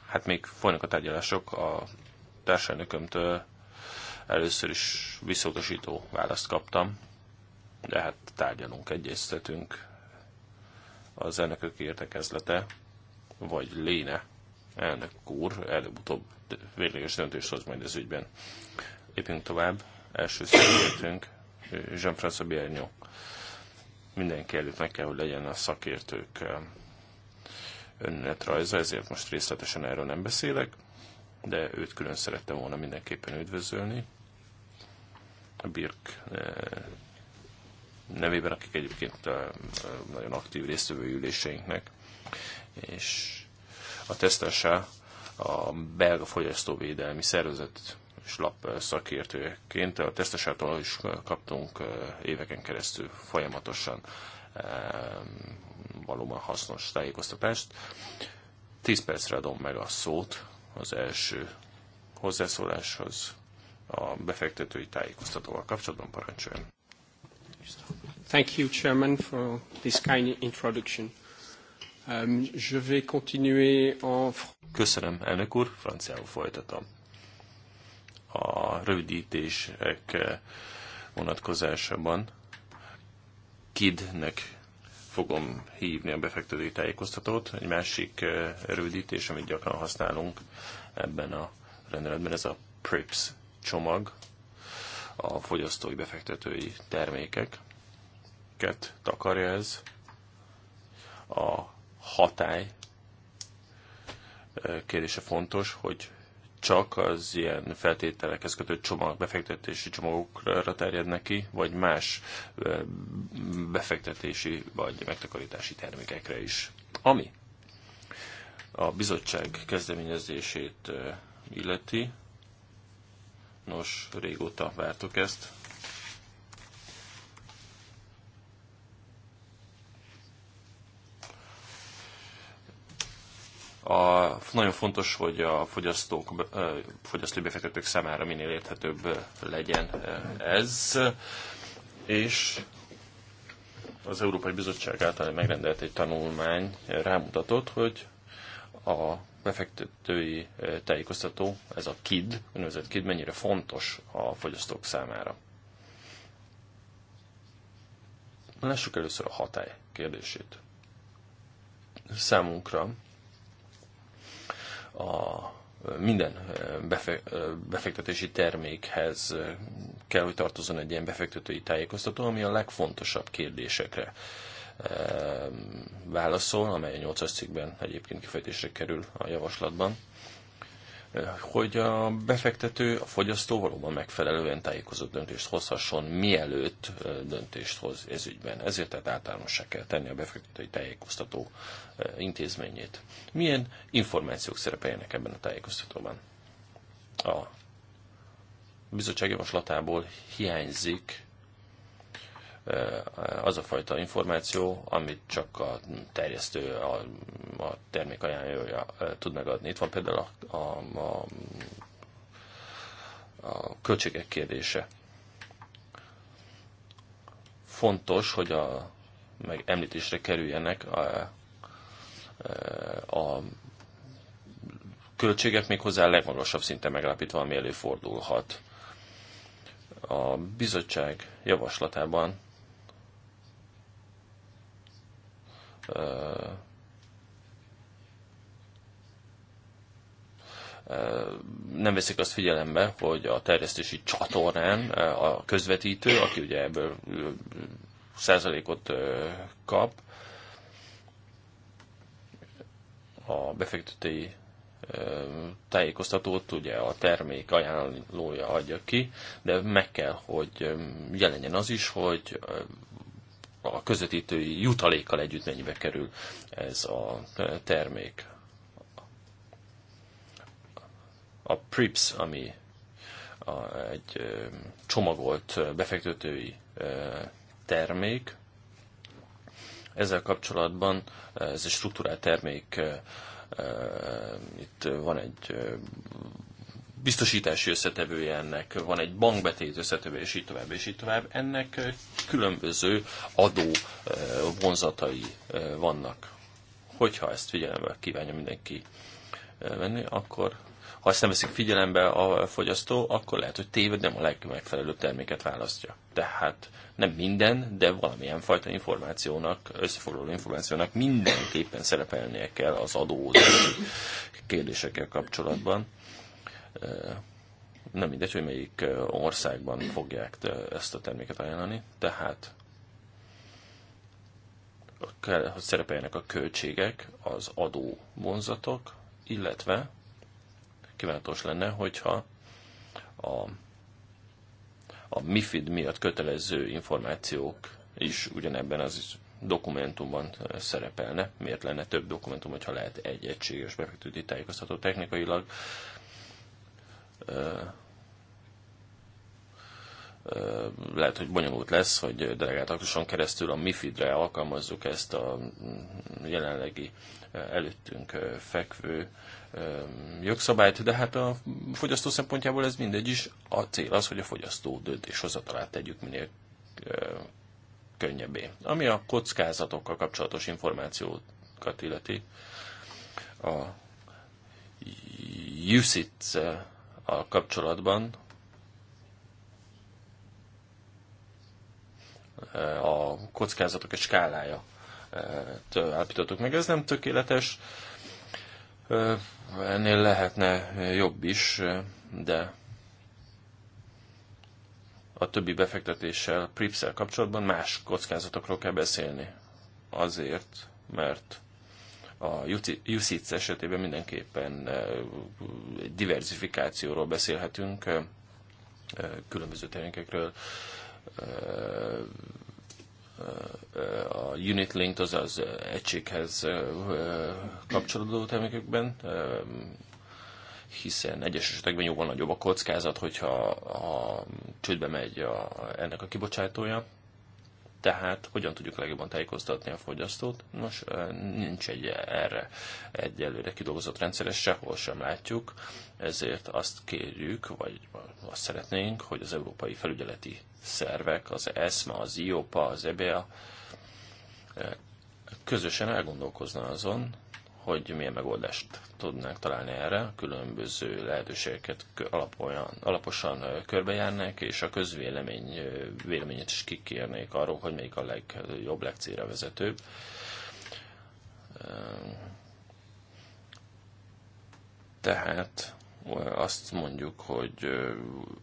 hát még folynak a tárgyalások, a társelnökömtől először is visszautasító választ kaptam, de hát tárgyalunk, egyeztetünk az elnökök értekezlete, vagy léne elnök úr előbb-utóbb végleges döntést hoz majd az ügyben. Lépjünk tovább. Első szakértőnk Jean-François Biernyó. Mindenki előtt meg kell, hogy legyen a szakértők önnetrajza, ezért most részletesen erről nem beszélek, de őt külön szerettem volna mindenképpen üdvözölni. A Birk nevében, akik egyébként nagyon aktív résztvevő üléseinknek, és a tesztelsá a belga fogyasztóvédelmi szervezet slapp eh, szakértőként. A tesztesától is eh, kaptunk eh, éveken keresztül folyamatosan valóban hasznos tájékoztatást. Tíz percre adom meg a szót az első hozzászóláshoz a befektetői tájékoztatóval kapcsolatban parancsoljon. Thank you, Chairman, for this kind introduction. Um, je vais continuer en... Köszönöm, elnök úr, franciául folytatom a rövidítések vonatkozásában KID-nek fogom hívni a befektetői tájékoztatót. Egy másik rövidítés, amit gyakran használunk ebben a rendeletben, ez a PRIPS csomag, a fogyasztói befektetői termékeket takarja ez. A hatály kérdése fontos, hogy csak az ilyen feltételekhez kötött csomag, befektetési csomagokra terjednek ki, vagy más befektetési vagy megtakarítási termékekre is. Ami a bizottság kezdeményezését illeti, nos, régóta vártuk ezt, A, nagyon fontos, hogy a fogyasztók, fogyasztói befektetők számára minél érthetőbb legyen ez, és az Európai Bizottság által megrendelt egy tanulmány rámutatott, hogy a befektetői tájékoztató, ez a KID, úgynevezett KID, mennyire fontos a fogyasztók számára. Lássuk először a hatály kérdését. Számunkra a minden befektetési termékhez kell, hogy tartozon egy ilyen befektetői tájékoztató, ami a legfontosabb kérdésekre válaszol, amely a 8-as cikkben egyébként kifejtésre kerül a javaslatban hogy a befektető, a fogyasztó valóban megfelelően tájékozott döntést hozhasson, mielőtt döntést hoz ez ügyben. Ezért tehát általánossá kell tenni a befektetői tájékoztató intézményét. Milyen információk szerepeljenek ebben a tájékoztatóban? A bizottság javaslatából hiányzik Eh, az a fajta információ, amit csak a terjesztő, a, a termék ajánlója eh, tud megadni. Itt van például a, a, a, a költségek kérdése. Fontos, hogy a meg említésre kerüljenek a, eh, a költségek méghozzá a legmagasabb szinten megállapítva, ami előfordulhat. A bizottság javaslatában nem veszik azt figyelembe, hogy a terjesztési csatornán a közvetítő, aki ugye ebből százalékot kap, a befektetői tájékoztatót ugye a termék ajánlója adja ki, de meg kell, hogy jelenjen az is, hogy a közvetítői jutalékkal együtt mennyibe kerül ez a termék. A PRIPS, ami a, egy csomagolt befektetői termék, ezzel kapcsolatban ez egy struktúrált termék, itt van egy biztosítási összetevője ennek, van egy bankbetét összetevője, és így tovább, és így tovább. Ennek eh, különböző adó eh, vonzatai eh, vannak. Hogyha ezt figyelembe kívánja mindenki venni, akkor ha ezt nem veszik figyelembe a fogyasztó, akkor lehet, hogy téved nem a legmegfelelőbb terméket választja. Tehát nem minden, de valamilyen fajta információnak, összefoglaló információnak mindenképpen szerepelnie kell az adó kérdésekkel kapcsolatban nem mindegy, hogy melyik országban fogják ezt a terméket ajánlani, tehát kell, hogy szerepeljenek a költségek, az adó vonzatok, illetve kívánatos lenne, hogyha a, a MIFID miatt kötelező információk is ugyanebben az dokumentumban szerepelne. Miért lenne több dokumentum, hogyha lehet egy egységes befektetői tájékoztató technikailag? lehet, hogy bonyolult lesz, hogy delegált aktuson keresztül a MIFID-re alkalmazzuk ezt a jelenlegi előttünk fekvő jogszabályt, de hát a fogyasztó szempontjából ez mindegy is. A cél az, hogy a fogyasztó döntéshozatalát tegyük minél könnyebbé. Ami a kockázatokkal kapcsolatos információkat illeti, a UCITS a kapcsolatban eh, a kockázatok egy skálája eh, állapítottuk meg. Ez nem tökéletes, eh, ennél lehetne jobb is, de a többi befektetéssel, prips kapcsolatban más kockázatokról kell beszélni. Azért, mert a UCITS esetében mindenképpen eh, diversifikációról beszélhetünk, eh, különböző termékekről, eh, a unit linked, azaz egységhez kapcsolódó termékekben, hiszen egyes esetekben jóval nagyobb a kockázat, hogyha a csődbe megy a, ennek a kibocsátója tehát hogyan tudjuk legjobban tájékoztatni a fogyasztót? Nos, nincs egy erre egyelőre kidolgozott rendszeres, sehol sem látjuk, ezért azt kérjük, vagy azt szeretnénk, hogy az európai felügyeleti szervek, az ESMA, az IOPA, az EBA közösen elgondolkozna azon, hogy milyen megoldást tudnánk találni erre, különböző lehetőségeket alapolyan, alaposan körbejárnák, és a közvélemény véleményét is kikérnék arról, hogy melyik a legjobb, legcélra vezetőbb. Tehát azt mondjuk, hogy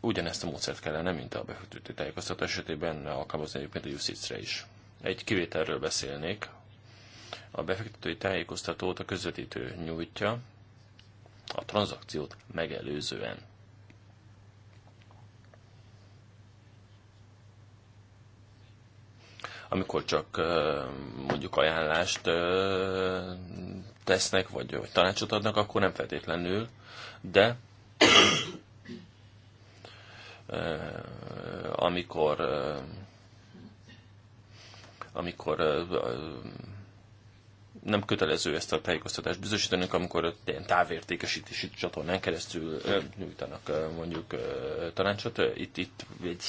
ugyanezt a módszert kellene, mint a befektetői tájékoztatás esetében alkalmazni egyébként a UCITS-re is. Egy kivételről beszélnék, a befektetői tájékoztatót a közvetítő nyújtja a tranzakciót megelőzően. amikor csak mondjuk ajánlást tesznek, vagy, vagy tanácsot adnak, akkor nem feltétlenül, de amikor amikor nem kötelező ezt a tájékoztatást biztosítani, amikor ilyen távértékesítési csatornán keresztül nyújtanak mondjuk tanácsot. Itt, itt egy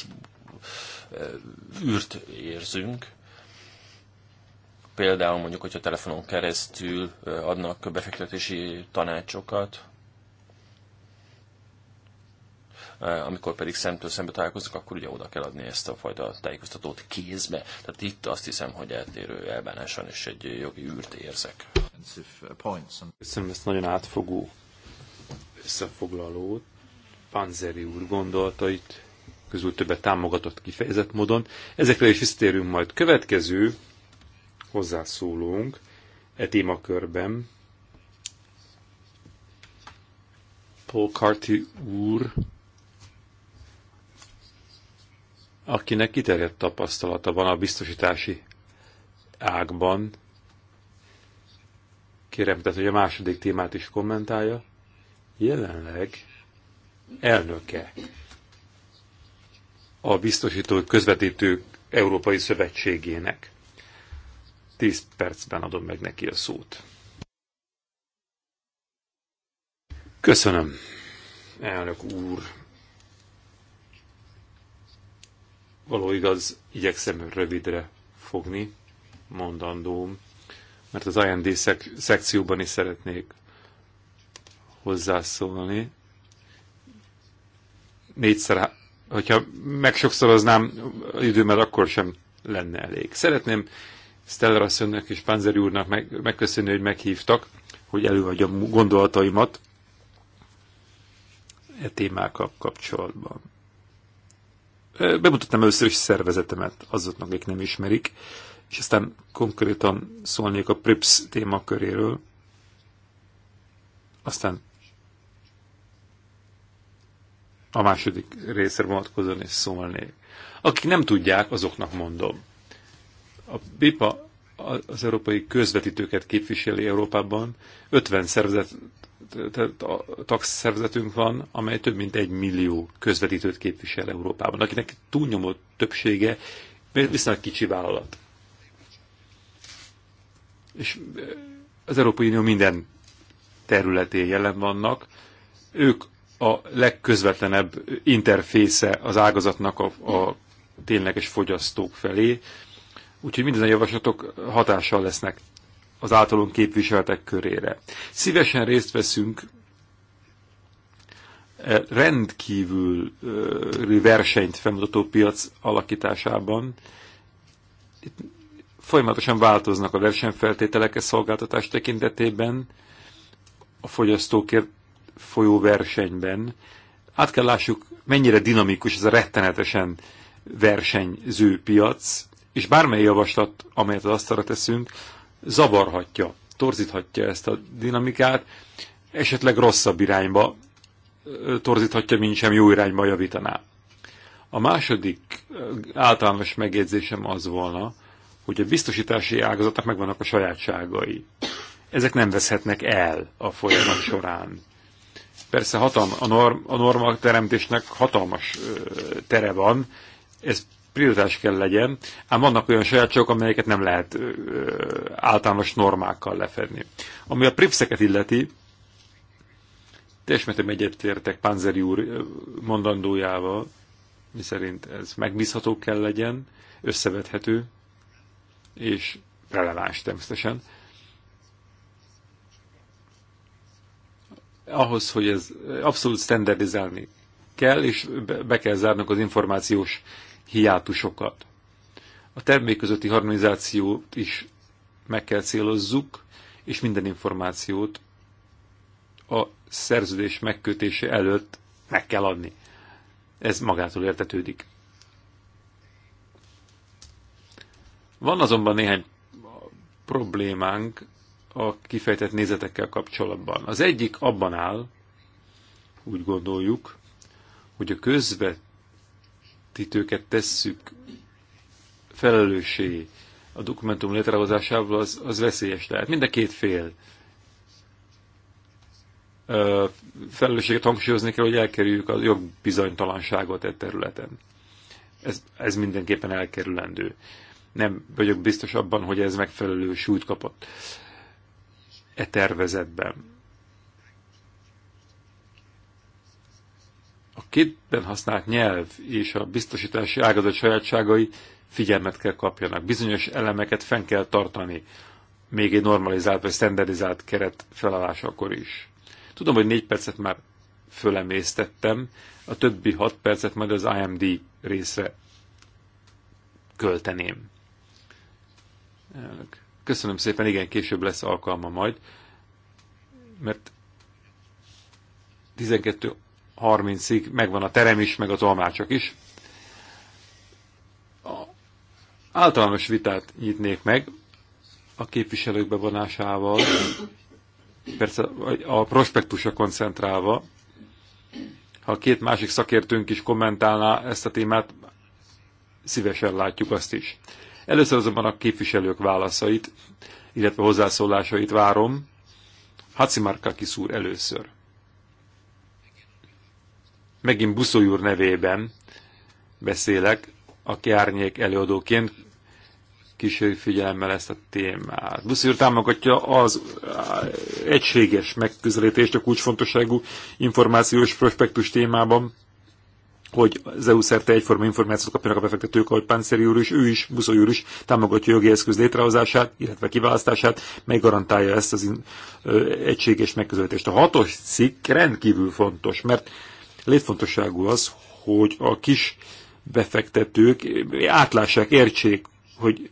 űrt érzünk. Például mondjuk, hogyha telefonon keresztül adnak befektetési tanácsokat, Eh, amikor pedig szemtől szembe találkoznak, akkor ugye oda kell adni ezt a fajta tájékoztatót kézbe. Tehát itt azt hiszem, hogy eltérő elbánáson is egy jogi űrt érzek. Köszönöm ezt nagyon átfogó összefoglalót. Panzeri úr gondolatait közül többet támogatott kifejezett módon. Ezekre is visszatérünk majd. Következő hozzászólónk e témakörben Paul Carty úr akinek kiterjedt tapasztalata van a biztosítási ágban. Kérem, tehát, hogy a második témát is kommentálja. Jelenleg elnöke a biztosító közvetítők Európai Szövetségének. Tíz percben adom meg neki a szót. Köszönöm, elnök úr. Való igaz, igyekszem rövidre fogni mondandóm, mert az IND szek szekcióban is szeretnék hozzászólni. Négyszer, hogyha megsokszoroznám időmet, akkor sem lenne elég. Szeretném Stellar asszonynak és Panzeri úrnak meg, megköszönni, hogy meghívtak, hogy előadjam gondolataimat e témákkal kapcsolatban bemutattam először is szervezetemet azoknak, akik nem ismerik, és aztán konkrétan szólnék a PRIPS témaköréről, aztán a második részre vonatkozóan is szólnék. Akik nem tudják, azoknak mondom. A BIPA az európai közvetítőket képviseli Európában. 50 szervezet, tagszervezetünk van, amely több mint egy millió közvetítőt képvisel Európában, akinek túlnyomó többsége viszonylag kicsi vállalat. És eh, az Európai Unió minden területén jelen vannak. Ők a legközvetlenebb interfésze az ágazatnak a, a tényleges fogyasztók felé Úgyhogy minden javaslatok hatással lesznek az általunk képviseltek körére. Szívesen részt veszünk e rendkívül versenyt felmutató piac alakításában. Itt folyamatosan változnak a versenyfeltételek a e szolgáltatás tekintetében, a fogyasztókért folyó versenyben. Át kell lássuk, mennyire dinamikus ez a rettenetesen versenyző piac, és bármely javaslat, amelyet az asztalra teszünk, zavarhatja, torzíthatja ezt a dinamikát, esetleg rosszabb irányba torzíthatja, mint sem jó irányba javítaná. A második általános megjegyzésem az volna, hogy a biztosítási ágazatnak megvannak a sajátságai. Ezek nem veszhetnek el a folyamat során. Persze hatalma, a, norm, a norma teremtésnek hatalmas ö, tere van, ez prioritás kell legyen, ám vannak olyan sajátságok, amelyeket nem lehet ö, általános normákkal lefedni. Ami a pripszeket illeti, teljes mértékben egyetértek Panzeri úr mondandójával, miszerint ez megbízható kell legyen, összevethető, és releváns természetesen. Ahhoz, hogy ez abszolút standardizálni kell, és be kell zárnunk az információs hiátusokat. A termék közötti harmonizációt is meg kell célozzuk, és minden információt a szerződés megkötése előtt meg kell adni. Ez magától értetődik. Van azonban néhány problémánk a kifejtett nézetekkel kapcsolatban. Az egyik abban áll, úgy gondoljuk, hogy a közvet közvetítőket tesszük felelőssé a dokumentum létrehozásával, az, az veszélyes lehet. Mind a két fél felelősséget hangsúlyozni kell, hogy elkerüljük a jogbizonytalanságot egy területen. Ez, ez mindenképpen elkerülendő. Nem vagyok biztos abban, hogy ez megfelelő súlyt kapott e tervezetben. kétben használt nyelv és a biztosítási ágazat sajátságai figyelmet kell kapjanak. Bizonyos elemeket fenn kell tartani, még egy normalizált vagy standardizált keret felállásakor is. Tudom, hogy négy percet már fölemésztettem, a többi hat percet majd az IMD részre költeném. Köszönöm szépen, igen, később lesz alkalma majd, mert 12 30-ig megvan a terem is, meg a tolmácsok is. A általános vitát nyitnék meg a képviselők bevonásával, persze a prospektusra koncentrálva. Ha a két másik szakértőnk is kommentálná ezt a témát, szívesen látjuk azt is. Először azonban a képviselők válaszait, illetve hozzászólásait várom. Hacimarkakis úr először megint Buszoly úr nevében beszélek, aki árnyék előadóként kísérjük figyelemmel ezt a témát. Buszoly úr támogatja az eh, egységes megközelítést a kulcsfontosságú információs prospektus témában, hogy az EU szerte egyforma információt kapjanak a befektetők, ahogy Pánszeri úr is, ő is, Buszó úr is támogatja jogi eszköz létrehozását, illetve kiválasztását, mely garantálja ezt az eh, egységes megközelítést. A hatos cikk rendkívül fontos, mert Létfontosságú az, hogy a kis befektetők átlássák, értsék, hogy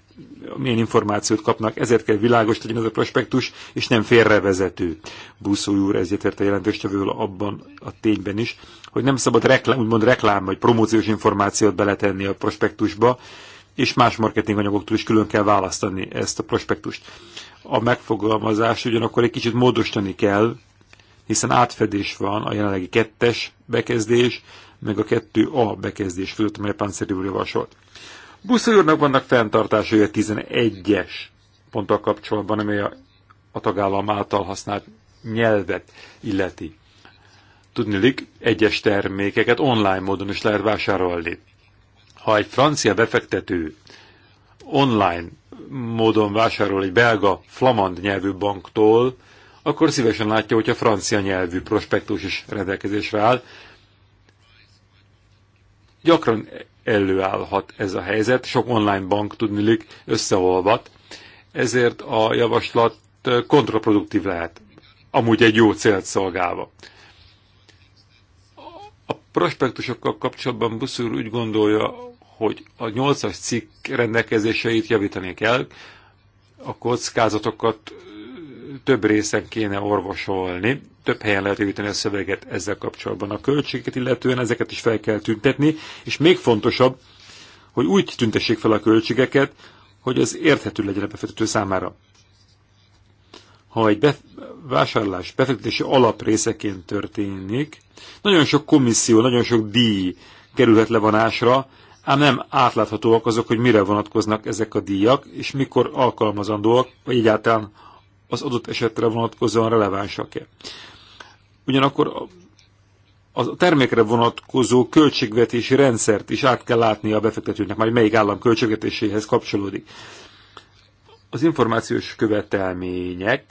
milyen információt kapnak, ezért kell világos legyen ez a prospektus, és nem félrevezető. Buszó úr ezért érte jelentéstevővel abban a tényben is, hogy nem szabad reklám, úgymond reklám vagy promóciós információt beletenni a prospektusba, és más marketinganyagoktól is külön kell választani ezt a prospektust. A megfogalmazást ugyanakkor egy kicsit módosítani kell, hiszen átfedés van a jelenlegi kettes bekezdés, meg a 2A bekezdés fölött, amely Panzer úr javasolt. Buszai vannak fenntartásai a 11-es ponttal kapcsolatban, amely a, a tagállam által használt nyelvet illeti. Tudnilik, egyes termékeket online módon is lehet vásárolni. Ha egy francia befektető online módon vásárol egy belga flamand nyelvű banktól akkor szívesen látja, hogy a francia nyelvű prospektus is rendelkezésre áll. Gyakran előállhat ez a helyzet, sok online bank tudnilik összeolvat, ezért a javaslat kontraproduktív lehet, amúgy egy jó célt szolgálva. A prospektusokkal kapcsolatban Buszúr úgy gondolja, hogy a 8-as cikk rendelkezéseit javítani kell, a kockázatokat több részen kéne orvosolni, több helyen lehet jutni a szöveget ezzel kapcsolatban. A költségeket illetően ezeket is fel kell tüntetni, és még fontosabb, hogy úgy tüntessék fel a költségeket, hogy ez érthető legyen a befektető számára. Ha egy be, vásárlás befektetési alaprészeként történik, nagyon sok komisszió, nagyon sok díj kerülhet levonásra, ám nem átláthatóak azok, hogy mire vonatkoznak ezek a díjak, és mikor alkalmazandóak, vagy egyáltalán az adott esetre vonatkozóan relevánsak-e. Ugyanakkor a termékre vonatkozó költségvetési rendszert is át kell látni a befektetőnek, majd melyik állam költségvetéséhez kapcsolódik. Az információs követelmények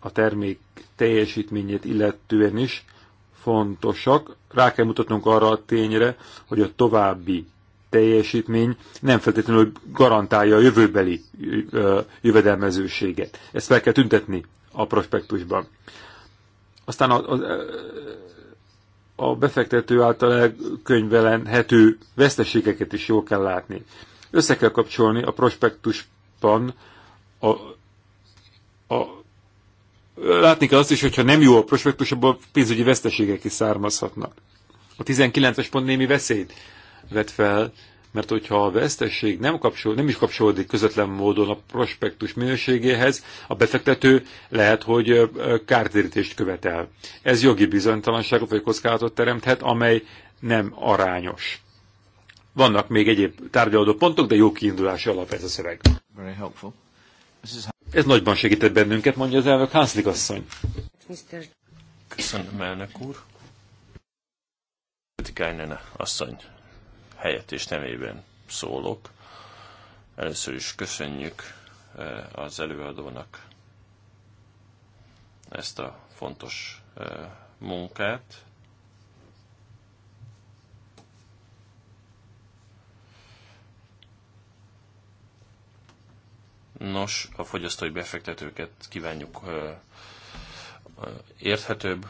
a termék teljesítményét illetően is fontosak. Rá kell mutatnunk arra a tényre, hogy a további teljesítmény nem feltétlenül garantálja a jövőbeli jövedelmezőséget. Ezt fel kell tüntetni a prospektusban. Aztán a, a, a befektető által könyvelenhető veszteségeket is jól kell látni. Össze kell kapcsolni a prospektusban a, a látni kell azt is, hogyha nem jó a prospektus, abból pénzügyi veszteségek is származhatnak. A 19-es pont némi veszélyt vet fel, mert hogyha a vesztesség nem, kapcsol, nem is kapcsolódik közvetlen módon a prospektus minőségéhez, a befektető lehet, hogy kártérítést követel. Ez jogi bizonytalanságot vagy kockázatot teremthet, amely nem arányos. Vannak még egyéb tárgyaló pontok, de jó kiindulási alap ez a szöveg. Ez nagyban segített bennünket, mondja az elnök Hanslik asszony. Köszönöm, elnök úr. Kajnene asszony és nevében szólok. Először is köszönjük eh, az előadónak ezt a fontos eh, munkát. Nos, a fogyasztói befektetőket kívánjuk eh, érthetőbb,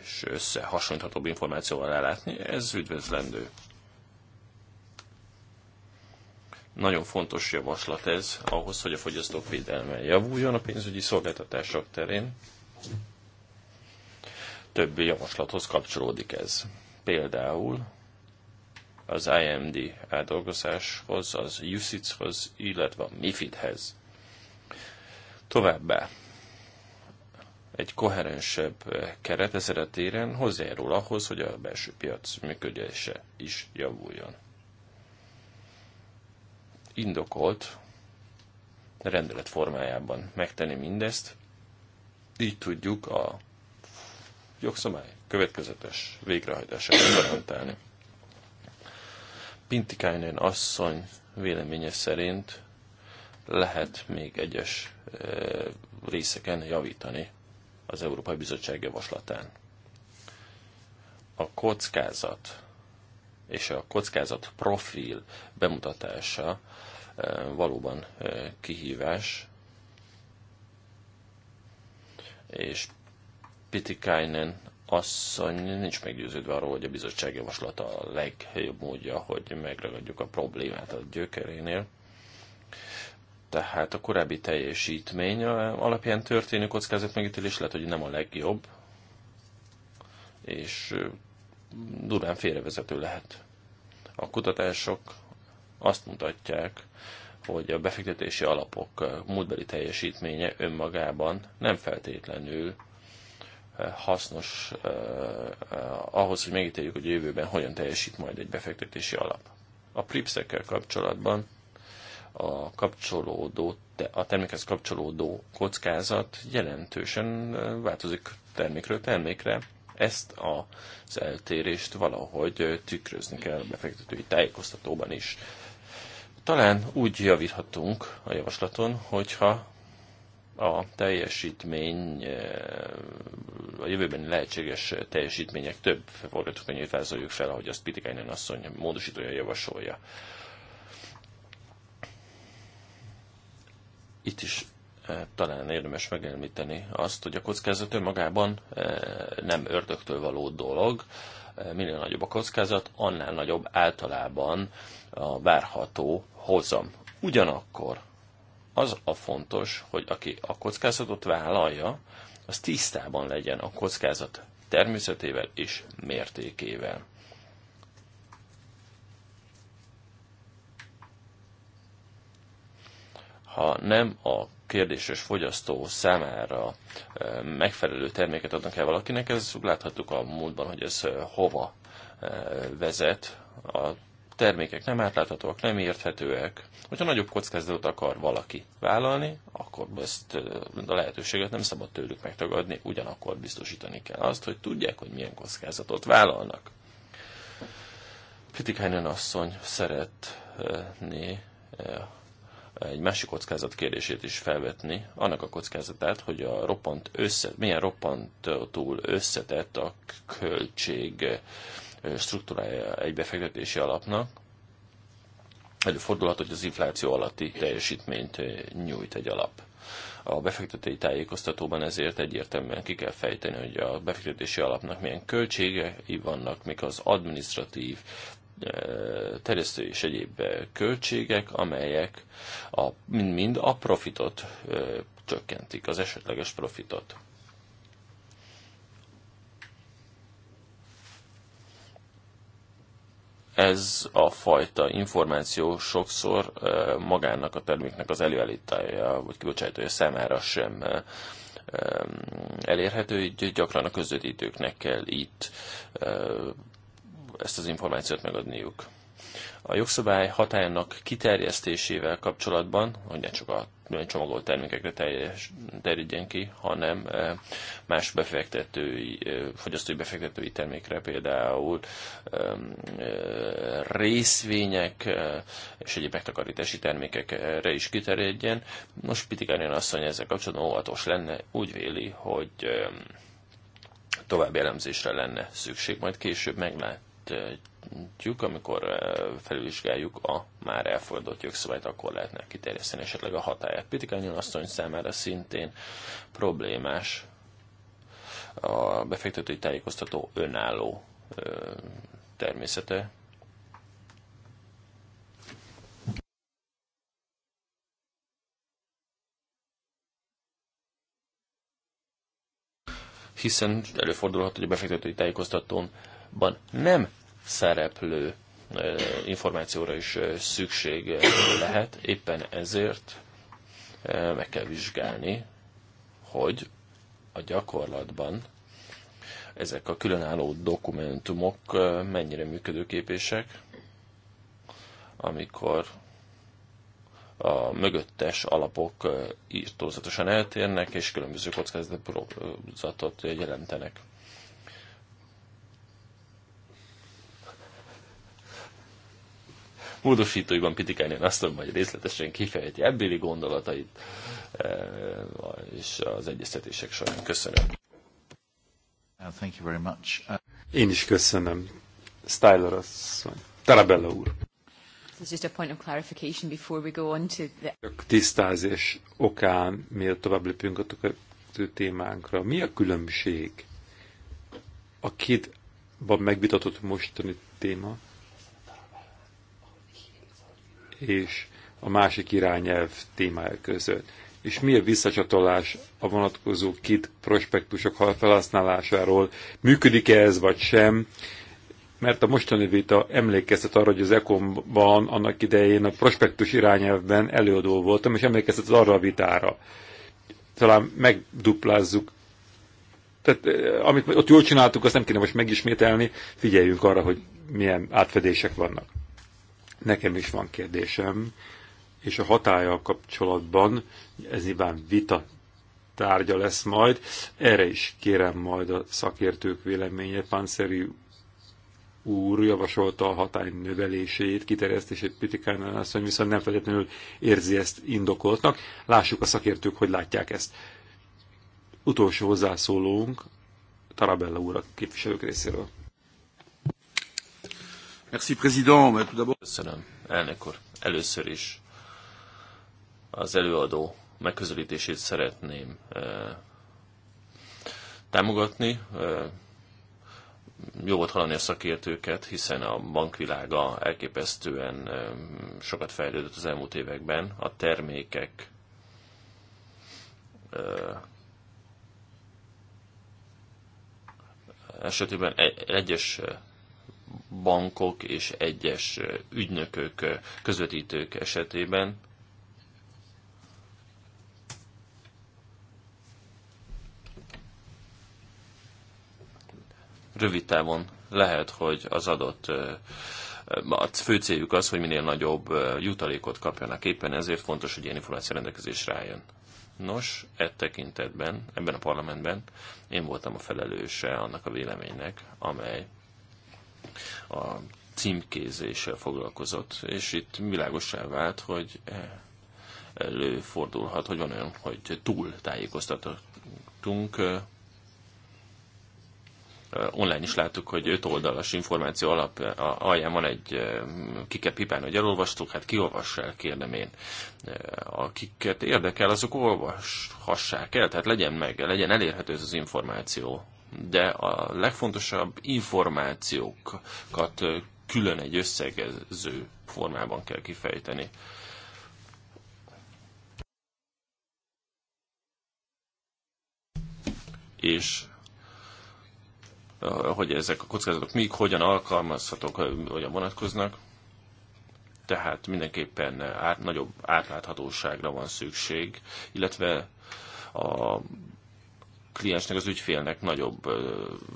és összehasonlíthatóbb információval ellátni, ez üdvözlendő. Nagyon fontos javaslat ez ahhoz, hogy a fogyasztók védelme javuljon a pénzügyi szolgáltatások terén. Több javaslathoz kapcsolódik ez. Például az IMD átdolgozáshoz, az USIC-hoz, illetve a MIFID-hez. Továbbá egy koherensebb keret ezen a téren hozzájárul ahhoz, hogy a belső piac működése is javuljon. Indokolt rendelet formájában megtenni mindezt, így tudjuk a jogszabály következetes végrehajtását garantálni. Pintikainen asszony véleménye szerint lehet még egyes eh, részeken javítani az Európai Bizottság javaslatán. A kockázat és a kockázat profil bemutatása eh, valóban eh, kihívás, és Pitikainen asszony nincs meggyőződve arról, hogy a bizottság javaslata a legjobb módja, hogy megragadjuk a problémát a gyökerénél. Tehát a korábbi teljesítmény alapján történő kockázatmegítélés lehet, hogy nem a legjobb, és durván félrevezető lehet. A kutatások azt mutatják, hogy a befektetési alapok múltbeli teljesítménye önmagában nem feltétlenül hasznos ahhoz, hogy megítéljük, hogy jövőben hogyan teljesít majd egy befektetési alap. A pripszekkel kapcsolatban a kapcsolódó, a termékhez kapcsolódó kockázat jelentősen változik termékről termékre. Ezt az eltérést valahogy tükrözni kell a befektetői tájékoztatóban is. Talán úgy javíthatunk a javaslaton, hogyha a teljesítmény, a jövőben lehetséges teljesítmények több forgatókönyvét vázoljuk fel, ahogy azt Pitikányan asszony módosítója javasolja. itt is eh, talán érdemes megelmíteni azt, hogy a kockázat önmagában eh, nem ördögtől való dolog. Eh, minél nagyobb a kockázat, annál nagyobb általában a várható hozam. Ugyanakkor az a fontos, hogy aki a kockázatot vállalja, az tisztában legyen a kockázat természetével és mértékével. ha nem a kérdéses fogyasztó számára e, megfelelő terméket adnak el valakinek, ez láthattuk a múltban, hogy ez e, hova e, vezet. A termékek nem átláthatóak, nem érthetőek. Hogyha nagyobb kockázatot akar valaki vállalni, akkor ezt a lehetőséget nem szabad tőlük megtagadni, ugyanakkor biztosítani kell azt, hogy tudják, hogy milyen kockázatot vállalnak. Kritikájnen asszony szeretné egy másik kockázat kérdését is felvetni, annak a kockázatát, hogy a roppant össze, milyen roppant túl összetett a költség struktúrája egy befektetési alapnak, előfordulhat, hogy az infláció alatti teljesítményt nyújt egy alap. A befektetői tájékoztatóban ezért egyértelműen ki kell fejteni, hogy a befektetési alapnak milyen költségei vannak, mik az administratív terjesztő és egyéb költségek, amelyek mind-mind a, a profitot csökkentik, az esetleges profitot. ez a fajta információ sokszor magának a terméknek az előállítája vagy kibocsátója számára sem elérhető, így gyakran a közvetítőknek kell itt ezt az információt megadniuk. A jogszabály hatájának kiterjesztésével kapcsolatban, hogy ne csak a csomagolt termékekre teljes, terjedjen ki, hanem e, más befektetői, e, fogyasztói befektetői termékre, például e, részvények és egyéb megtakarítási termékekre is kiterjedjen. Most Pitikárnyan asszony ezzel kapcsolatban óvatos lenne, úgy véli, hogy további elemzésre lenne szükség, majd később meglát megvitatjuk, amikor eh, felvizsgáljuk a már elfogadott jogszabályt, akkor lehetne kiterjeszteni esetleg a hatáját. Pitikányon asszony számára szintén problémás a befektetői tájékoztató önálló eh, természete, hiszen előfordulhat, hogy a befektetői tájékoztatón ban nem szereplő információra is szükség lehet, éppen ezért meg kell vizsgálni, hogy a gyakorlatban ezek a különálló dokumentumok mennyire működőképések, amikor a mögöttes alapok írtózatosan eltérnek, és különböző kockázatot jelentenek. módosítóiban Pitikánian azt majd részletesen kifejti ebbéli gondolatait eh, és az egyeztetések során. Köszönöm. Uh, thank you very much. Uh, Én is köszönöm. Styler asszony. Tarabella úr. This is just a point of clarification before we go on to the... Tisztázés okán, miért tovább lépünk a témánkra. Mi a különbség a kétban megvitatott mostani téma és a másik irányelv témája között. És mi a visszacsatolás a vonatkozó kit prospektusok felhasználásáról? Működik-e ez vagy sem? Mert a mostani vita emlékeztet arra, hogy az ECOM-ban annak idején a prospektus irányelvben előadó voltam, és emlékeztet arra a vitára. Talán megduplázzuk tehát eh, amit ott jól csináltuk, azt nem kéne most megismételni, figyeljünk arra, hogy milyen átfedések vannak. Nekem is van kérdésem, és a hatája kapcsolatban, ez nyilván vita tárgya lesz majd, erre is kérem majd a szakértők véleményét, Panszeri úr javasolta a hatály növelését, kiterjesztését Pitikánál hogy viszont nem feltétlenül érzi ezt indokoltnak. Lássuk a szakértők, hogy látják ezt. Utolsó hozzászólónk, Tarabella úr a képviselők részéről. Köszönöm, elnök úr. Először is az előadó megközelítését szeretném támogatni. Jó volt hallani a szakértőket, hiszen a bankvilága elképesztően sokat fejlődött az elmúlt években. A termékek esetében e-, egyes bankok és egyes ügynökök, közvetítők esetében rövid távon lehet, hogy az adott a fő céljuk az, hogy minél nagyobb jutalékot kapjanak éppen, ezért fontos, hogy ilyen információ rendelkezésre álljon. Nos, e tekintetben, ebben a parlamentben én voltam a felelőse annak a véleménynek, amely a címkézéssel foglalkozott, és itt világosá vált, hogy e, előfordulhat, hogy van olyan, hogy túl tájékoztatottunk. E, e, online is láttuk, hogy öt oldalas információ alap, alján van egy kiket pipán, hogy elolvastuk, hát kiolvass el, kérdem én. Akiket érdekel, azok olvashassák el, tehát legyen meg, legyen elérhető ez az információ de a legfontosabb információkat külön egy összegező formában kell kifejteni. És hogy ezek a kockázatok még hogyan alkalmazhatók, hogyan vonatkoznak. Tehát mindenképpen át, nagyobb átláthatóságra van szükség, illetve a kliensnek, az ügyfélnek nagyobb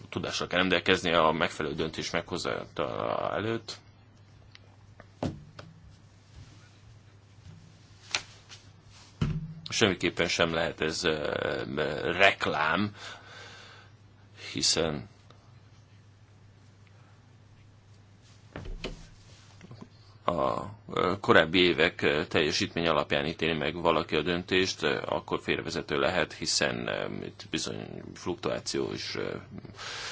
tudásra kell rendelkezni a megfelelő döntés meghozatala előtt. Semmiképpen sem lehet ez reklám, hiszen a korábbi évek teljesítmény alapján ítéli meg valaki a döntést, akkor félrevezető lehet, hiszen um, itt bizony fluktuáció és um,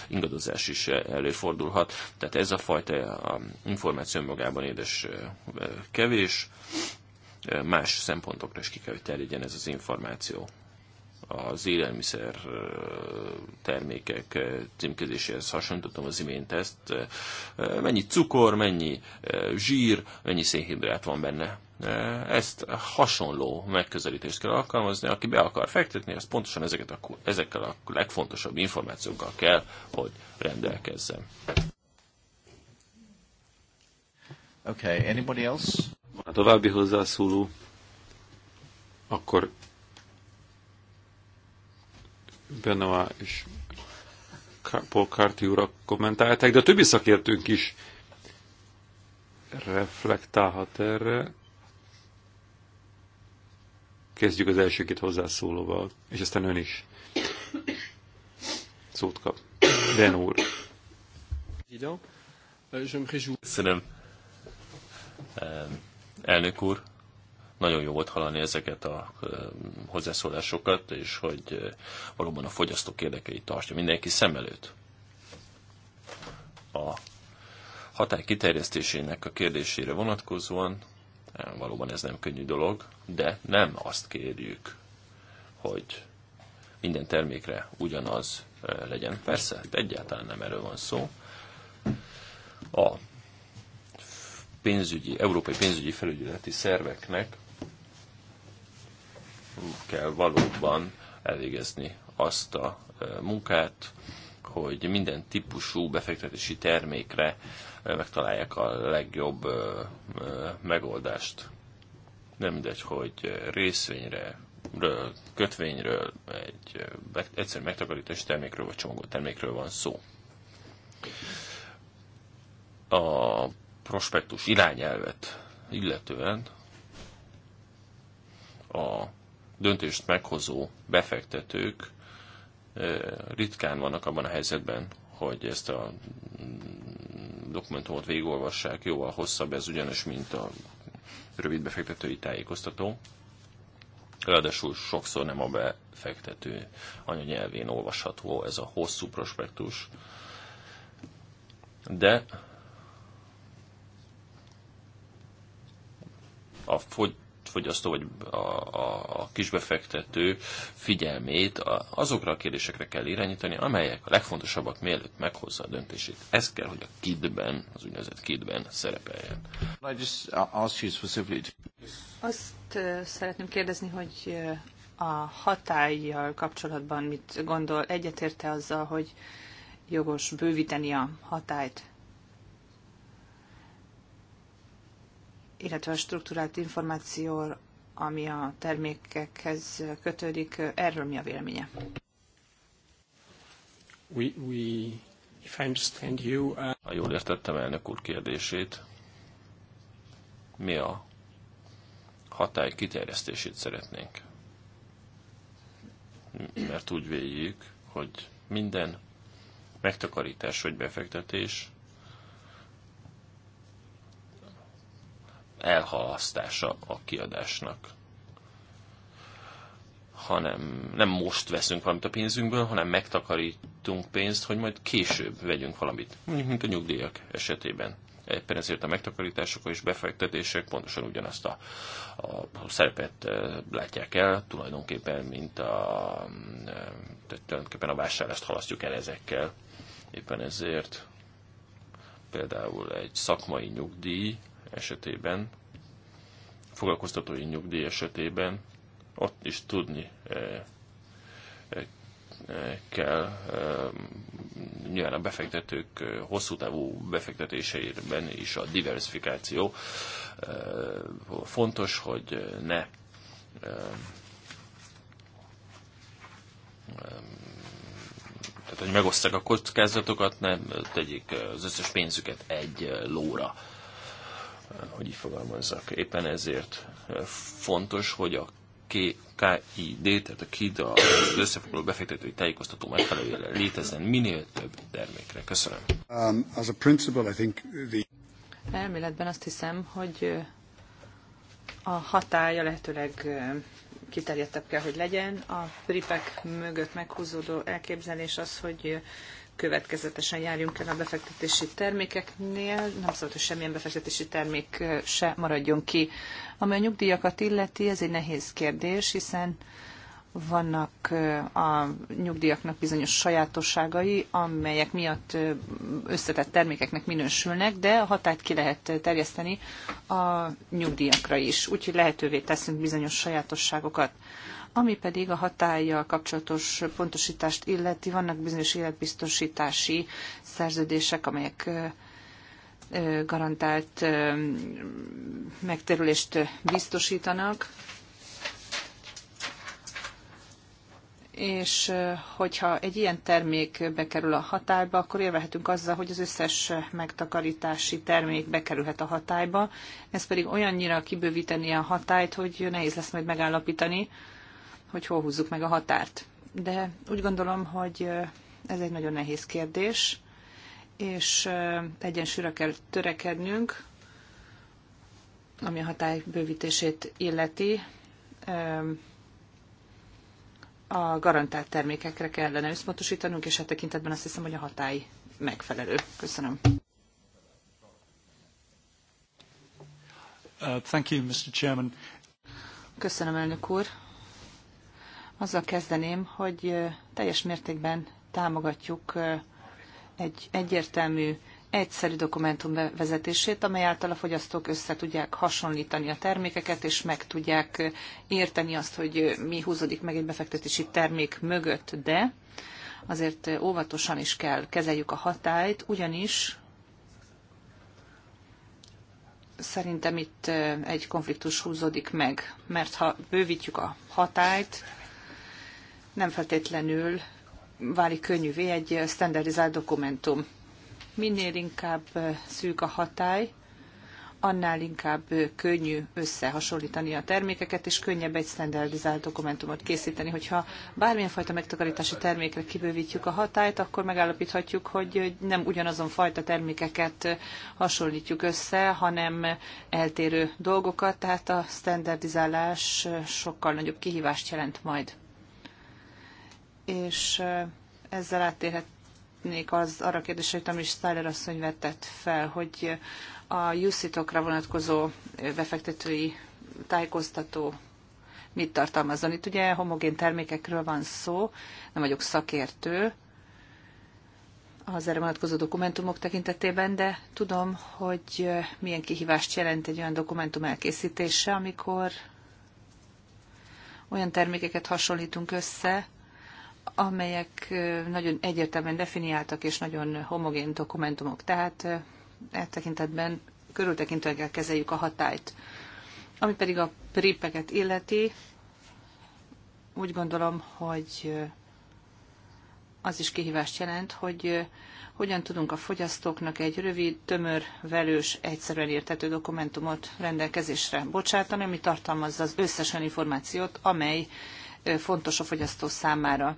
ingadozás is előfordulhat. Tehát ez a fajta um, információ magában édes uh, kevés, más szempontokra is ki kell, hogy terjedjen ez az információ az élelmiszer termékek címkezéséhez hasonlítottam az imént ezt. Mennyi cukor, mennyi zsír, mennyi szénhidrát van benne. Ezt hasonló megközelítést kell alkalmazni. Aki be akar fektetni, az pontosan ezeket a, ezekkel a legfontosabb információkkal kell, hogy rendelkezzen. Okay, anybody else? a további hozzászóló? Akkor Benoit és Paul Carty urak kommentálták, de a többi szakértőnk is reflektálhat erre. Kezdjük az első két hozzászólóval, és aztán ön is szót kap. Ben úr. Euh, Köszönöm. Elnök úr, nagyon jó volt hallani ezeket a hozzászólásokat, és hogy valóban a fogyasztók érdekeit tartja mindenki szem előtt. A hatály kiterjesztésének a kérdésére vonatkozóan e, valóban ez nem könnyű dolog, de nem azt kérjük, hogy minden termékre ugyanaz e, legyen. Persze, egyáltalán nem erről van szó. A pénzügyi, európai pénzügyi felügyeleti szerveknek kell valóban elvégezni azt a munkát, hogy minden típusú befektetési termékre megtalálják a legjobb megoldást. Nem mindegy, hogy részvényre, kötvényről, egy egyszerű megtakarítási termékről vagy csomagolt termékről van szó. A prospektus irányelvet illetően a döntést meghozó befektetők ritkán vannak abban a helyzetben, hogy ezt a dokumentumot végigolvassák, jóval hosszabb ez ugyanis, mint a rövid befektetői tájékoztató. Ráadásul sokszor nem a befektető anyanyelvén olvasható ez a hosszú prospektus. De a fogy fogyasztó vagy a, a, a kisbefektető figyelmét azokra a kérdésekre kell irányítani, amelyek a legfontosabbak, mielőtt meghozza a döntését. Ez kell, hogy a kidben, az úgynevezett kidben szerepeljen. Uh, Azt uh, szeretném kérdezni, hogy uh, a hatállyal kapcsolatban mit gondol? Egyetérte azzal, hogy jogos bővíteni a hatályt? illetve a struktúrált információ, ami a termékekhez kötődik, erről mi a véleménye? We, we, if I understand you, uh... Ha jól értettem elnök úr kérdését, mi a hatály kiterjesztését szeretnénk? Mert úgy véljük, hogy minden megtakarítás vagy befektetés elhalasztása a kiadásnak. Hanem nem most veszünk valamit a pénzünkből, hanem megtakarítunk pénzt, hogy majd később vegyünk valamit. Mondjuk, mint a nyugdíjak esetében. Éppen ezért a megtakarítások és befektetések pontosan ugyanazt a, a szerepet e, látják el, tulajdonképpen, mint a, e, tehát tulajdonképpen a vásárlást halasztjuk el ezekkel. Éppen ezért például egy szakmai nyugdíj, esetében, foglalkoztatói nyugdíj esetében ott is tudni eh, eh, eh, kell nyilván a befektetők hosszú távú befektetéseiben is a diversifikáció fontos, hogy ne tehát, hogy megosztják a kockázatokat, nem tegyék az összes pénzüket egy lóra hogy így fogalmazzak. Éppen ezért eh, fontos, hogy a KID, tehát a KID, az összefoglaló befektetői tájékoztató megfelelőjére létezzen minél több termékre. Köszönöm. Um, as a principle, I think the... Elméletben azt hiszem, hogy eh, a hatája lehetőleg eh, kiterjedtebb kell, hogy legyen. A pripek mögött meghúzódó elképzelés az, hogy következetesen járjunk el a befektetési termékeknél. Nem szólt, hogy semmilyen befektetési termék se maradjon ki. Ami a nyugdíjakat illeti, ez egy nehéz kérdés, hiszen vannak a nyugdíjaknak bizonyos sajátosságai, amelyek miatt összetett termékeknek minősülnek, de a hatát ki lehet terjeszteni a nyugdíjakra is. Úgyhogy lehetővé teszünk bizonyos sajátosságokat. Ami pedig a hatállyal kapcsolatos pontosítást illeti, vannak bizonyos életbiztosítási szerződések, amelyek garantált megterülést biztosítanak. és hogyha egy ilyen termék bekerül a hatályba, akkor élvehetünk azzal, hogy az összes megtakarítási termék bekerülhet a hatályba. Ez pedig olyannyira kibővíteni a hatályt, hogy nehéz lesz majd megállapítani, hogy hol húzzuk meg a határt. De úgy gondolom, hogy ez egy nagyon nehéz kérdés, és egyensúlyra kell törekednünk, ami a hatály bővítését illeti, a garantált termékekre kellene összpontosítanunk, és hát tekintetben azt hiszem, hogy a hatály megfelelő. Köszönöm. Uh, thank you, Mr. Chairman. Köszönöm, elnök úr. Azzal kezdeném, hogy teljes mértékben támogatjuk egy egyértelmű, egyszerű dokumentum bevezetését, amely által a fogyasztók össze tudják hasonlítani a termékeket, és meg tudják érteni azt, hogy mi húzódik meg egy befektetési termék mögött, de azért óvatosan is kell kezeljük a hatályt, ugyanis szerintem itt egy konfliktus húzódik meg, mert ha bővítjük a hatályt, nem feltétlenül válik könnyűvé egy standardizált dokumentum. Minél inkább szűk a hatály, annál inkább könnyű összehasonlítani a termékeket, és könnyebb egy standardizált dokumentumot készíteni. Hogyha bármilyen fajta megtakarítási termékre kibővítjük a hatályt, akkor megállapíthatjuk, hogy nem ugyanazon fajta termékeket hasonlítjuk össze, hanem eltérő dolgokat, tehát a standardizálás sokkal nagyobb kihívást jelent majd és ezzel áttérhetnék az, arra a kérdésre, amit is Steiner asszony vetett fel, hogy a jusszitokra vonatkozó befektetői tájékoztató mit tartalmazzon. Itt ugye homogén termékekről van szó, nem vagyok szakértő az erre vonatkozó dokumentumok tekintetében, de tudom, hogy milyen kihívást jelent egy olyan dokumentum elkészítése, amikor olyan termékeket hasonlítunk össze, amelyek nagyon egyértelműen definiáltak és nagyon homogén dokumentumok. Tehát e tekintetben körültekintően kell kezeljük a hatályt. Ami pedig a prépeket illeti, úgy gondolom, hogy az is kihívást jelent, hogy hogyan tudunk a fogyasztóknak egy rövid, tömör, velős, egyszerűen értető dokumentumot rendelkezésre bocsátani, ami tartalmazza az összes olyan információt, amely fontos a fogyasztó számára.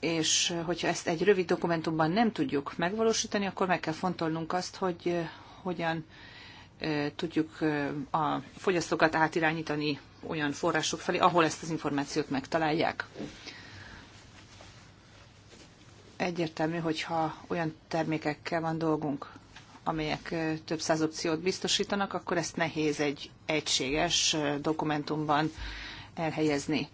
És hogyha ezt egy rövid dokumentumban nem tudjuk megvalósítani, akkor meg kell fontolnunk azt, hogy eh, hogyan eh, tudjuk eh, a fogyasztókat átirányítani olyan források felé, ahol ezt az információt megtalálják. Egyértelmű, hogyha olyan termékekkel van dolgunk, amelyek több száz opciót biztosítanak, akkor ezt nehéz egy egységes dokumentumban elhelyezni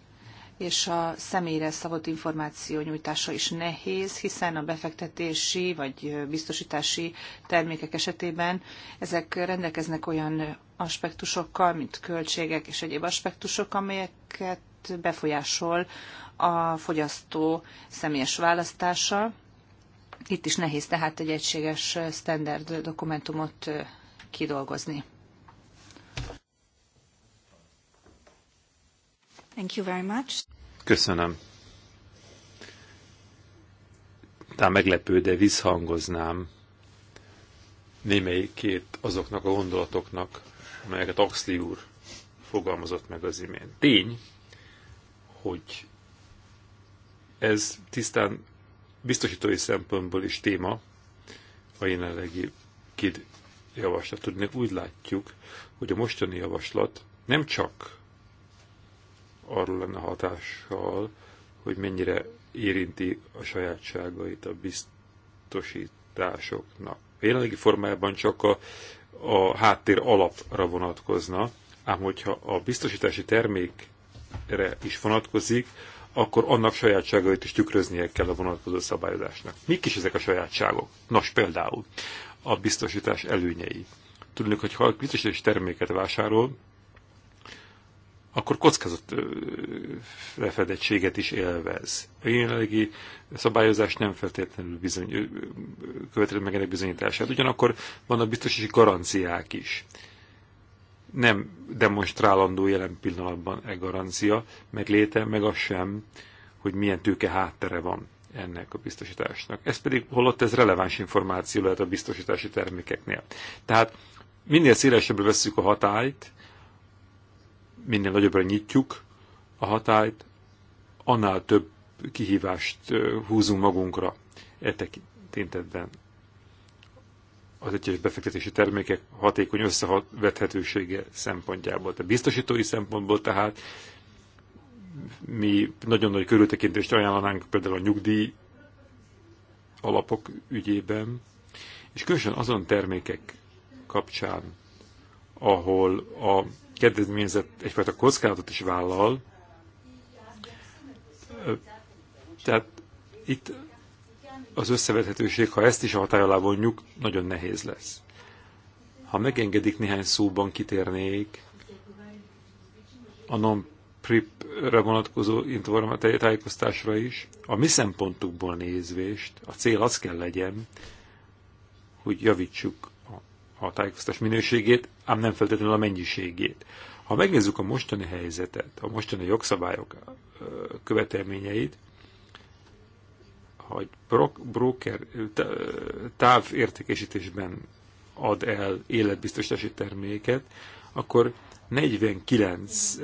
és a személyre szabott információ nyújtása is nehéz, hiszen a befektetési vagy biztosítási termékek esetében ezek rendelkeznek olyan aspektusokkal, mint költségek és egyéb aspektusok, amelyeket befolyásol a fogyasztó személyes választása. Itt is nehéz tehát egy egységes standard dokumentumot kidolgozni. Thank you very much. Köszönöm. Tám meglepő, de visszhangoznám némelyikét azoknak a gondolatoknak, amelyeket Axli úr fogalmazott meg az imént. Tény, hogy ez tisztán biztosítói szempontból is téma, a jelenlegi KID javaslat. Tudni úgy látjuk, hogy a mostani javaslat nem csak arról lenne hatással, hogy mennyire érinti a sajátságait a biztosításoknak. A jelenlegi formájában csak a, a háttér alapra vonatkozna, ám hogyha a biztosítási termékre is vonatkozik, akkor annak sajátságait is tükröznie kell a vonatkozó szabályozásnak. Mik is ezek a sajátságok? Nos, például a biztosítás előnyei. Tudjuk, hogy ha a biztosítási terméket vásárol, akkor kockázat lefedettséget is élvez. A jelenlegi szabályozás nem feltétlenül bizony, követeli meg ennek bizonyítását. Ugyanakkor vannak biztosítási garanciák is. Nem demonstrálandó jelen pillanatban e garancia, meg léte, meg az sem, hogy milyen tőke háttere van ennek a biztosításnak. Ez pedig holott ez releváns információ lehet a biztosítási termékeknél. Tehát minél szélesebbre vesszük a hatályt, minél nagyobbra nyitjuk a hatályt, annál több kihívást húzunk magunkra e tekintetben. Az egyes befektetési termékek hatékony összevethetősége szempontjából. A biztosítói szempontból tehát mi nagyon nagy körültekintést ajánlanánk például a nyugdíj alapok ügyében, és különösen azon termékek kapcsán, ahol a kedvezményezett egyfajta kockázatot is vállal. Tehát itt az összevethetőség, ha ezt is a hatály alá vonjuk, nagyon nehéz lesz. Ha megengedik, néhány szóban kitérnék a non-prip-re vonatkozó tájékoztásra is. A mi szempontukból nézvést, a cél az kell legyen, hogy javítsuk a tájékoztatás minőségét, ám nem feltétlenül a mennyiségét. Ha megnézzük a mostani helyzetet, a mostani jogszabályok követelményeit, hogy broker távértékesítésben ad el életbiztosítási terméket, akkor 49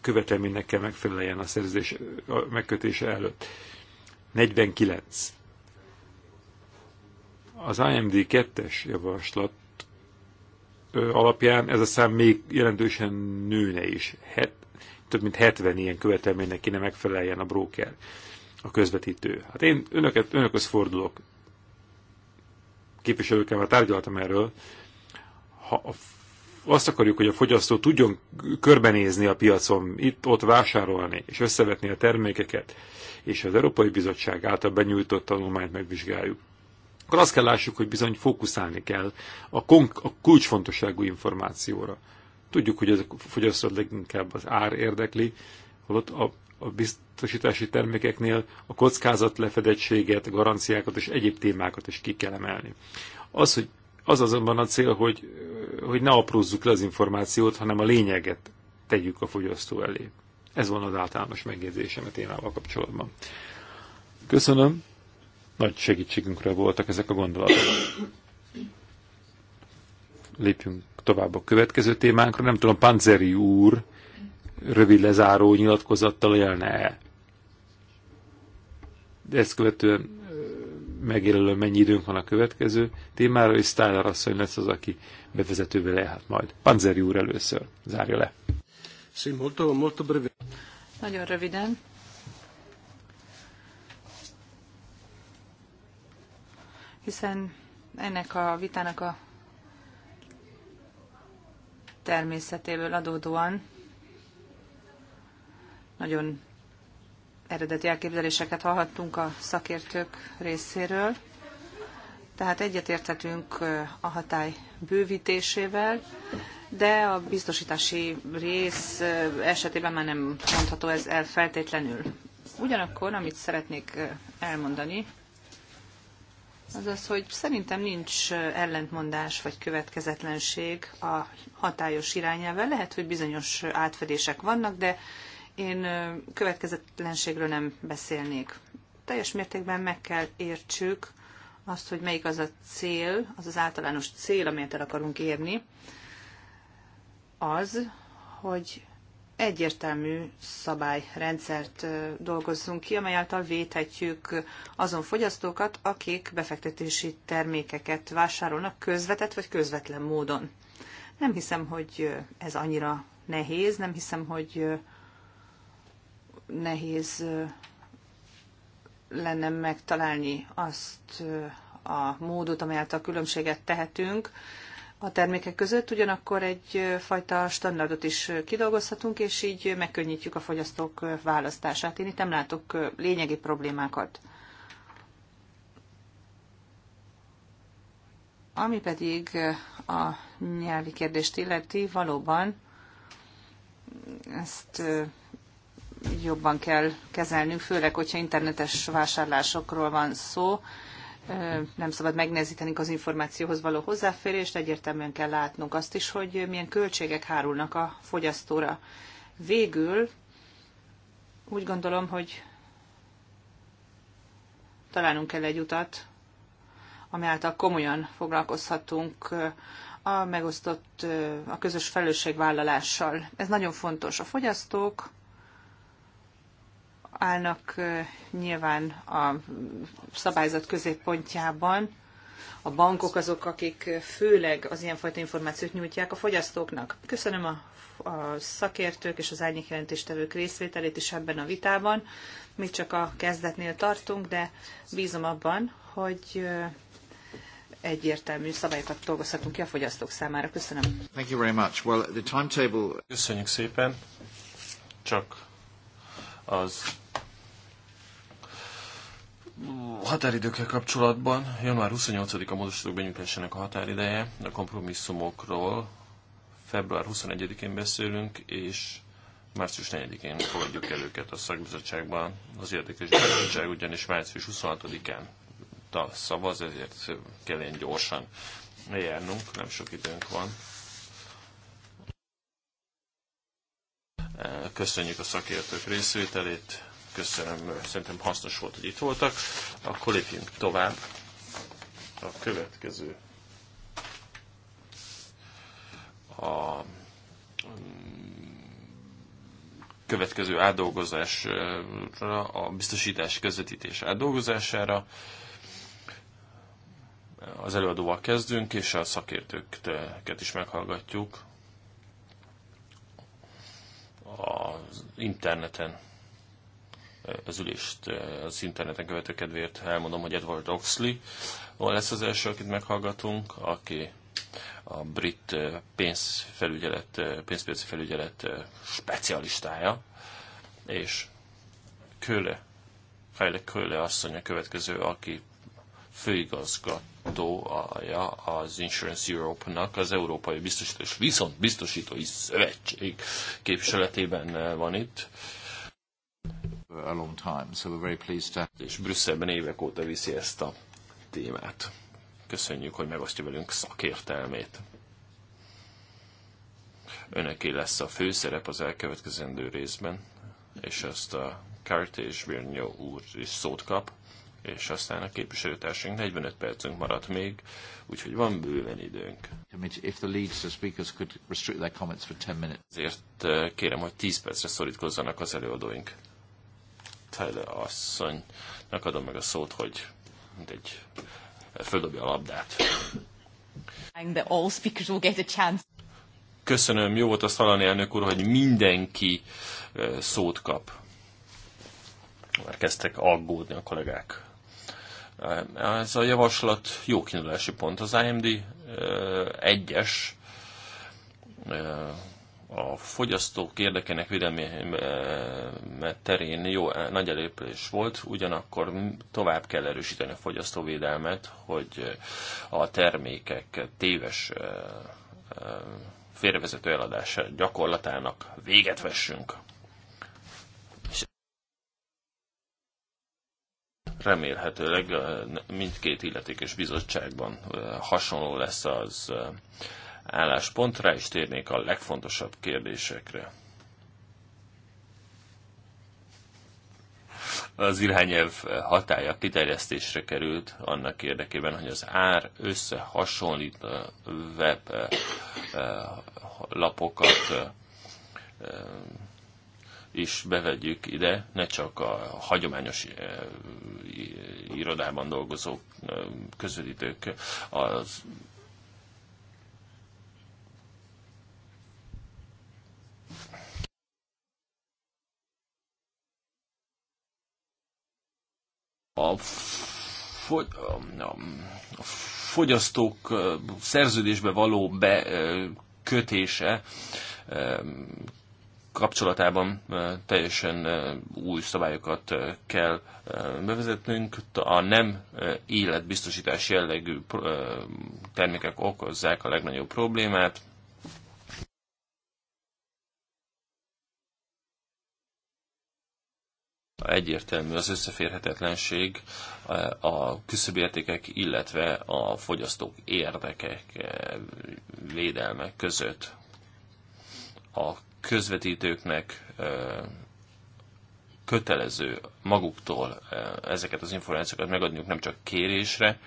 követelménynek kell megfeleljen a szerződés megkötése előtt. 49. Az IMD 2-es javaslat alapján ez a szám még jelentősen nőne is. Het, több mint 70 ilyen követelménynek kéne megfeleljen a bróker, a közvetítő. Hát én önöket, önökhöz fordulok. Képviselőkkel már tárgyaltam erről. Ha a azt akarjuk, hogy a fogyasztó tudjon körbenézni a piacon, itt-ott vásárolni, és összevetni a termékeket, és az Európai Bizottság által benyújtott tanulmányt megvizsgáljuk akkor azt kell lássuk, hogy bizony fókuszálni kell a, konk- a kulcsfontosságú információra. Tudjuk, hogy ez a fogyasztót leginkább az ár érdekli, holott a, a biztosítási termékeknél a kockázat lefedettséget, garanciákat és egyéb témákat is ki kell emelni. Az, hogy az azonban a cél, hogy, hogy ne aprózzuk le az információt, hanem a lényeget tegyük a fogyasztó elé. Ez van az általános megjegyzésem a témával kapcsolatban. Köszönöm. Nagy segítségünkre voltak ezek a gondolatok. Lépjünk tovább a következő témánkra. Nem tudom, Panzeri úr rövid lezáró nyilatkozattal élne-e? De Ezt követően megjelölöm, mennyi időnk van a következő témára, és Styler asszony lesz az, aki bevezetővel lehet majd. Panzeri úr először zárja le. Nagyon röviden. hiszen ennek a vitának a természetéből adódóan nagyon eredeti elképzeléseket hallhattunk a szakértők részéről. Tehát egyetérthetünk a hatály bővítésével, de a biztosítási rész esetében már nem mondható ez el feltétlenül. Ugyanakkor, amit szeretnék elmondani, Azaz, hogy szerintem nincs ellentmondás vagy következetlenség a hatályos irányelvel. Lehet, hogy bizonyos átfedések vannak, de én következetlenségről nem beszélnék. Teljes mértékben meg kell értsük azt, hogy melyik az a cél, az az általános cél, amelyet el akarunk érni, az, hogy egyértelmű szabályrendszert dolgozzunk ki, amely által védhetjük azon fogyasztókat, akik befektetési termékeket vásárolnak közvetett vagy közvetlen módon. Nem hiszem, hogy ez annyira nehéz, nem hiszem, hogy nehéz lenne megtalálni azt a módot, amelyet a különbséget tehetünk, a termékek között, ugyanakkor egyfajta standardot is kidolgozhatunk, és így megkönnyítjük a fogyasztók választását. Én itt nem látok lényegi problémákat. Ami pedig a nyelvi kérdést illeti, valóban ezt jobban kell kezelnünk, főleg, hogyha internetes vásárlásokról van szó, nem szabad megnehezítenünk az információhoz való hozzáférést, egyértelműen kell látnunk azt is, hogy milyen költségek hárulnak a fogyasztóra. Végül úgy gondolom, hogy találnunk kell egy utat, ami által komolyan foglalkozhatunk a megosztott, a közös felelősségvállalással. Ez nagyon fontos. A fogyasztók állnak nyilván a szabályzat középpontjában. A bankok azok, akik főleg az ilyenfajta információt nyújtják a fogyasztóknak. Köszönöm a, a szakértők és az árnyékjelentéstevők részvételét is ebben a vitában. Mi csak a kezdetnél tartunk, de bízom abban, hogy egyértelmű szabályokat dolgozhatunk ki a fogyasztók számára. Köszönöm. Thank you very much. Well, the timetable... Köszönjük szépen. Csak az határidőkkel kapcsolatban január 28-a módosítók benyújtásának a határideje, a kompromisszumokról február 21-én beszélünk, és március 4-én fogadjuk el őket a szakbizottságban. Az érdekes bizottság ugyanis március 26-án szavaz, ezért kell ilyen gyorsan eljárnunk, nem sok időnk van. Köszönjük a szakértők részvételét, Köszönöm, szerintem hasznos volt, hogy itt voltak. Akkor lépjünk tovább a következő. A mm, következő átdolgozásra, a biztosítás közvetítés átdolgozására. Az előadóval kezdünk, és a szakértőket is meghallgatjuk az interneten az ülést eh, az interneten követő kedvéért elmondom, hogy Edward Oxley lesz az első, akit meghallgatunk, aki a brit eh, pénzfelügyelet, eh, pénzpiaci felügyelet specialistája, és Köle, Kajle Köle asszony a következő, aki főigazgatója az Insurance Europe-nak, az Európai Biztosító és Viszont Biztosítói Szövetség képviseletében van itt a long time, so we're very pleased to... És Brüsszelben évek óta viszi ezt a témát. Köszönjük, hogy megosztja velünk szakértelmét. Önöké lesz a főszerep az elkövetkezendő részben, és ezt a Kart és Virnyó úr is szót kap, és aztán a képviselőtársunk 45 percünk maradt még, úgyhogy van bőven időnk. Ezért kérem, hogy 10 percre szorítkozzanak az előadóink. Tyler asszonynak adom meg a szót, hogy mindegy, földobja a labdát. The all speakers will get a chance. Köszönöm, jó volt azt hallani, elnök úr, hogy mindenki szót kap. Már kezdtek aggódni a kollégák. Ez a javaslat jó kiindulási pont. Az IMD egyes a fogyasztók érdekének védelmi eh, terén jó eh, nagy előpülés volt, ugyanakkor tovább kell erősíteni a fogyasztóvédelmet, hogy eh, a termékek téves félrevezető eladása gyakorlatának véget vessünk. Remélhetőleg mindkét illetékes bizottságban hasonló lesz az álláspontra, és térnék a legfontosabb kérdésekre. Az irányelv hatája kiterjesztésre került annak érdekében, hogy az ár összehasonlít web eh, eh, lapokat eh, is bevegyük ide, ne csak a hagyományos irodában dolgozók, közvetítők, az a, fogy, a fogyasztók szerződésbe való bekötése kapcsolatában teljesen új szabályokat kell bevezetnünk. A nem életbiztosítás jellegű termékek okozzák a legnagyobb problémát. egyértelmű az összeférhetetlenség eh, a küszöbértékek, illetve a fogyasztók érdekek eh, védelme között. A közvetítőknek eh, kötelező maguktól ezeket az információkat megadniuk nem csak kérésre,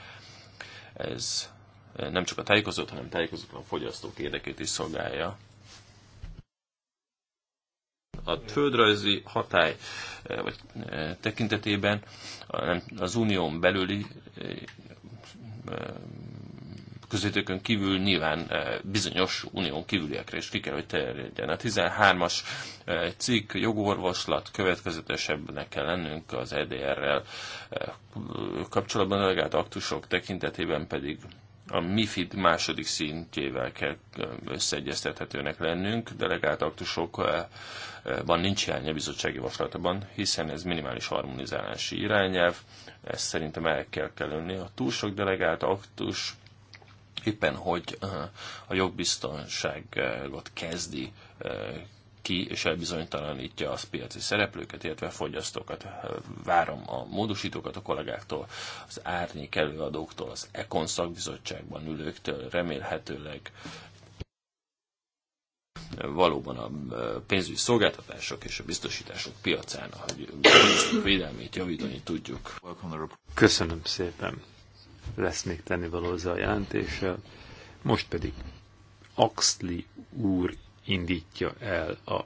ez nem csak a tájékozott, hanem a fogyasztók érdekét is szolgálja a földrajzi hatály eh, vagy eh, tekintetében az unión belüli eh, közvetőkön kívül nyilván bizonyos unión kívüliekre is ki kell, hogy terjedjen. A 13-as cikk jogorvoslat következetesebbnek kell lennünk az EDR-rel kapcsolatban legalább aktusok tekintetében pedig a MIFID második szintjével kell összeegyeztethetőnek lennünk, delegált aktusokban nincs hiány a bizottsági javaslatban, hiszen ez minimális harmonizálási irányelv, ezt szerintem el kell kerülni. A túl sok delegált aktus éppen, hogy a jogbiztonságot kezdi ki, és elbizonytalanítja az piaci szereplőket, illetve fogyasztókat. Várom a módosítókat a kollégáktól, az árnyék előadóktól, az Ekon szakbizottságban ülőktől, remélhetőleg valóban a pénzügyi szolgáltatások és a biztosítások piacán, hogy védelmét javítani tudjuk. Köszönöm szépen. Lesz még tennivaló a jelentéssel. Most pedig Axli úr indítja el a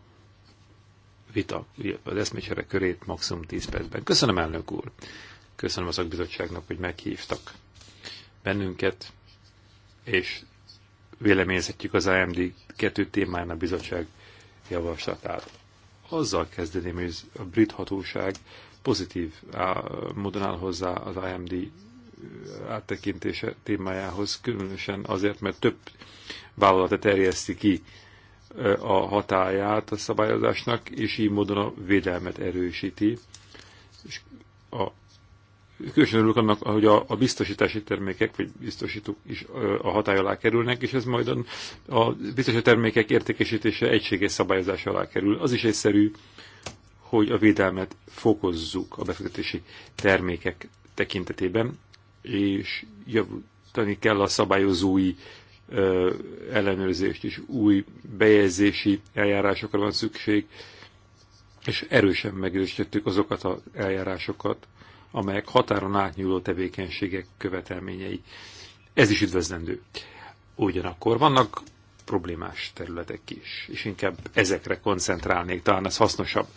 vita, az eszmecsere körét maximum 10 percben. Köszönöm, elnök úr! Köszönöm a szakbizottságnak, hogy meghívtak bennünket, és véleményezhetjük az AMD 2 témáján a bizottság javaslatát. Azzal kezdeném, hogy a brit hatóság pozitív módon áll hozzá az AMD áttekintése témájához, különösen azért, mert több vállalata terjeszti ki a hatáját a szabályozásnak, és így módon a védelmet erősíti. És a, különösen örülök annak, hogy a, a biztosítási termékek, vagy biztosítók is a hatály alá kerülnek, és ez majd a, a biztosítási termékek értékesítése egységes szabályozás alá kerül. Az is egyszerű, hogy a védelmet fokozzuk a befektetési termékek tekintetében, és javítani kell a szabályozói ellenőrzést és új bejegyzési eljárásokra van szükség, és erősen megerősítettük azokat az eljárásokat, amelyek határon átnyúló tevékenységek követelményei. Ez is üdvözlendő. Ugyanakkor vannak problémás területek is, és inkább ezekre koncentrálnék, talán ez hasznosabb.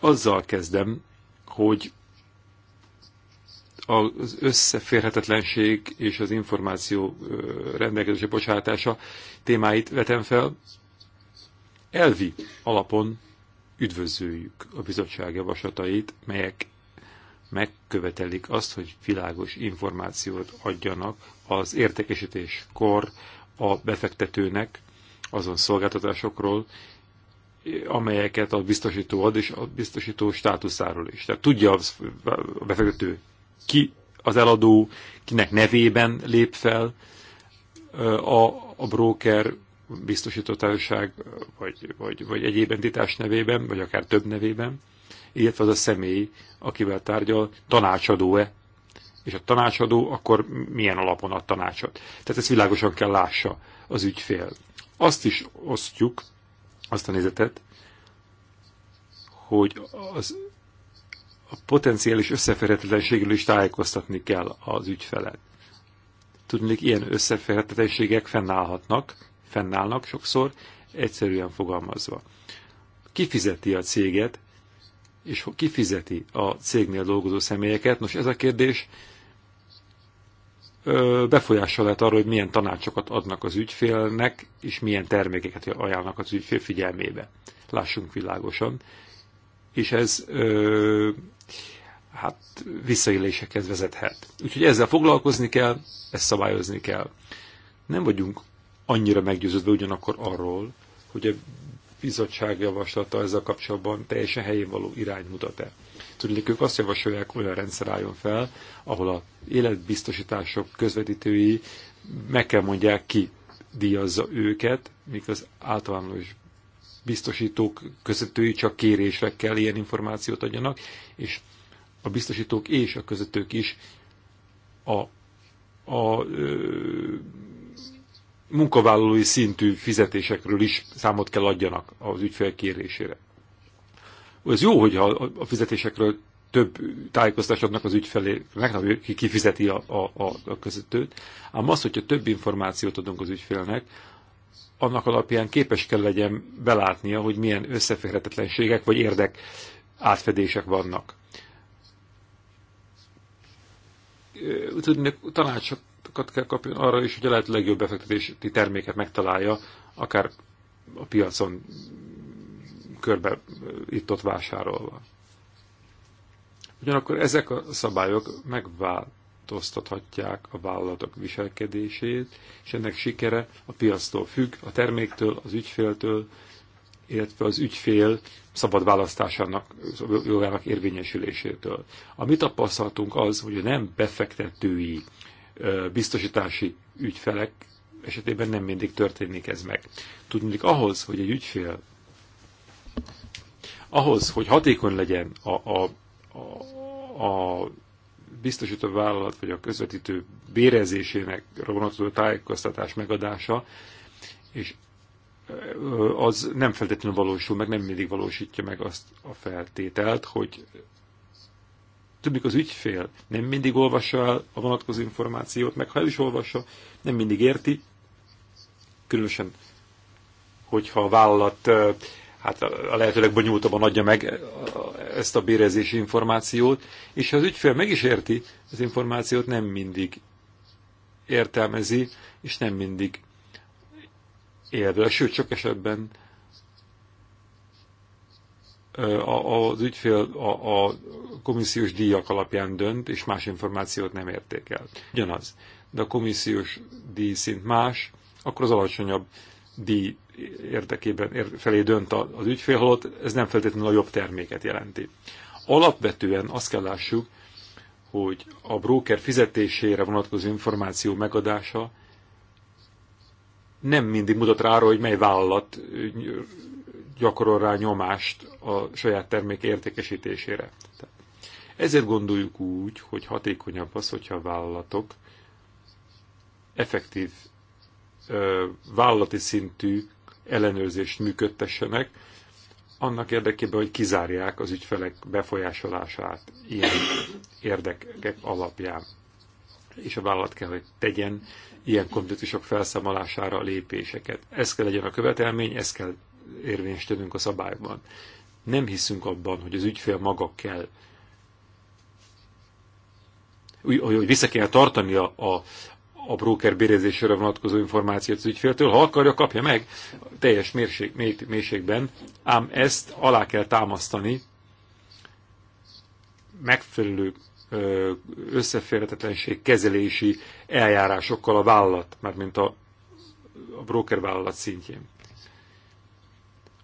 Azzal kezdem, hogy az összeférhetetlenség és az információ rendelkezésre bocsátása témáit vetem fel. Elvi alapon üdvözöljük a bizottság javaslatait, melyek megkövetelik azt, hogy világos információt adjanak az értékesítéskor a befektetőnek azon szolgáltatásokról, amelyeket a biztosító ad, és a biztosító státuszáról is. Tehát tudja a befektető ki az eladó, kinek nevében lép fel a, a bróker, biztosítótársaság, vagy, vagy, vagy egyéb entitás nevében, vagy akár több nevében, illetve az a személy, akivel tárgyal, tanácsadó-e, és a tanácsadó akkor milyen alapon ad tanácsot. Tehát ezt világosan kell lássa az ügyfél. Azt is osztjuk, azt a nézetet, hogy az a potenciális összeférhetetlenségről is tájékoztatni kell az ügyfelet. Tudnék, ilyen összeférhetetlenségek fennállhatnak, fennállnak sokszor, egyszerűen fogalmazva. Kifizeti a céget, és kifizeti a cégnél dolgozó személyeket? Nos, ez a kérdés befolyással lehet arra, hogy milyen tanácsokat adnak az ügyfélnek, és milyen termékeket ajánlnak az ügyfél figyelmébe. Lássunk világosan. És ez ö, hát visszaélésekhez vezethet. Úgyhogy ezzel foglalkozni kell, ezt szabályozni kell. Nem vagyunk annyira meggyőződve ugyanakkor arról, hogy a bizottság javaslata ezzel kapcsolatban teljesen helyén való irány mutat-e. Tudjuk, ők azt javasolják, olyan rendszer álljon fel, ahol a életbiztosítások közvetítői meg kell mondják ki díjazza őket, míg az általános biztosítók közöttői csak kérésre kell ilyen információt adjanak, és a biztosítók és a közöttők is a, a ö, munkavállalói szintű fizetésekről is számot kell adjanak az ügyfél kérésére. Ez jó, hogyha a fizetésekről több tájékoztatást adnak az ügyfelének, ki kifizeti a, a, a, a közöttőt, ám az, hogyha több információt adunk az ügyfélnek, annak alapján képes kell legyen belátnia, hogy milyen összeférhetetlenségek vagy érdek átfedések vannak. Tudni, tanácsokat kell kapjon arra is, hogy a lehető legjobb befektetési terméket megtalálja, akár a piacon körbe itt-ott vásárolva. Ugyanakkor ezek a szabályok megvált változtathatják a vállalatok viselkedését, és ennek sikere a piactól függ, a terméktől, az ügyféltől, illetve az ügyfél szabad választásának, jogának érvényesülésétől. A mi tapasztalatunk az, hogy a nem befektetői biztosítási ügyfelek esetében nem mindig történik ez meg. Tudnék ahhoz, hogy egy ügyfél ahhoz, hogy hatékony legyen a, a, a, a biztosító vállalat vagy a közvetítő bérezésének vonatkozó tájékoztatás megadása, és az nem feltétlenül valósul meg, nem mindig valósítja meg azt a feltételt, hogy tudjuk az ügyfél nem mindig olvassa el a vonatkozó információt, meg ha el is olvassa, nem mindig érti, különösen hogyha a vállalat hát a lehetőleg bonyolultabban adja meg e, ezt a bérezési információt, és ha az ügyfél meg is érti, az információt nem mindig értelmezi, és nem mindig érvel, sőt, sok esetben e, az ügyfél a, a komissziós díjak alapján dönt, és más információt nem értékel. Ugyanaz, de a komissziós szint más, akkor az alacsonyabb díj érdekében felé dönt az ügyfél, holott ez nem feltétlenül a jobb terméket jelenti. Alapvetően azt kell lássuk, hogy a broker fizetésére vonatkozó információ megadása nem mindig mutat rá arra, hogy mely vállalat gyakorol rá nyomást a saját termék értékesítésére. Ezért gondoljuk úgy, hogy hatékonyabb az, hogyha a vállalatok effektív vállalati szintű ellenőrzést működtessenek, annak érdekében, hogy kizárják az ügyfelek befolyásolását ilyen érdekek alapján. És a vállalat kell, hogy tegyen ilyen konfliktusok felszámolására a lépéseket. Ez kell legyen a követelmény, ez kell érvényesítenünk a szabályban. Nem hiszünk abban, hogy az ügyfél maga kell hogy vissza kell tartani a, a, a broker bérezésére vonatkozó információt az ügyféltől, ha akarja, kapja meg teljes mérség, mély, mélységben, ám ezt alá kell támasztani megfelelő összeférhetetlenség kezelési eljárásokkal a vállalat, mert mint a, a broker vállalat szintjén.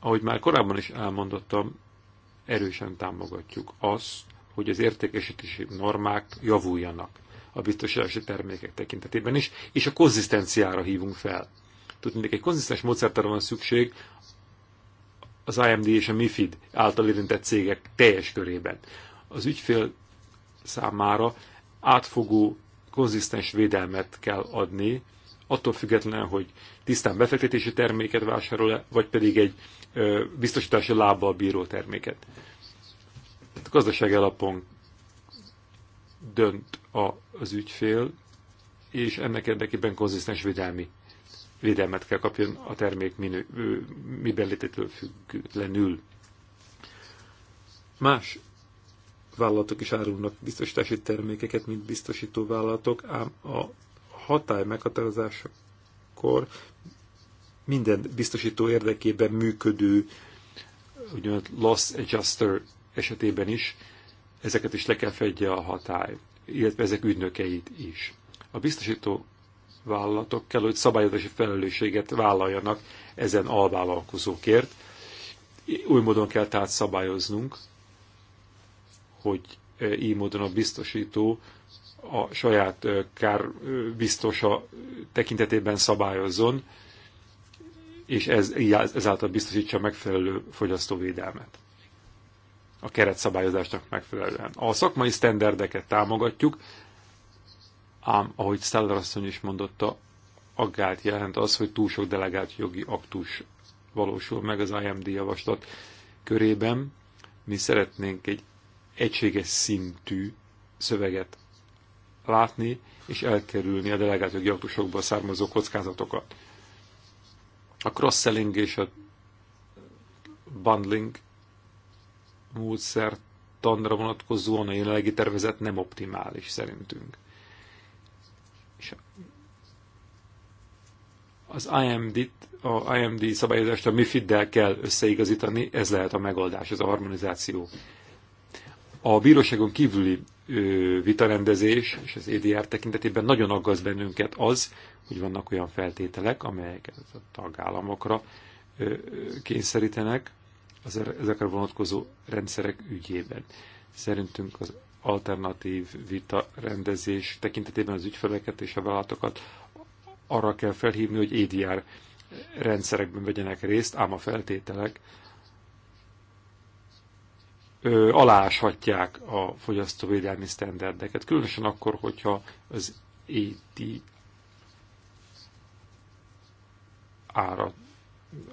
Ahogy már korábban is elmondottam, erősen támogatjuk azt, hogy az értékesítési normák javuljanak a biztosítási termékek tekintetében is, és a konzisztenciára hívunk fel. Tudni, egy konzisztens módszertára van szükség az IMD és a MIFID által érintett cégek teljes körében. Az ügyfél számára átfogó, konzisztens védelmet kell adni, attól függetlenül, hogy tisztán befektetési terméket vásárol -e, vagy pedig egy biztosítási lábbal bíró terméket. Tehát gazdasági alapon dönt a, az ügyfél, és ennek érdekében konzisztens védelmi védelmet kell kapjon a termék minő, miben lététől függetlenül. Más vállalatok is árulnak biztosítási termékeket, mint biztosító vállalatok, ám a hatály meghatározásakor minden biztosító érdekében működő úgynevezett loss adjuster esetében is ezeket is le kell fedje a hatály, illetve ezek ügynökeit is. A biztosító vállalatok kell, hogy szabályozási felelősséget vállaljanak ezen alvállalkozókért. Új módon kell tehát szabályoznunk, hogy eh, így módon a biztosító a saját eh, kár eh, biztosa tekintetében szabályozzon, és ez, ezáltal biztosítsa megfelelő fogyasztóvédelmet a keretszabályozásnak megfelelően. A szakmai sztenderdeket támogatjuk, ám ahogy Steller asszony is mondotta, aggált jelent az, hogy túl sok delegált jogi aktus valósul meg az IMD javaslat körében. Mi szeretnénk egy egységes szintű szöveget látni, és elkerülni a delegált jogi aktusokból származó kockázatokat. A cross-selling és a bundling módszertanra vonatkozóan a jelenlegi tervezet nem optimális szerintünk. És az IMD, a IMD szabályozást a MIFID-del kell összeigazítani, ez lehet a megoldás, ez a harmonizáció. A bíróságon kívüli ö, vitarendezés és az EDR tekintetében nagyon aggaszt bennünket az, hogy vannak olyan feltételek, amelyeket a tagállamokra ö, kényszerítenek, az er- ezekre vonatkozó rendszerek ügyében. Szerintünk az alternatív vita rendezés tekintetében az ügyfeleket és a vállalatokat arra kell felhívni, hogy ADR rendszerekben vegyenek részt, ám a feltételek ö, aláshatják a fogyasztóvédelmi sztenderdeket, különösen akkor, hogyha az ADR árat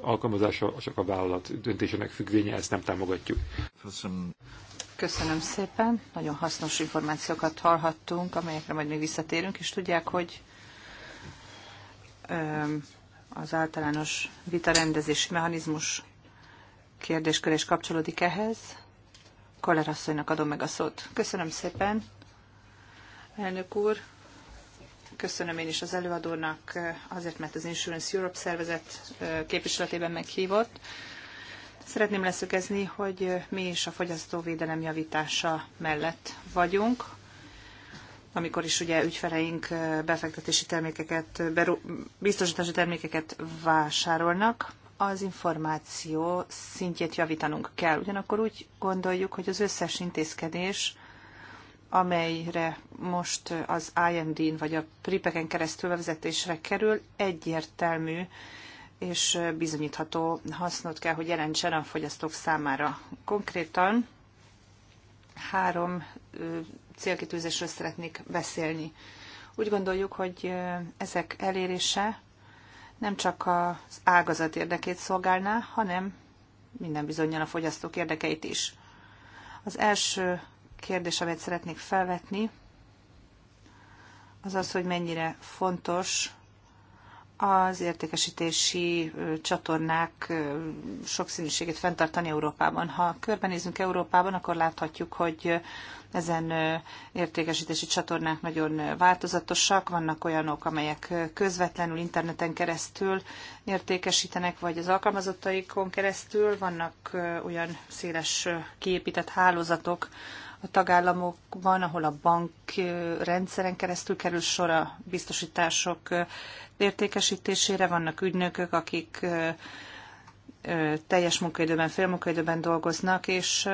alkalmazása csak a vállalat döntésének függvénye, ezt nem támogatjuk. Köszönöm szépen, nagyon hasznos információkat hallhattunk, amelyekre majd még visszatérünk, és tudják, hogy az általános vitarendezési mechanizmus kérdéskörés kapcsolódik ehhez. Koller adom meg a szót. Köszönöm szépen, elnök úr. Köszönöm én is az előadónak azért, mert az Insurance Europe szervezet képviseletében meghívott. Szeretném leszögezni, hogy mi is a fogyasztóvédelem javítása mellett vagyunk, amikor is ugye ügyfeleink befektetési termékeket, beru, biztosítási termékeket vásárolnak, az információ szintjét javítanunk kell. Ugyanakkor úgy gondoljuk, hogy az összes intézkedés amelyre most az IMD-n vagy a PRIPeken keresztül vezetésre kerül, egyértelmű és bizonyítható hasznot kell, hogy jelentsen a fogyasztók számára. Konkrétan három célkitűzésről szeretnék beszélni. Úgy gondoljuk, hogy ezek elérése nem csak az ágazat érdekét szolgálná, hanem minden bizonyal a fogyasztók érdekeit is. Az első kérdés, amit szeretnék felvetni, az az, hogy mennyire fontos az értékesítési csatornák sokszínűségét fenntartani Európában. Ha körbenézünk Európában, akkor láthatjuk, hogy ezen értékesítési csatornák nagyon változatosak. Vannak olyanok, amelyek közvetlenül interneten keresztül értékesítenek, vagy az alkalmazottaikon keresztül. Vannak olyan széles kiépített hálózatok, a tagállamokban, ahol a bankrendszeren keresztül kerül sor a biztosítások értékesítésére. Vannak ügynökök, akik teljes munkaidőben, félmunkaidőben dolgoznak, és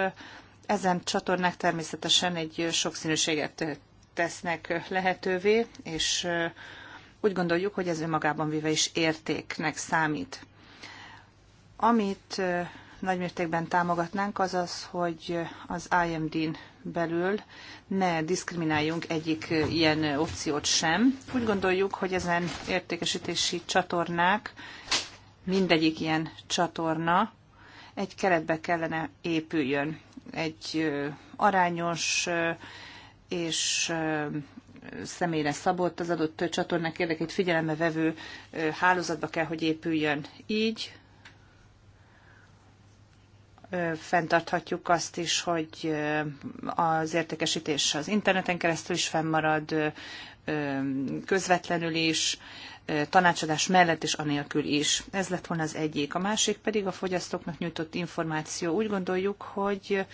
ezen csatornák természetesen egy sokszínűséget tesznek lehetővé, és úgy gondoljuk, hogy ez önmagában véve is értéknek számít. Amit nagymértékben támogatnánk, az az, hogy az IMD-n belül ne diszkrimináljunk egyik ilyen opciót sem. Úgy gondoljuk, hogy ezen értékesítési csatornák, mindegyik ilyen csatorna egy keretbe kellene épüljön. Egy arányos és személyre szabott az adott csatornák érdekét figyelembe vevő hálózatba kell, hogy épüljön. Így fenntarthatjuk azt is, hogy az értékesítés az interneten keresztül is fennmarad, közvetlenül is, tanácsadás mellett és anélkül is. Ez lett volna az egyik. A másik pedig a fogyasztóknak nyújtott információ. Úgy gondoljuk, hogy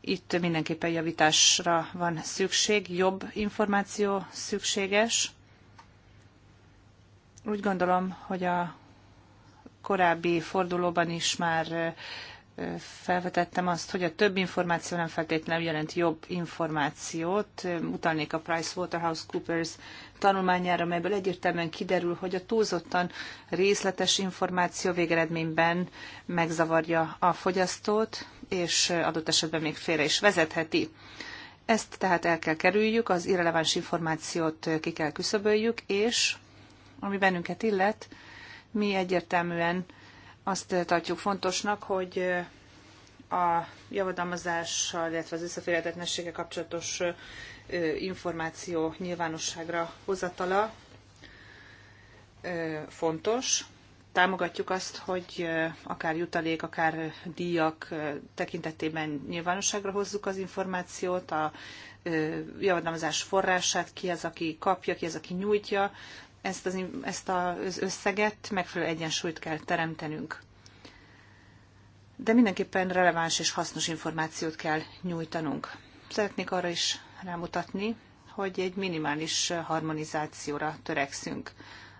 itt mindenképpen javításra van szükség, jobb információ szükséges. Úgy gondolom, hogy a korábbi fordulóban is már felvetettem azt, hogy a több információ nem feltétlenül jelent jobb információt. Utalnék a PricewaterhouseCoopers tanulmányára, melyből egyértelműen kiderül, hogy a túlzottan részletes információ végeredményben megzavarja a fogyasztót, és adott esetben még félre is vezetheti. Ezt tehát el kell kerüljük, az irreleváns információt ki kell küszöböljük, és ami bennünket illet, mi egyértelműen azt tartjuk fontosnak, hogy a javadalmazással, illetve az összeférhetetlensége kapcsolatos információ nyilvánosságra hozatala fontos. Támogatjuk azt, hogy akár jutalék, akár díjak tekintetében nyilvánosságra hozzuk az információt, a javadalmazás forrását, ki az, aki kapja, ki az, aki nyújtja, ezt az, ezt az összeget megfelelő egyensúlyt kell teremtenünk. De mindenképpen releváns és hasznos információt kell nyújtanunk. Szeretnék arra is rámutatni, hogy egy minimális harmonizációra törekszünk,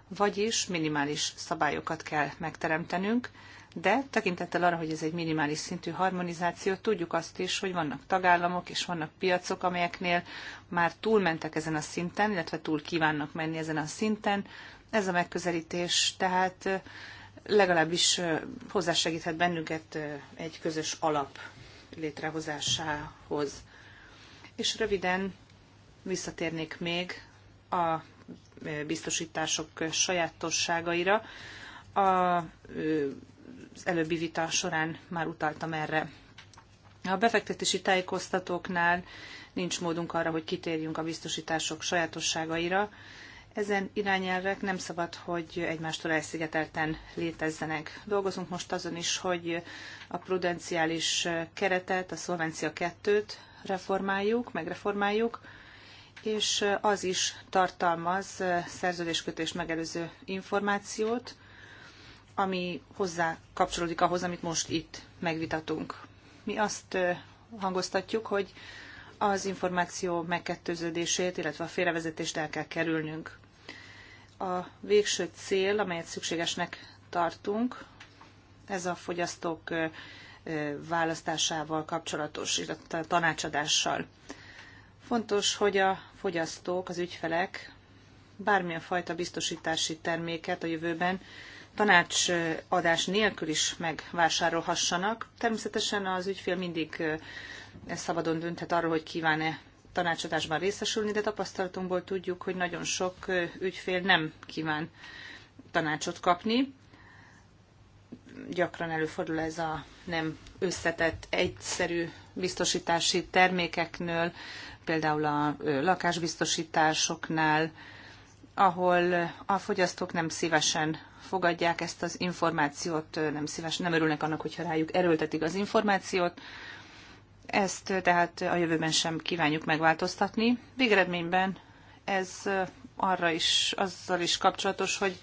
vagyis minimális szabályokat kell megteremtenünk, de tekintettel arra, hogy ez egy minimális szintű harmonizáció, tudjuk azt is, hogy vannak tagállamok és vannak piacok, amelyeknél már túlmentek ezen a szinten, illetve túl kívánnak menni ezen a szinten. Ez a megközelítés tehát legalábbis hozzásegíthet bennünket egy közös alap létrehozásához. És röviden visszatérnék még a biztosítások sajátosságaira. A előbbi vita során már utaltam erre. A befektetési tájékoztatóknál nincs módunk arra, hogy kitérjünk a biztosítások sajátosságaira. Ezen irányelvek nem szabad, hogy egymástól elszigetelten létezzenek. Dolgozunk most azon is, hogy a prudenciális keretet, a szolvencia kettőt reformáljuk, megreformáljuk, és az is tartalmaz szerződéskötés megelőző információt, ami hozzá kapcsolódik ahhoz, amit most itt megvitatunk. Mi azt hangoztatjuk, hogy az információ megkettőződését, illetve a félrevezetést el kell kerülnünk. A végső cél, amelyet szükségesnek tartunk, ez a fogyasztók választásával kapcsolatos, illetve a tanácsadással. Fontos, hogy a fogyasztók, az ügyfelek bármilyen fajta biztosítási terméket a jövőben tanácsadás nélkül is megvásárolhassanak. Természetesen az ügyfél mindig e szabadon dönthet arról, hogy kíván-e tanácsadásban részesülni, de tapasztalatunkból tudjuk, hogy nagyon sok ügyfél nem kíván tanácsot kapni. Gyakran előfordul ez a nem összetett, egyszerű biztosítási termékeknél, például a lakásbiztosításoknál, ahol a fogyasztók nem szívesen fogadják ezt az információt, nem szíves, nem örülnek annak, hogyha rájuk erőltetik az információt. Ezt tehát a jövőben sem kívánjuk megváltoztatni. Végeredményben ez arra is, azzal is kapcsolatos, hogy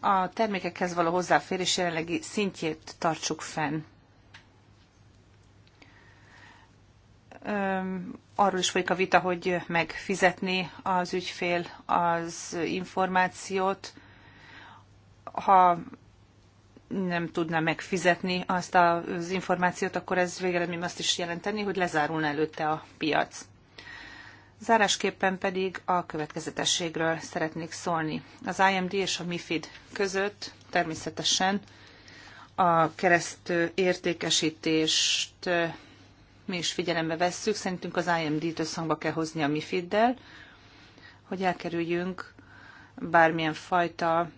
a termékekhez való hozzáférés jelenlegi szintjét tartsuk fenn. arról is folyik a vita, hogy megfizetni az ügyfél az információt, ha nem tudná megfizetni azt az információt, akkor ez végeredményben azt is jelenteni, hogy lezárulna előtte a piac. Zárásképpen pedig a következetességről szeretnék szólni. Az IMD és a MIFID között természetesen a kereszt értékesítést eh, mi is figyelembe vesszük. Szerintünk az IMD-t összhangba kell hozni a MIFID-del, hogy elkerüljünk bármilyen fajta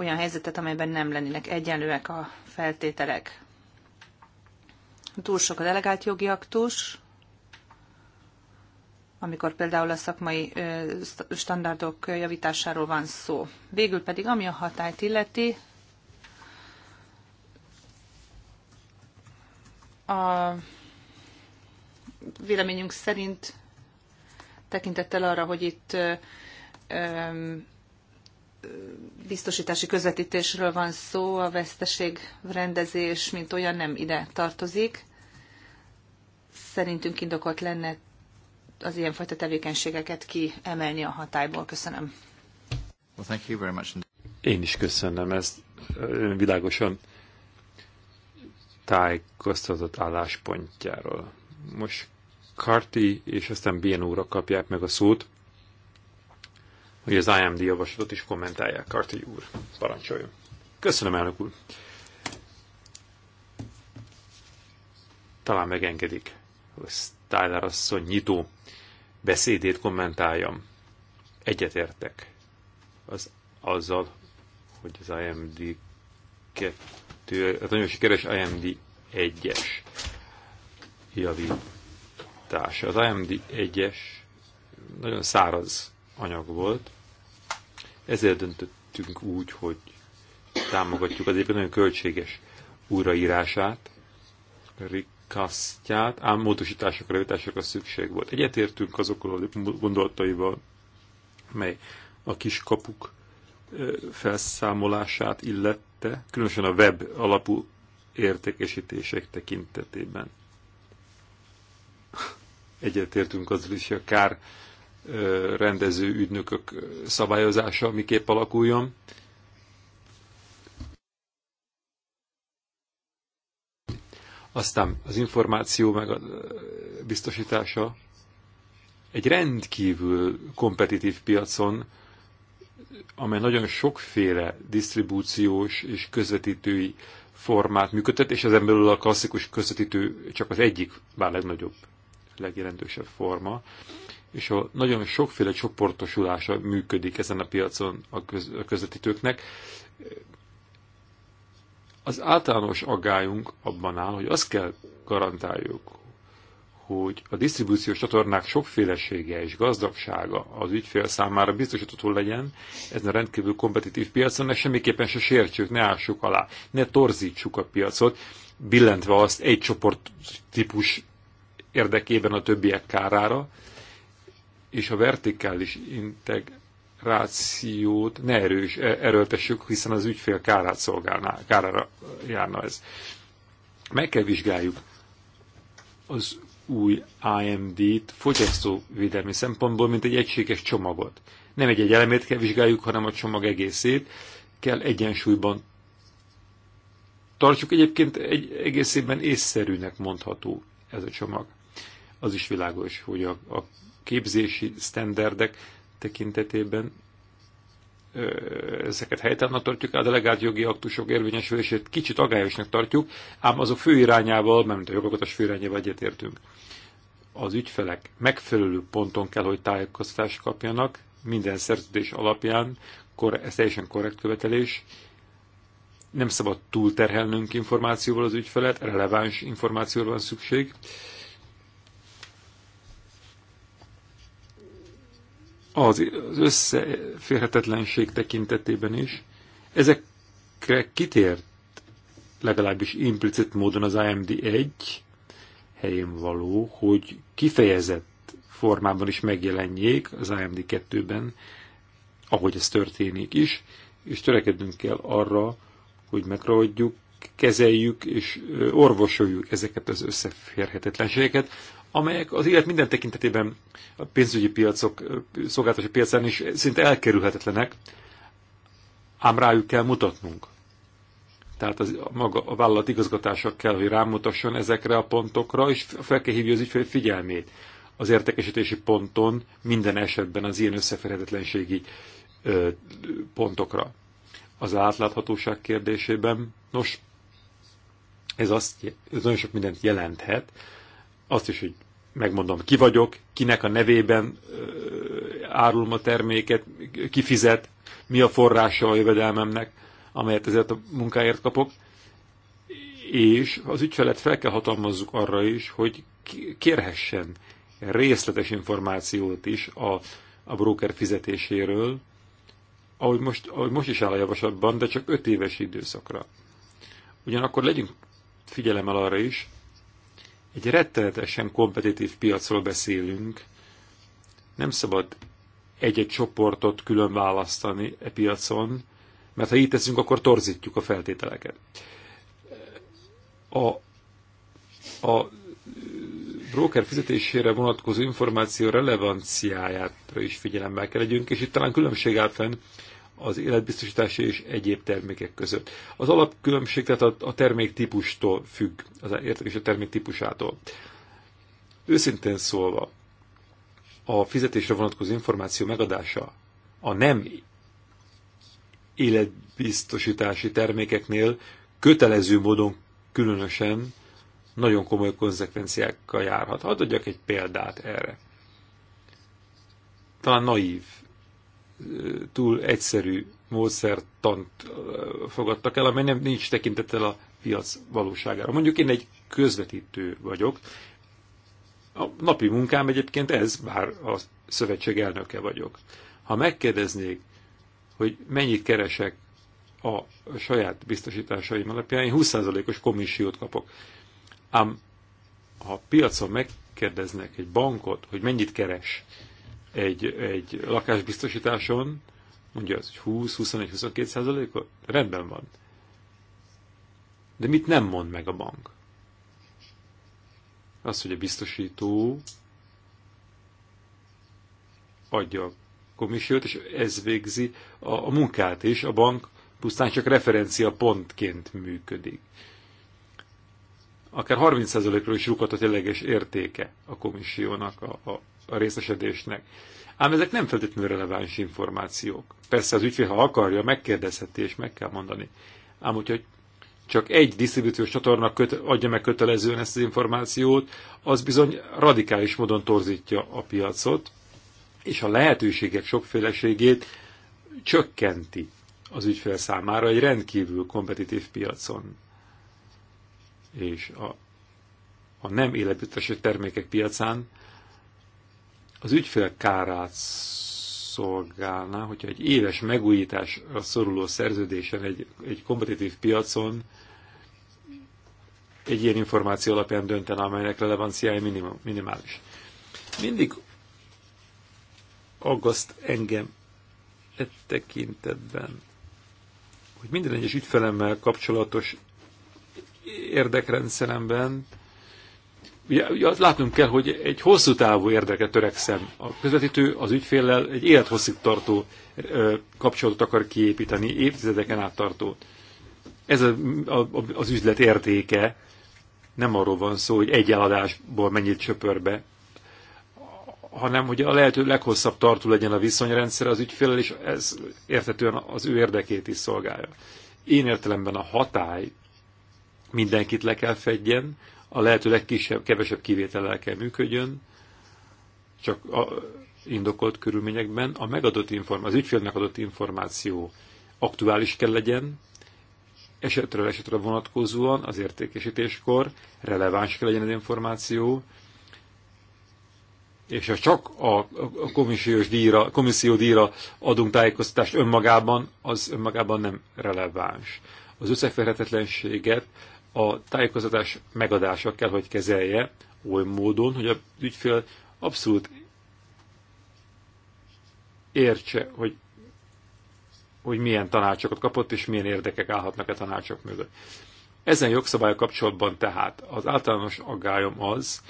olyan helyzetet, amelyben nem lennének egyenlőek a feltételek. Túl sok a delegált jogi aktus, amikor például a szakmai standardok javításáról van szó. Végül pedig, ami a hatályt illeti, a véleményünk szerint tekintettel arra, hogy itt biztosítási közvetítésről van szó, a veszteség rendezés, mint olyan nem ide tartozik. Szerintünk indokolt lenne az ilyenfajta tevékenységeket kiemelni a hatályból. Köszönöm. Well, thank you very much. Én is köszönöm ezt világosan tájékoztatott álláspontjáról. Most Karti és aztán Bien úrra kapják meg a szót hogy az IMD javaslatot is kommentálják. Karti úr, parancsoljon. Köszönöm, elnök úr. Talán megengedik, hogy Tyler asszony nyitó beszédét kommentáljam. Egyetértek az, azzal, hogy az IMD 2, hát nagyon sikeres IMD 1-es javítása. Az IMD 1-es nagyon száraz anyag volt. Ezért döntöttünk úgy, hogy támogatjuk az éppen nagyon költséges újraírását, rikasztját, ám módosításokra, javításokra szükség volt. Egyetértünk azokkal a gondolataival, mely a kis kapuk felszámolását illette, különösen a web alapú értékesítések tekintetében. Egyetértünk azzal is, hogy a kár rendező ügynökök szabályozása miképp alakuljon. Aztán az információ meg a biztosítása egy rendkívül kompetitív piacon, amely nagyon sokféle disztribúciós és közvetítői formát működtet, és ezen belül a klasszikus közvetítő csak az egyik, bár legnagyobb, legjelentősebb forma és a nagyon sokféle csoportosulása működik ezen a piacon a, köz, a közvetítőknek. Az általános aggályunk abban áll, hogy azt kell garantáljuk, hogy a disztribúciós csatornák sokfélesége és gazdagsága az ügyfél számára biztosítható legyen, ezen a rendkívül kompetitív piacon, mert semmiképpen se sértsük, ne ássuk alá, ne torzítsuk a piacot, billentve azt egy csoport típus érdekében a többiek kárára, és a vertikális integrációt ne erős, erőltessük, hiszen az ügyfél kárát szolgálná, kárára járna ez. Meg kell vizsgáljuk az új IMD-t fogyasztóvédelmi szempontból, mint egy egységes csomagot. Nem egy-egy elemét kell vizsgáljuk, hanem a csomag egészét kell egyensúlyban tartsuk. Egyébként egy egészében észszerűnek mondható ez a csomag. Az is világos, hogy a, a képzési sztenderdek tekintetében ezeket helytállnak tartjuk, a delegált jogi aktusok érvényesülését kicsit agályosnak tartjuk, ám az a fő irányával, mert a jogalkotás fő irányával egyetértünk. Az ügyfelek megfelelő ponton kell, hogy tájékoztatást kapjanak, minden szerződés alapján, kor, ez teljesen korrekt követelés, nem szabad túlterhelnünk információval az ügyfelet, releváns információra van szükség, az összeférhetetlenség tekintetében is, ezekre kitért legalábbis implicit módon az AMD1 helyén való, hogy kifejezett formában is megjelenjék az AMD2-ben, ahogy ez történik is, és törekednünk kell arra, hogy megragadjuk, kezeljük és orvosoljuk ezeket az összeférhetetlenségeket, amelyek az élet minden tekintetében a pénzügyi piacok, szolgáltatási piacán is szinte elkerülhetetlenek, ám rájuk kell mutatnunk. Tehát az, a, maga, a vállalat igazgatása kell, hogy rámutasson ezekre a pontokra, és fel kell hívni az ügyfél figyelmét az értékesítési ponton minden esetben az ilyen összeférhetetlenségi pontokra. Az átláthatóság kérdésében, nos, ez, azt, ez nagyon sok mindent jelenthet, azt is, hogy megmondom, ki vagyok, kinek a nevében árulom a terméket, ki fizet, mi a forrása a jövedelmemnek, amelyet ezért a munkáért kapok. És az ügyfelet fel kell hatalmazzuk arra is, hogy kérhessen részletes információt is a, a broker fizetéséről, ahogy most, ahogy most is áll a javaslatban, de csak öt éves időszakra. Ugyanakkor legyünk figyelemmel arra is, egy rettenetesen kompetitív piacról beszélünk. Nem szabad egy-egy csoportot külön választani e piacon, mert ha így teszünk, akkor torzítjuk a feltételeket. A, a broker fizetésére vonatkozó információ relevanciáját is figyelemmel kell legyünk, és itt talán különbség áll fenn az életbiztosítási és egyéb termékek között. Az alapkülönbség tehát a, a termék típustól függ, az értékes a termék típusától. Őszintén szólva, a fizetésre vonatkozó információ megadása a nem életbiztosítási termékeknél kötelező módon különösen nagyon komoly konzekvenciákkal járhat. Hadd adjak egy példát erre. Talán naív túl egyszerű módszertant fogadtak el, amely nem nincs tekintettel a piac valóságára. Mondjuk én egy közvetítő vagyok. A napi munkám egyébként ez, bár a szövetség elnöke vagyok. Ha megkérdeznék, hogy mennyit keresek a saját biztosításaim alapján, én 20%-os komissiót kapok. Ám ha a piacon megkérdeznek egy bankot, hogy mennyit keres, egy, egy lakásbiztosításon, mondja az, hogy 20-21-22 százalékot, rendben van. De mit nem mond meg a bank? Az, hogy a biztosító adja a komissiót, és ez végzi a, a munkát is, a bank pusztán csak referencia pontként működik. Akár 30%-ról is rúghat a tényleges értéke a komissiónak a, a a részesedésnek. Ám ezek nem feltétlenül releváns információk. Persze az ügyfél, ha akarja, megkérdezheti és meg kell mondani. Ám hogyha csak egy disztribúciós csatorna köt, adja meg kötelezően ezt az információt, az bizony radikális módon torzítja a piacot, és a lehetőségek sokféleségét csökkenti az ügyfél számára egy rendkívül kompetitív piacon. És a, a nem életbiztosított termékek piacán az ügyfél kárát szolgálná, hogyha egy éves megújításra szoruló szerződésen, egy, egy kompetitív piacon egy ilyen információ alapján döntene, amelynek relevanciája minimum, minimális. Mindig aggaszt engem e tekintetben, hogy minden egyes ügyfelemmel kapcsolatos érdekrendszeremben Ugye azt látnunk kell, hogy egy hosszú távú érdekre törekszem. A közvetítő az ügyféllel egy élethosszig tartó kapcsolatot akar kiépíteni, évtizedeken át tartó. Ez a, a, az üzlet értéke. Nem arról van szó, hogy egy eladásból mennyit be, hanem hogy a lehető leghosszabb tartó legyen a viszonyrendszer az ügyféllel, és ez értetően az ő érdekét is szolgálja. Én értelemben a hatály mindenkit le kell fedjen, a lehető legkisebb, kevesebb kivétellel kell működjön, csak a indokolt körülményekben a megadott inform, az ügyfélnek adott információ aktuális kell legyen, esetről esetre vonatkozóan az értékesítéskor releváns kell legyen az információ, és ha csak a, a komissziós díjra, komisszió díjra adunk tájékoztatást önmagában, az önmagában nem releváns. Az összeférhetetlenséget a tájékoztatás megadása kell, hogy kezelje oly módon, hogy a ügyfél abszolút értse, hogy, hogy milyen tanácsokat kapott, és milyen érdekek állhatnak a tanácsok mögött. Ezen jogszabály kapcsolatban tehát az általános aggályom az,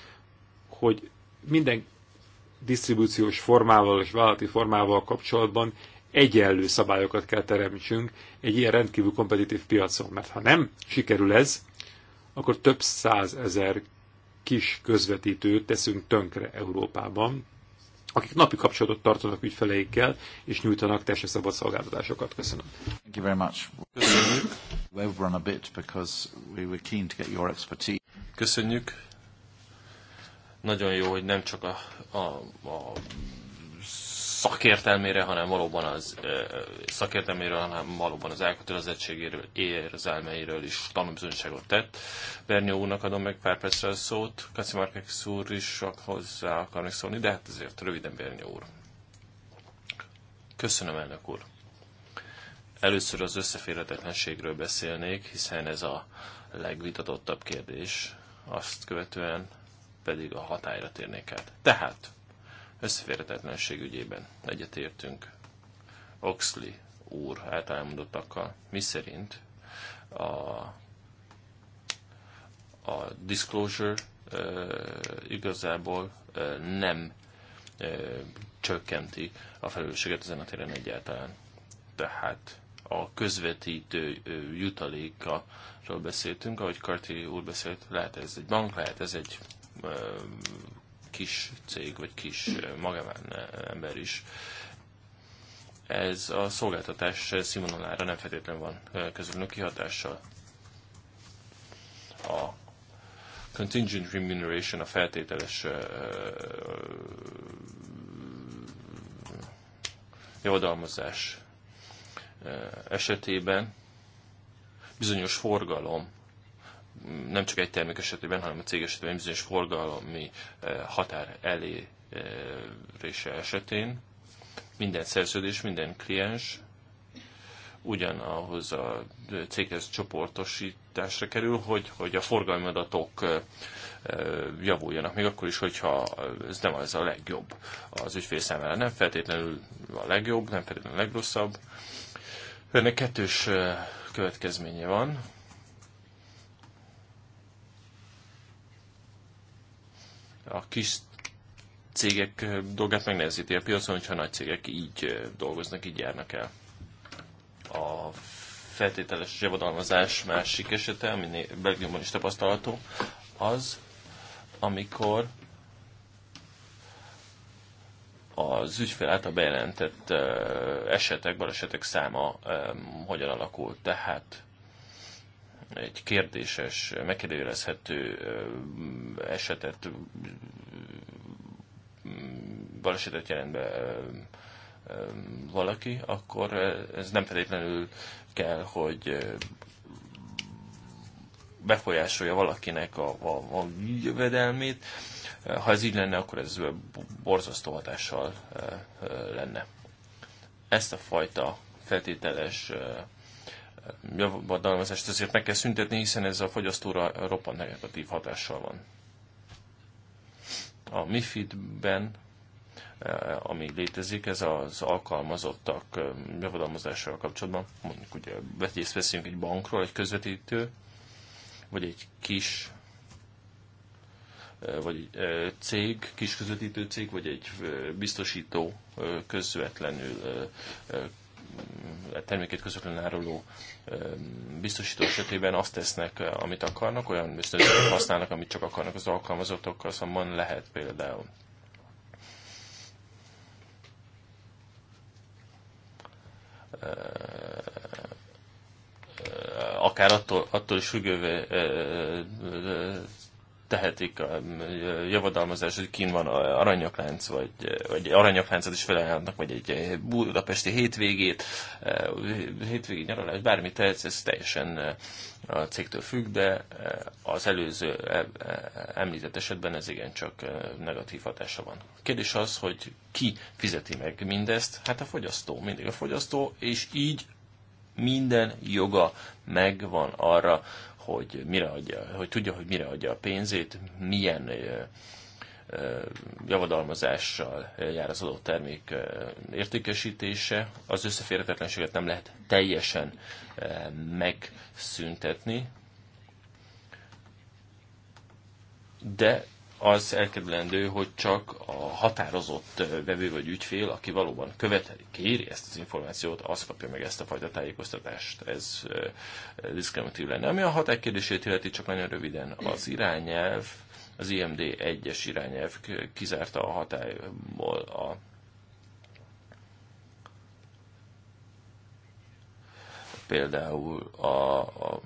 hogy minden disztribúciós formával és vállalati formával kapcsolatban egyenlő szabályokat kell teremtsünk egy ilyen rendkívül kompetitív piacon. Mert ha nem sikerül ez, akkor több százezer kis közvetítőt teszünk tönkre Európában, akik napi kapcsolatot tartanak ügyfeleikkel, és nyújtanak teljesen szabad szolgáltatásokat. Köszönöm. Thank you very much. Köszönjük. We've run a bit because we were keen to get your expertise. Köszönjük. Nagyon jó, hogy nem csak a, a, a szakértelmére, hanem valóban az szakértelméről, hanem valóban az elkötelezettségéről, érzelmeiről is tanúbizonyságot tett. Bernyó úrnak adom meg pár percre a szót, Kaci Márkex úr is hozzá akarnak szólni, de hát azért röviden Bernyó úr. Köszönöm, elnök úr. Először az összeférhetetlenségről beszélnék, hiszen ez a legvitatottabb kérdés, azt követően pedig a hatályra térnék át. Tehát, összeférhetetlenség ügyében egyetértünk Oxley úr által elmondottakkal, miszerint a, a disclosure e, igazából e, nem e, csökkenti a felelősséget ezen a téren egyáltalán. Tehát a közvetítő jutalékról beszéltünk, ahogy Karti úr beszélt, lehet ez egy bank, lehet ez egy kis cég, vagy kis magában ember is, ez a szolgáltatás színvonalára nem feltétlenül van közülnő kihatással. A contingent remuneration, a feltételes javadalmazás esetében bizonyos forgalom nem csak egy termék esetében, hanem a cég esetében bizonyos forgalmi eh, határ elérése eh, esetén minden szerződés, minden kliens ugyanahoz a eh, céghez csoportosításra kerül, hogy, hogy a forgalmi adatok javuljanak, még akkor is, hogyha ez nem az a legjobb az ügyfél számára. Nem feltétlenül a legjobb, nem feltétlenül a legrosszabb. Ennek kettős következménye van a kis cégek dolgát megnehezíti a piacon, hogyha nagy cégek így dolgoznak, így járnak el. A feltételes javadalmazás másik esete, ami Belgiumban is tapasztalható, az, amikor az ügyfél által bejelentett esetek, balesetek száma hogyan alakult. Tehát egy kérdéses, megkérdőjelezhető esetet, balesetet jelent be valaki, akkor ez nem feltétlenül kell, hogy befolyásolja valakinek a, a, a jövedelmét. Ha ez így lenne, akkor ez borzasztó hatással lenne. Ezt a fajta feltételes javadalmazást azért meg kell szüntetni, hiszen ez a fogyasztóra roppant negatív hatással van. A MIFID-ben, eh, ami létezik, ez az alkalmazottak eh, javadalmazással kapcsolatban, mondjuk ugye vetészt veszünk egy bankról, egy közvetítő, vagy egy kis eh, vagy egy cég, kis közvetítő cég, vagy egy biztosító közvetlenül termékét közvetlenül áruló biztosító esetében azt tesznek, amit akarnak, olyan ösztönzőket használnak, amit csak akarnak az alkalmazottokkal, szóval lehet például. akár attól, attól is függővé tehetik a javadalmazás, hogy kín van aranyaklánc, vagy, vagy aranyakláncot is felajánlnak, vagy egy budapesti hétvégét, hétvégi nyaralás, bármit tehetsz, ez teljesen a cégtől függ, de az előző e, e, említett esetben ez csak negatív hatása van. A kérdés az, hogy ki fizeti meg mindezt? Hát a fogyasztó, mindig a fogyasztó, és így minden joga megvan arra, hogy, mire adja, hogy tudja, hogy mire adja a pénzét, milyen javadalmazással jár az adott termék értékesítése. Az összeférhetetlenséget nem lehet teljesen megszüntetni, de az elkerülendő, hogy csak a határozott vevő vagy ügyfél, aki valóban követeli, kéri ezt az információt, az kapja meg ezt a fajta tájékoztatást. Ez diszkriminatív lenne. Ami a hatály kérdését illeti, csak nagyon röviden, az irányelv, az IMD 1-es irányelv kizárta a hatályból a például a, a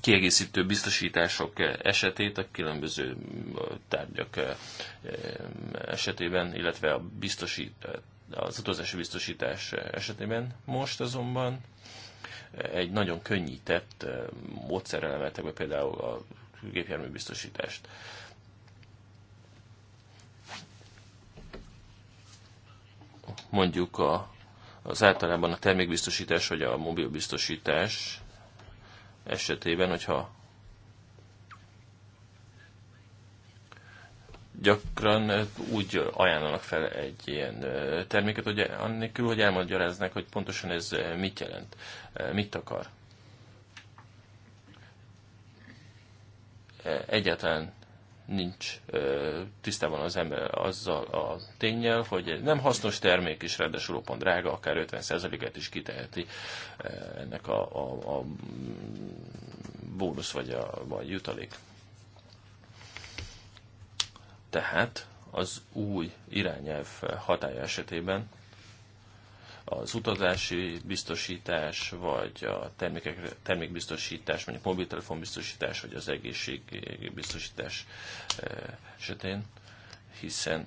kiegészítő biztosítások esetét a különböző tárgyak eh, eh, esetében, illetve a biztosít, eh, az utazási biztosítás esetében. Most azonban egy nagyon könnyített módszerrel emeltek be például a gépjárműbiztosítást. Mondjuk a, az általában a termékbiztosítás vagy a mobilbiztosítás esetében, hogyha gyakran eh, úgy ajánlanak fel egy ilyen eh, terméket, hogy annélkül, hogy elmagyaráznak, hogy pontosan ez eh, mit jelent, mit akar. Egyáltalán nincs tisztában az ember azzal a tényel, hogy egy nem hasznos termék is ráadásul roppant drága, akár 50%-et is kiteheti ennek a, a, a bónusz vagy a vagy jutalék. Tehát az új irányelv hatája esetében az utazási biztosítás, vagy a termékekre, termékbiztosítás, mondjuk mobiltelefonbiztosítás, vagy az egészségbiztosítás eh, esetén, hiszen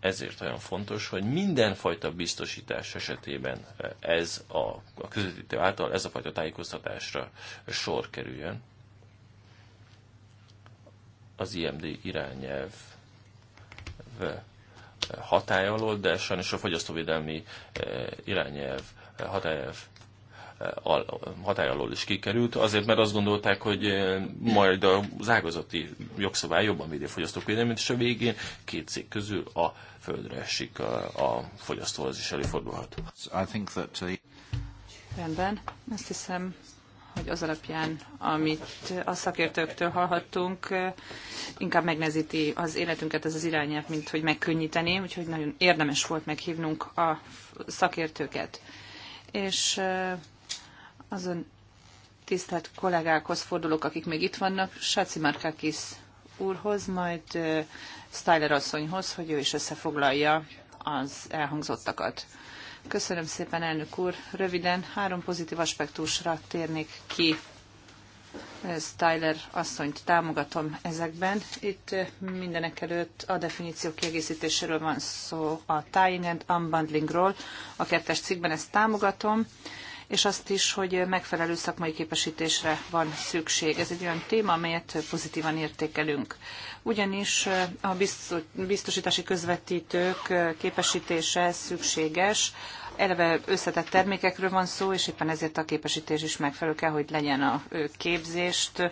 ezért olyan fontos, hogy mindenfajta biztosítás esetében eh, ez a, a közvetítő által ez a fajta tájékoztatásra sor kerüljön. Az IMD irányelv eh, hatály alól, de sajnos a fogyasztóvédelmi eh, irányelv eh, hatályelv eh, hatály alól is kikerült, azért mert azt gondolták, hogy majd az ágazati jogszabály jobban védi a fogyasztók védelmét, és a végén két cég közül a földre esik a, a fogyasztó, az is előfordulhat. I think that... Uh, Rendben, azt hiszem hogy az alapján, amit a szakértőktől hallhattunk, inkább megnezíti az életünket ez az irányát, mint hogy megkönnyíteni, úgyhogy nagyon érdemes volt meghívnunk a szakértőket. És eh, azon tisztelt kollégákhoz fordulok, akik még itt vannak, Sáci Markakis úrhoz, majd eh, Styler asszonyhoz, hogy ő is összefoglalja az elhangzottakat. Köszönöm szépen, elnök úr. Röviden három pozitív aspektusra térnék ki. Styler asszonyt támogatom ezekben. Itt mindenek előtt a definíció kiegészítéséről van szó a tying and unbundlingról. A kettes cikkben ezt támogatom és azt is, hogy megfelelő szakmai képesítésre van szükség. Ez egy olyan téma, amelyet pozitívan értékelünk. Ugyanis a biztosítási közvetítők képesítése szükséges, eleve összetett termékekről van szó, és éppen ezért a képesítés is megfelelő kell, hogy legyen a képzést,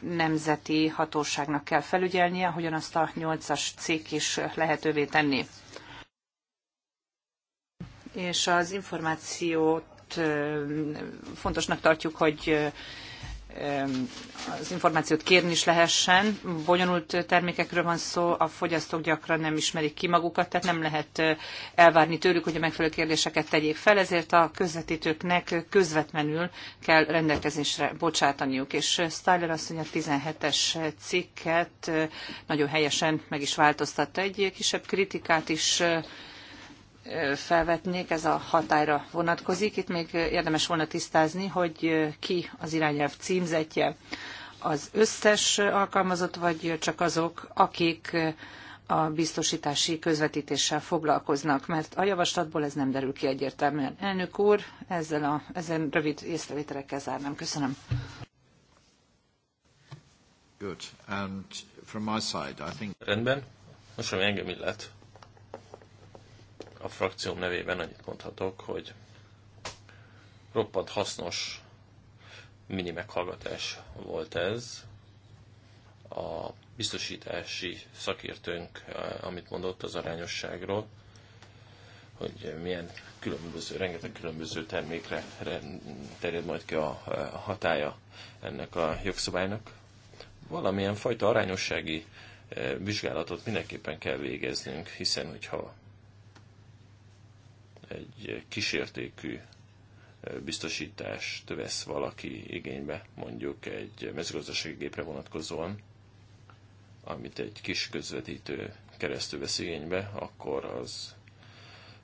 nemzeti hatóságnak kell felügyelnie, ahogyan azt a nyolcas as cikk is lehetővé tenni és az információt fontosnak tartjuk, hogy az információt kérni is lehessen. Bonyolult termékekről van szó, a fogyasztók gyakran nem ismerik ki magukat, tehát nem lehet elvárni tőlük, hogy a megfelelő kérdéseket tegyék fel, ezért a közvetítőknek közvetlenül kell rendelkezésre bocsátaniuk. És Styler asszony a 17-es cikket nagyon helyesen meg is változtatta. Egy kisebb kritikát is felvetnék, ez a hatályra vonatkozik. Itt még érdemes volna tisztázni, hogy ki az irányelv címzetje. Az összes alkalmazott, vagy csak azok, akik a biztosítási közvetítéssel foglalkoznak, mert a javaslatból ez nem derül ki egyértelműen. Elnök úr, ezzel a, ezen rövid észrevételekkel zárnám. Köszönöm. Good. And from my side, I think... Rendben. Most ami engem illet, a frakcióm nevében annyit mondhatok, hogy roppant hasznos mini meghallgatás volt ez. A biztosítási szakértőnk, eh, amit mondott az arányosságról, hogy milyen különböző, rengeteg különböző termékre terjed majd ki eh, a hatája ennek a jogszabálynak. Valamilyen fajta arányossági eh, vizsgálatot mindenképpen kell végeznünk, hiszen hogyha egy kísértékű biztosítást vesz valaki igénybe, mondjuk egy mezőgazdasági gépre vonatkozóan, amit egy kis közvetítő keresztül vesz igénybe, akkor az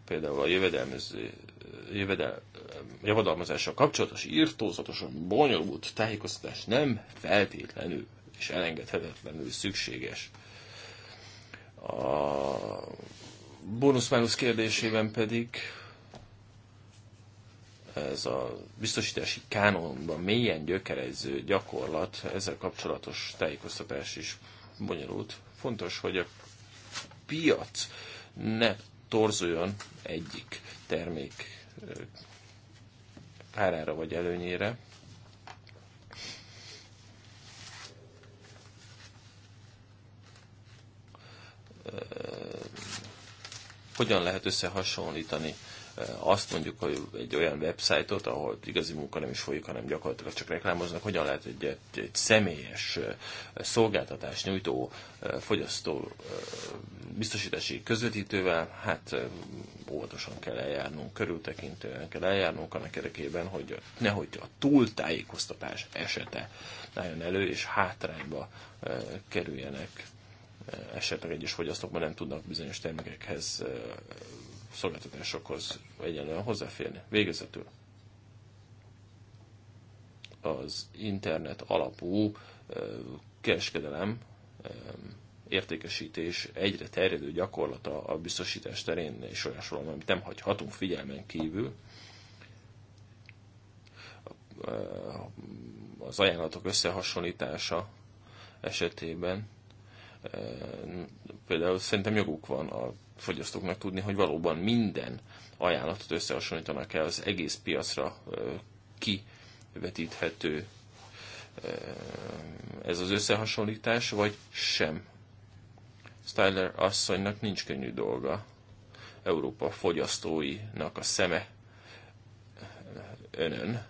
például a jövedelmező, javadalmazással kapcsolatos írtózatosan bonyolult tájékoztatás nem feltétlenül és elengedhetetlenül szükséges. A bónusz kérdésében pedig ez a biztosítási kánonban mélyen gyökerező gyakorlat, ezzel kapcsolatos tájékoztatás is bonyolult. Fontos, hogy a piac ne torzuljon egyik termék árára vagy előnyére. Hogyan lehet összehasonlítani eh, azt mondjuk, hogy egy olyan websájtot, ahol igazi munka nem is folyik, hanem gyakorlatilag csak reklámoznak, hogyan lehet egy, egy, egy személyes eh, szolgáltatás nyújtó eh, fogyasztó biztosítási közvetítővel, hát óvatosan kell eljárnunk, körültekintően kell eljárnunk annak érdekében, hogy nehogy a túltájékoztatás esete álljon elő, és hátrányba kerüljenek esetleg egyes fogyasztókban nem tudnak bizonyos termékekhez, szolgáltatásokhoz egyenlően hozzáférni. Végezetül az internet alapú kereskedelem értékesítés egyre terjedő gyakorlata a biztosítás terén és olyasvalami, amit nem hagyhatunk figyelmen kívül. Az ajánlatok összehasonlítása esetében például szerintem joguk van a fogyasztóknak tudni, hogy valóban minden ajánlatot összehasonlítanak el az egész piacra kivetíthető ez az összehasonlítás, vagy sem. Styler asszonynak nincs könnyű dolga. Európa fogyasztóinak a szeme önön.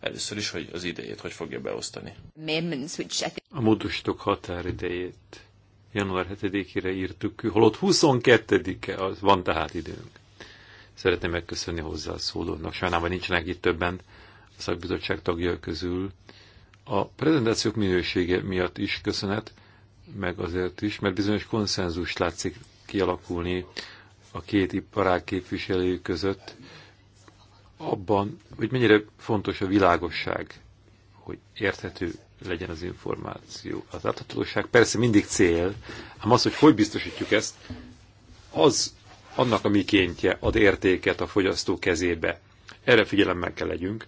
Először is, hogy az idejét hogy fogja beosztani. A módosítók határidejét január 7-ére írtuk ki, holott 22-e, az van tehát időnk. Szeretném megköszönni hozzá a szólónak. Sajnálom, hogy nincsenek itt többen a szakbizottság tagja közül. A prezentációk minősége miatt is köszönet, meg azért is, mert bizonyos konszenzus látszik kialakulni a két iparág képviselői között abban, hogy mennyire fontos a világosság, hogy érthető legyen az információ. Az láthatóság persze mindig cél, ám az, hogy hogy biztosítjuk ezt, az annak a mikéntje ad értéket a fogyasztó kezébe. Erre figyelemmel kell legyünk,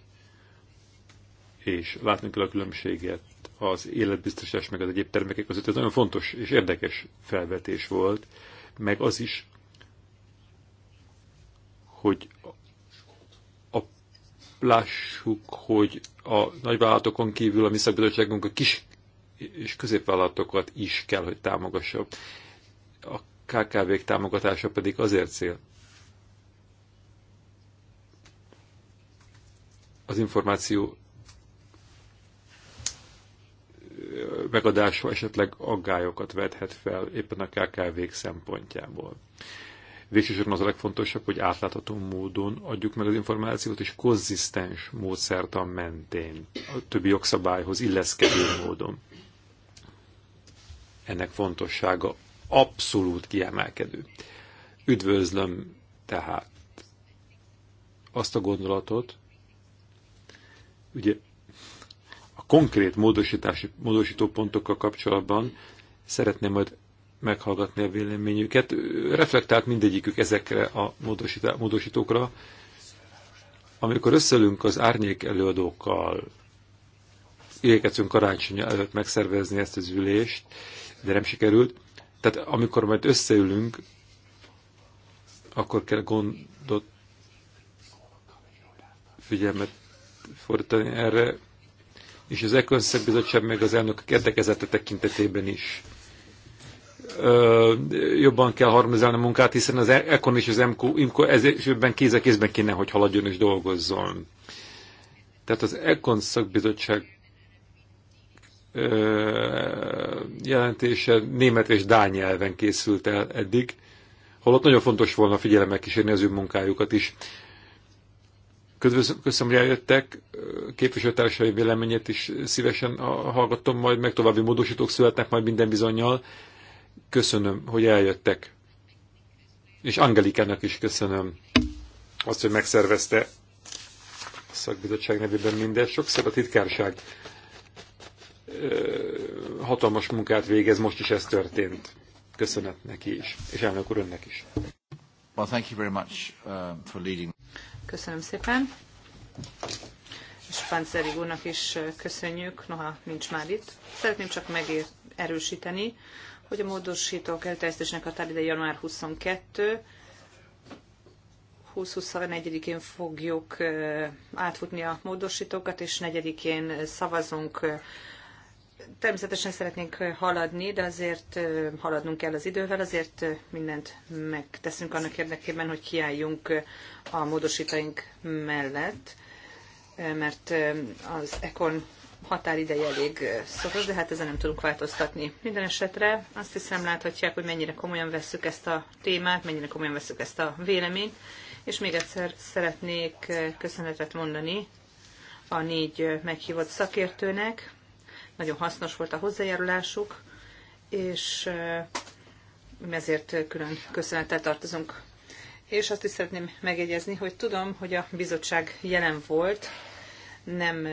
és látnunk kell a különbséget az életbiztosítás meg az egyéb termékek között. Ez nagyon fontos és érdekes felvetés volt, meg az is, hogy Lássuk, hogy a nagyvállalatokon kívül a mi szakbizottságunk a kis és középvállalatokat is kell, hogy támogassa. A KKV-k támogatása pedig azért cél, az információ megadása esetleg aggályokat vethet fel éppen a KKV-k szempontjából. Végsősorban az a legfontosabb, hogy átlátható módon adjuk meg az információt, és konzisztens módszertan mentén, a többi jogszabályhoz illeszkedő módon. Ennek fontossága abszolút kiemelkedő. Üdvözlöm tehát azt a gondolatot, ugye a konkrét módosítási, módosító pontokkal kapcsolatban szeretném majd meghallgatni a véleményüket. Reflektált mindegyikük ezekre a módosítókra. Amikor összelünk az árnyék előadókkal, érkezünk karácsony előtt megszervezni ezt az ülést, de nem sikerült. Tehát amikor majd összeülünk, akkor kell gondot figyelmet fordítani erre, és az Ekonszak Bizottság meg az elnök érdekezete tekintetében is ö, jobban kell harmonizálni a munkát, hiszen az Econ és az MCO, IMCO ezében kéz a kézben kéne, hogy haladjon és dolgozzon. Tehát az Econ szakbizottság ö, jelentése német és dán nyelven készült el eddig, holott nagyon fontos volna figyelemmel kísérni az ő munkájukat is. Köszönöm, hogy eljöttek, képviselőtársai véleményét is szívesen hallgatom, majd meg további módosítók születnek majd minden bizonyal köszönöm, hogy eljöttek. És Angelikának is köszönöm azt, hogy megszervezte a szakbizottság nevében minden. Sokszor a titkárság hatalmas munkát végez, most is ez történt. Köszönet neki is, és elnök úr önnek is. Well, thank you very much, uh, for leading. Köszönöm szépen. És Pánzeri úrnak is köszönjük, noha nincs már itt. Szeretném csak megerősíteni, hogy a módosítók a határideje január 22, 20-21-én fogjuk átfutni a módosítókat, és 4-én szavazunk. Természetesen szeretnénk haladni, de azért haladnunk kell az idővel, azért mindent megteszünk annak érdekében, hogy kiálljunk a módosítaink mellett, mert az ECON határideje elég szoros, de hát ezen nem tudunk változtatni. Minden esetre azt hiszem láthatják, hogy mennyire komolyan vesszük ezt a témát, mennyire komolyan vesszük ezt a véleményt, és még egyszer szeretnék köszönetet mondani a négy meghívott szakértőnek. Nagyon hasznos volt a hozzájárulásuk, és ezért külön köszönettel tartozunk. És azt is szeretném megjegyezni, hogy tudom, hogy a bizottság jelen volt, nem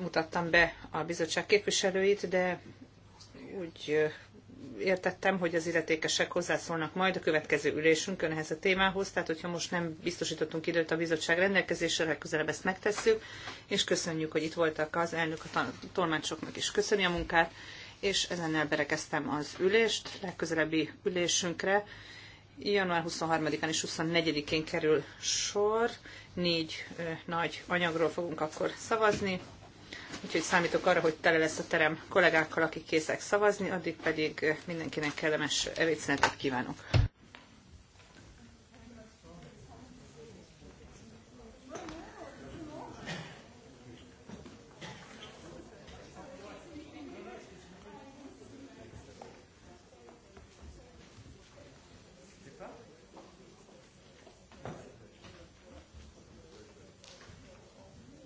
mutattam be a bizottság képviselőit, de úgy értettem, hogy az illetékesek hozzászólnak majd a következő ülésünkön ehhez a témához, tehát hogyha most nem biztosítottunk időt a bizottság rendelkezésre, legközelebb ezt megtesszük, és köszönjük, hogy itt voltak az elnök, a tolmácsoknak is köszöni a munkát, és ezennel berekeztem az ülést, legközelebbi ülésünkre január 23-án és 24-én kerül sor négy nagy anyagról fogunk akkor szavazni, úgyhogy számítok arra, hogy tele lesz a terem kollégákkal, akik készek szavazni, addig pedig mindenkinek kellemes evétszünetet kívánok.